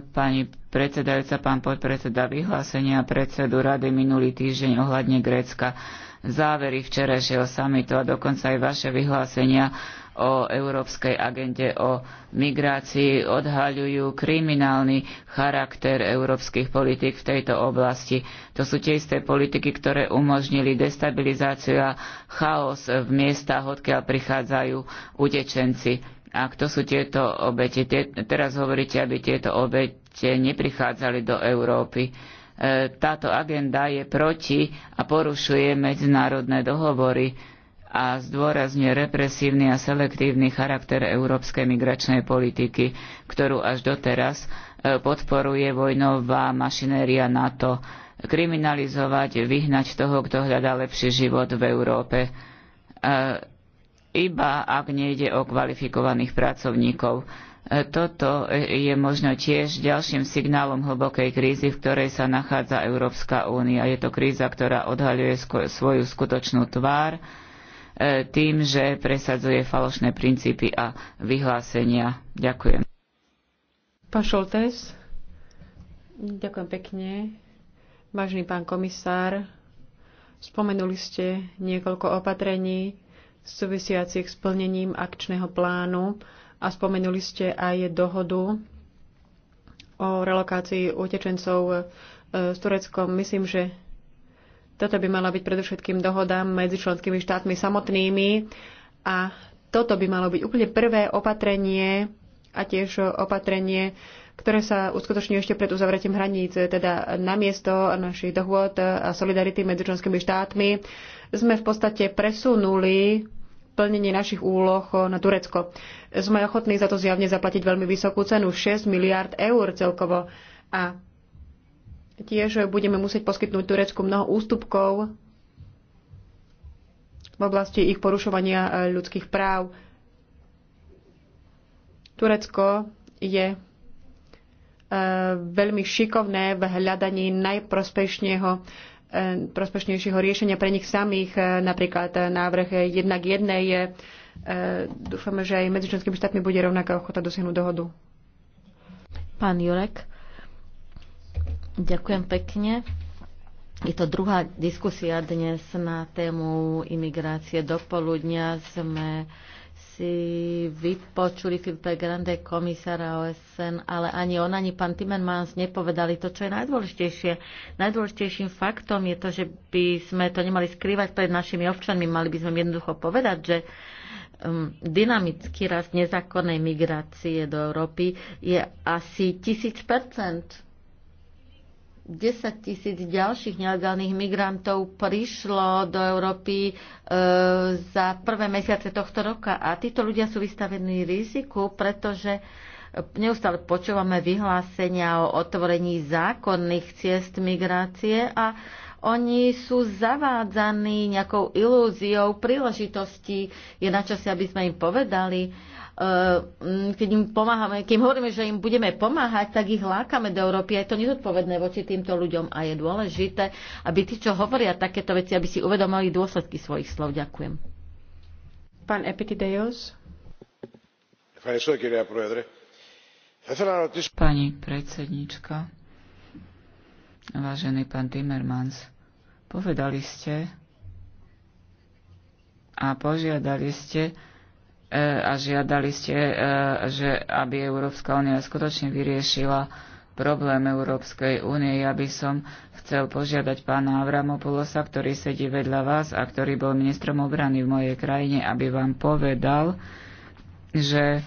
[SPEAKER 3] pani predsedajúca, pán podpredseda vyhlásenia predsedu rady minulý týždeň ohľadne Grécka, závery včerajšieho samitu a dokonca aj vaše vyhlásenia o Európskej agende o migrácii odhaľujú kriminálny charakter európskych politik v tejto oblasti. To sú tie isté politiky, ktoré umožnili destabilizáciu a chaos v miestach, odkiaľ prichádzajú utečenci A to sú tieto obete. Tie, teraz hovoríte, aby tieto obete neprichádzali do Európy. E, táto agenda je proti a porušuje medzinárodné dohovory a zdôrazňuje represívny a selektívny charakter európskej migračnej politiky, ktorú až doteraz e, podporuje vojnová mašinéria NATO. Kriminalizovať, vyhnať toho, kto hľadá lepší život v Európe. E, iba ak nejde o kvalifikovaných pracovníkov. E, toto je možno tiež ďalším signálom hlbokej krízy, v ktorej sa nachádza Európska únia. Je to kríza, ktorá odhaľuje svoju skutočnú tvár E, tým, že presadzuje falošné princípy a vyhlásenia. Ďakujem.
[SPEAKER 2] Pán Šoltes, ďakujem pekne. Vážený pán komisár, spomenuli ste niekoľko opatrení súvisiacich s plnením akčného plánu a spomenuli ste aj dohodu o relokácii utečencov e, s Tureckom. Myslím, že toto by mala byť predovšetkým dohoda medzi členskými štátmi samotnými a toto by malo byť úplne prvé opatrenie a tiež opatrenie, ktoré sa uskutoční ešte pred uzavretím hraníc, teda namiesto našich dohôd a solidarity medzi členskými štátmi, sme v podstate presunuli plnenie našich úloh na Turecko. Sme ochotní za to zjavne zaplatiť veľmi vysokú cenu, 6 miliard eur celkovo. A Tiež budeme musieť poskytnúť Turecku mnoho ústupkov v oblasti ich porušovania e, ľudských práv. Turecko je e, veľmi šikovné v hľadaní najprospešnejšieho e, prospešnejšieho riešenia pre nich samých, napríklad návrh jednak jednej je, dúfame, že aj medzi členskými štátmi bude
[SPEAKER 1] rovnaká ochota dosiahnuť dohodu. Pán Jurek, Ďakujem pekne. Je to druhá diskusia dnes na tému imigrácie. Do poludnia sme si vypočuli Filipe Grande, komisára OSN, ale ani on, ani pán Timmermans nepovedali to, čo je najdôležitejšie. Najdôležitejším faktom je to, že by sme to nemali skrývať pred našimi občanmi. Mali by sme jednoducho povedať, že um, dynamický rast nezákonnej migrácie do Európy je asi tisíc percent 10 tisíc ďalších nelegálnych migrantov prišlo do Európy e, za prvé mesiace tohto roka a títo ľudia sú vystavení riziku, pretože neustále počúvame vyhlásenia o otvorení zákonných ciest migrácie a oni sú zavádzaní nejakou ilúziou príležitosti. Je na čase, aby sme im povedali, keď im pomáhame, keď im hovoríme, že im budeme pomáhať, tak ich lákame do Európy. Je to nezodpovedné voči týmto ľuďom a je dôležité, aby tí, čo hovoria takéto veci, aby si uvedomili dôsledky svojich
[SPEAKER 3] slov. Ďakujem. Pán Epitideos. Pani predsednička, vážený pán Timmermans, povedali ste a požiadali ste, E, a žiadali ste, e, že aby Európska únia skutočne vyriešila problém Európskej únie. Ja by som chcel požiadať pána Avramopulosa, ktorý sedí vedľa vás a ktorý bol ministrom obrany v mojej krajine, aby vám povedal, že e,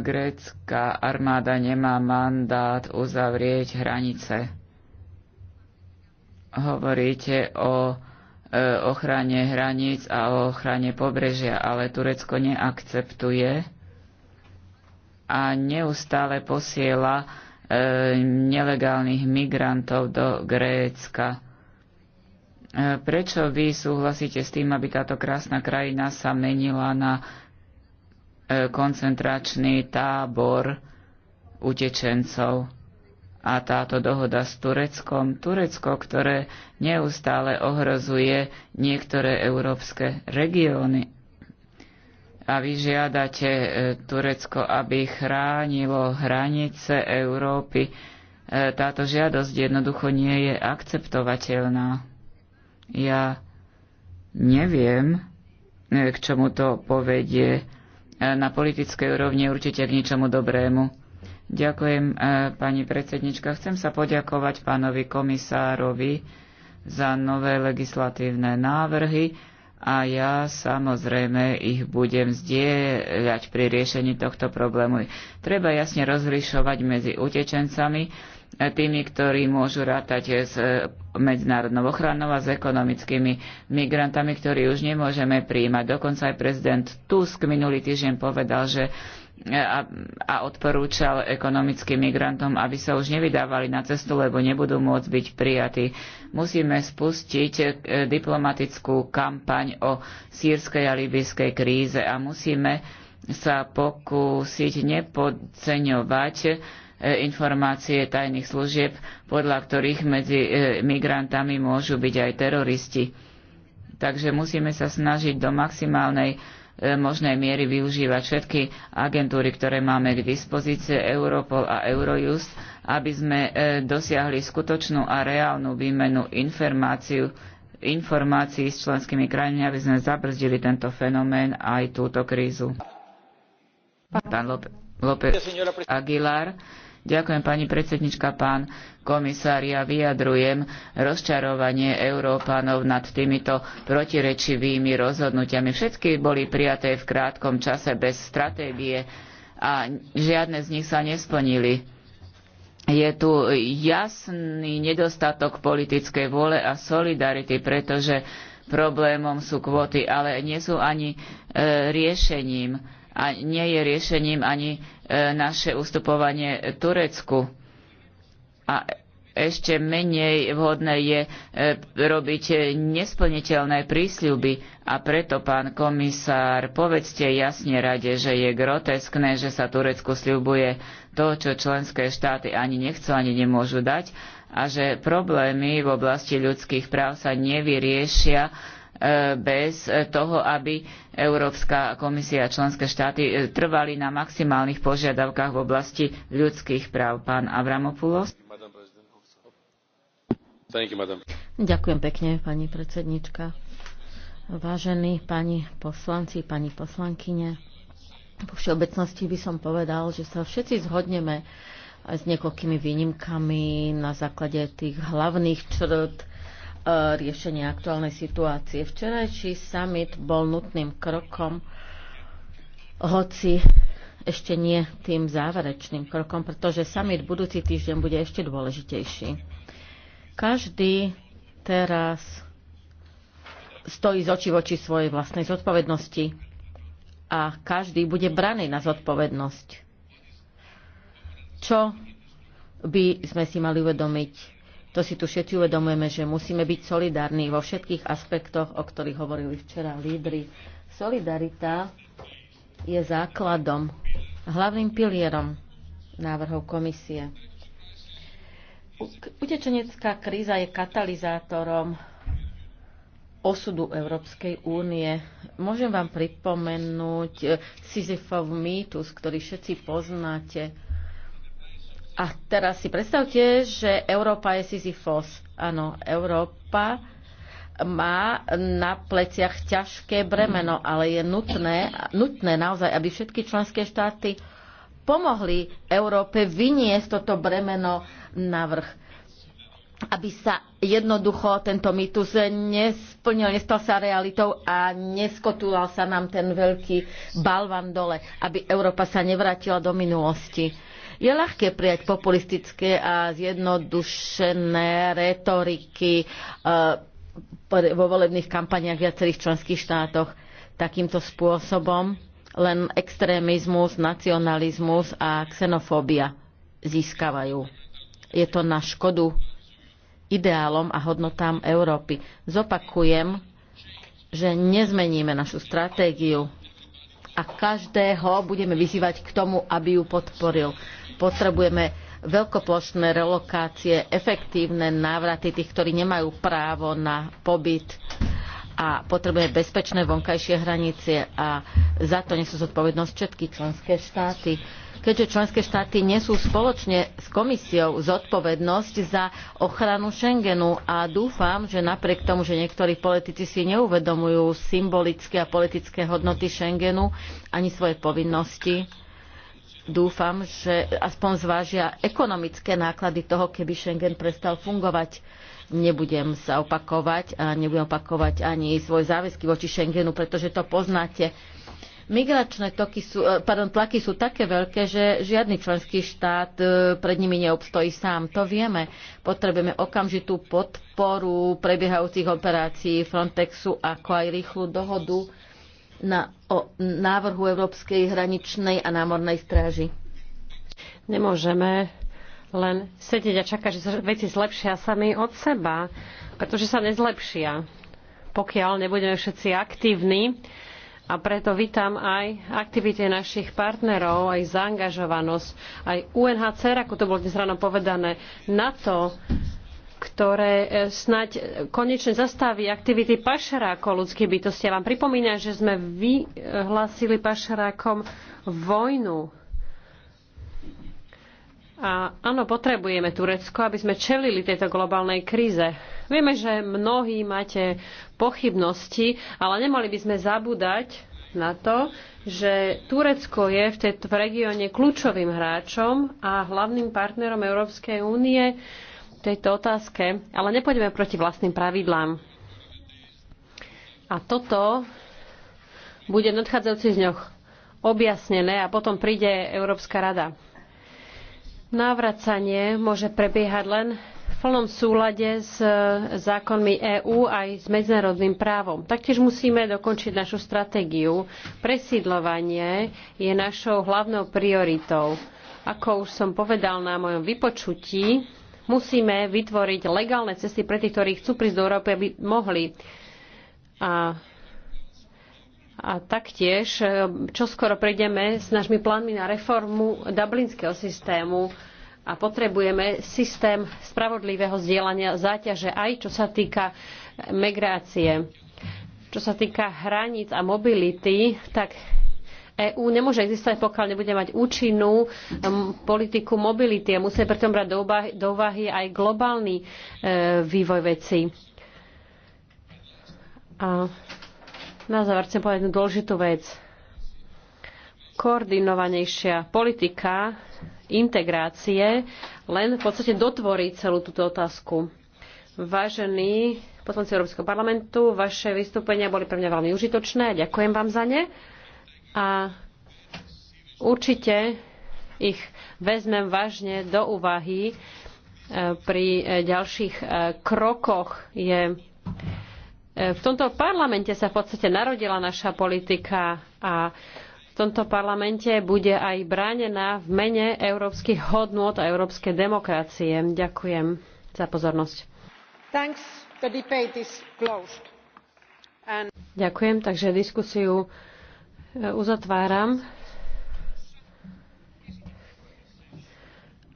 [SPEAKER 3] grécka armáda nemá mandát uzavrieť hranice. Hovoríte o E, ochrane hraníc a o ochrane pobrežia, ale Turecko neakceptuje a neustále posiela e, nelegálnych migrantov do Grécka. E, prečo vy súhlasíte s tým, aby táto krásna krajina sa menila na koncentračný tábor utečencov? a táto dohoda s Tureckom, Turecko, ktoré neustále ohrozuje niektoré európske regióny. A vy žiadate e, Turecko, aby chránilo hranice Európy. E, táto žiadosť jednoducho nie je akceptovateľná. Ja neviem, e, k čomu to povedie. Na politickej úrovni určite k ničomu dobrému Ďakujem, e, pani predsednička. Chcem sa poďakovať pánovi komisárovi za nové legislatívne návrhy a ja samozrejme ich budem zdieľať pri riešení tohto problému. Treba jasne rozlišovať medzi utečencami, e, tými, ktorí môžu rátať s e, medzinárodnou ochranou a s ekonomickými migrantami, ktorí už nemôžeme príjmať. Dokonca aj prezident Tusk minulý týždeň povedal, že a, a odporúčal ekonomickým migrantom, aby sa už nevydávali na cestu, lebo nebudú môcť byť prijatí. Musíme spustiť e, diplomatickú kampaň o sírskej a libyskej kríze a musíme sa pokúsiť nepodceňovať e, informácie tajných služieb, podľa ktorých medzi e, migrantami môžu byť aj teroristi. Takže musíme sa snažiť do maximálnej E, možnej miery využívať všetky agentúry, ktoré máme k dispozícii, Europol a Eurojust, aby sme e, dosiahli skutočnú a reálnu výmenu informáciu, informácií s členskými krajinami, aby sme zabrzdili tento fenomén a aj túto krízu. Pán López Aguilar. Ďakujem pani predsednička, pán komisár. Ja vyjadrujem rozčarovanie Európanov nad týmito protirečivými rozhodnutiami. Všetky boli prijaté v krátkom čase bez stratégie a žiadne z nich sa nesplnili. Je tu jasný nedostatok politickej vôle a solidarity, pretože problémom sú kvóty, ale nie sú ani e, riešením a nie je riešením ani e, naše ustupovanie Turecku. A ešte menej vhodné je e, robiť nesplniteľné prísľuby. A preto, pán komisár, povedzte jasne rade, že je groteskné, že sa Turecku sľubuje to, čo členské štáty ani nechcú, ani nemôžu dať a že problémy v oblasti ľudských práv sa nevyriešia E, bez toho, aby Európska komisia a členské štáty e, trvali na maximálnych požiadavkách v oblasti ľudských práv. Pán Avramopoulos.
[SPEAKER 1] Ďakujem pekne, pani predsednička. Vážení pani poslanci, pani poslankyne, po všeobecnosti by som povedal, že sa všetci zhodneme aj s niekoľkými výnimkami na základe tých hlavných črt Eh, riešenie aktuálnej situácie. Včerajší summit bol nutným krokom, hoci ešte nie tým záverečným krokom, pretože summit budúci týždeň bude ešte dôležitejší. Každý teraz stojí z očí voči svojej vlastnej zodpovednosti a každý bude braný na zodpovednosť. Čo by sme si mali uvedomiť to si tu všetci uvedomujeme, že musíme byť solidárni vo všetkých aspektoch, o ktorých hovorili včera lídry. Solidarita je základom, hlavným pilierom návrhov komisie. Utečenecká kríza je katalizátorom osudu Európskej únie. Môžem vám pripomenúť eh, Sisyphov mýtus, ktorý všetci poznáte. A teraz si predstavte, že Európa je Sisyfos. Áno, Európa má na pleciach ťažké bremeno, ale je nutné, nutné naozaj, aby všetky členské štáty pomohli Európe vyniesť toto bremeno na vrch aby sa jednoducho tento mýtus nesplnil, nestal sa realitou a neskotúval sa nám ten veľký balvan dole, aby Európa sa nevrátila do minulosti. Je ľahké prijať populistické a zjednodušené retoriky eh, vo volebných kampaniach v viacerých členských štátoch takýmto spôsobom. Len extrémizmus, nacionalizmus a xenofóbia získavajú. Je to na škodu ideálom a hodnotám Európy. Zopakujem, že nezmeníme našu stratégiu a každého budeme vyzývať k tomu, aby ju podporil potrebujeme veľkoplošné relokácie, efektívne návraty tých, ktorí nemajú právo na pobyt a potrebujeme bezpečné vonkajšie hranice a za to nesú zodpovednosť všetky členské štáty. Keďže členské štáty nesú spoločne s komisiou zodpovednosť za ochranu Schengenu a dúfam, že napriek tomu, že niektorí politici si neuvedomujú symbolické a politické hodnoty Schengenu ani svoje povinnosti, dúfam, že aspoň zvážia ekonomické náklady toho, keby Schengen prestal fungovať. Nebudem sa opakovať a nebudem opakovať ani svoj záväzky voči Schengenu, pretože to poznáte. Migračné toky sú, eh, pardon, tlaky sú také veľké, že žiadny členský štát eh, pred nimi neobstojí sám. To vieme. Potrebujeme okamžitú podporu prebiehajúcich operácií Frontexu, ako aj rýchlu dohodu na, o návrhu Európskej hraničnej a námornej stráži. Nemôžeme len sedieť
[SPEAKER 4] a čakať, že sa veci zlepšia sami od seba, pretože sa nezlepšia, pokiaľ nebudeme všetci aktívni. A preto vítam aj aktivity našich partnerov, aj zaangažovanosť, aj UNHCR, ako to bolo dnes ráno povedané, na to, ktoré e, snáď e, konečne zastaví aktivity pašerákov ľudských bytostí. Ja vám pripomínam, že sme vyhlásili pašerákom vojnu. A áno, potrebujeme Turecko, aby sme čelili tejto globálnej kríze. Vieme, že mnohí máte pochybnosti, ale nemali by sme zabúdať na to, že Turecko je v tejto regióne kľúčovým hráčom a hlavným partnerom Európskej únie tejto otázke, ale nepôjdeme proti vlastným pravidlám. A toto bude v nadchádzajúcich dňoch objasnené a potom príde Európska rada. Návracanie môže prebiehať len v plnom súlade s e, zákonmi EÚ aj s medzinárodným právom. Taktiež musíme dokončiť našu stratégiu. Presídlovanie je našou hlavnou prioritou. Ako už som povedal na mojom vypočutí, Musíme vytvoriť legálne cesty pre tých, ktorí chcú prísť do Európy, aby mohli. A a taktiež e, čoskoro prejdeme s našimi plánmi na reformu dublinského systému a potrebujeme systém spravodlivého zdieľania záťaže aj čo sa týka migrácie. Čo sa týka hraníc a mobility, tak EÚ nemôže existovať, pokiaľ nebude mať účinnú um, politiku mobility a musíme preto brať do úvahy aj globálny e, vývoj veci. A na záver chcem povedať jednu dôležitú vec. Koordinovanejšia politika integrácie len v podstate dotvorí celú túto otázku. Vážení poslanci Európskeho parlamentu, vaše vystúpenia boli pre mňa veľmi užitočné. Ďakujem vám za ne a určite ich vezmem vážne do úvahy e, pri e, ďalších e, krokoch. Je v tomto parlamente sa v podstate narodila naša politika a v tomto parlamente bude aj bránená v mene európskych hodnôt a európskej demokracie. Ďakujem za pozornosť. And... Ďakujem, takže diskusiu E, uzatváram.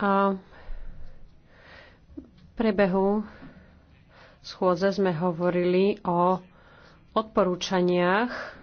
[SPEAKER 4] A v prebehu schôdze sme hovorili o odporúčaniach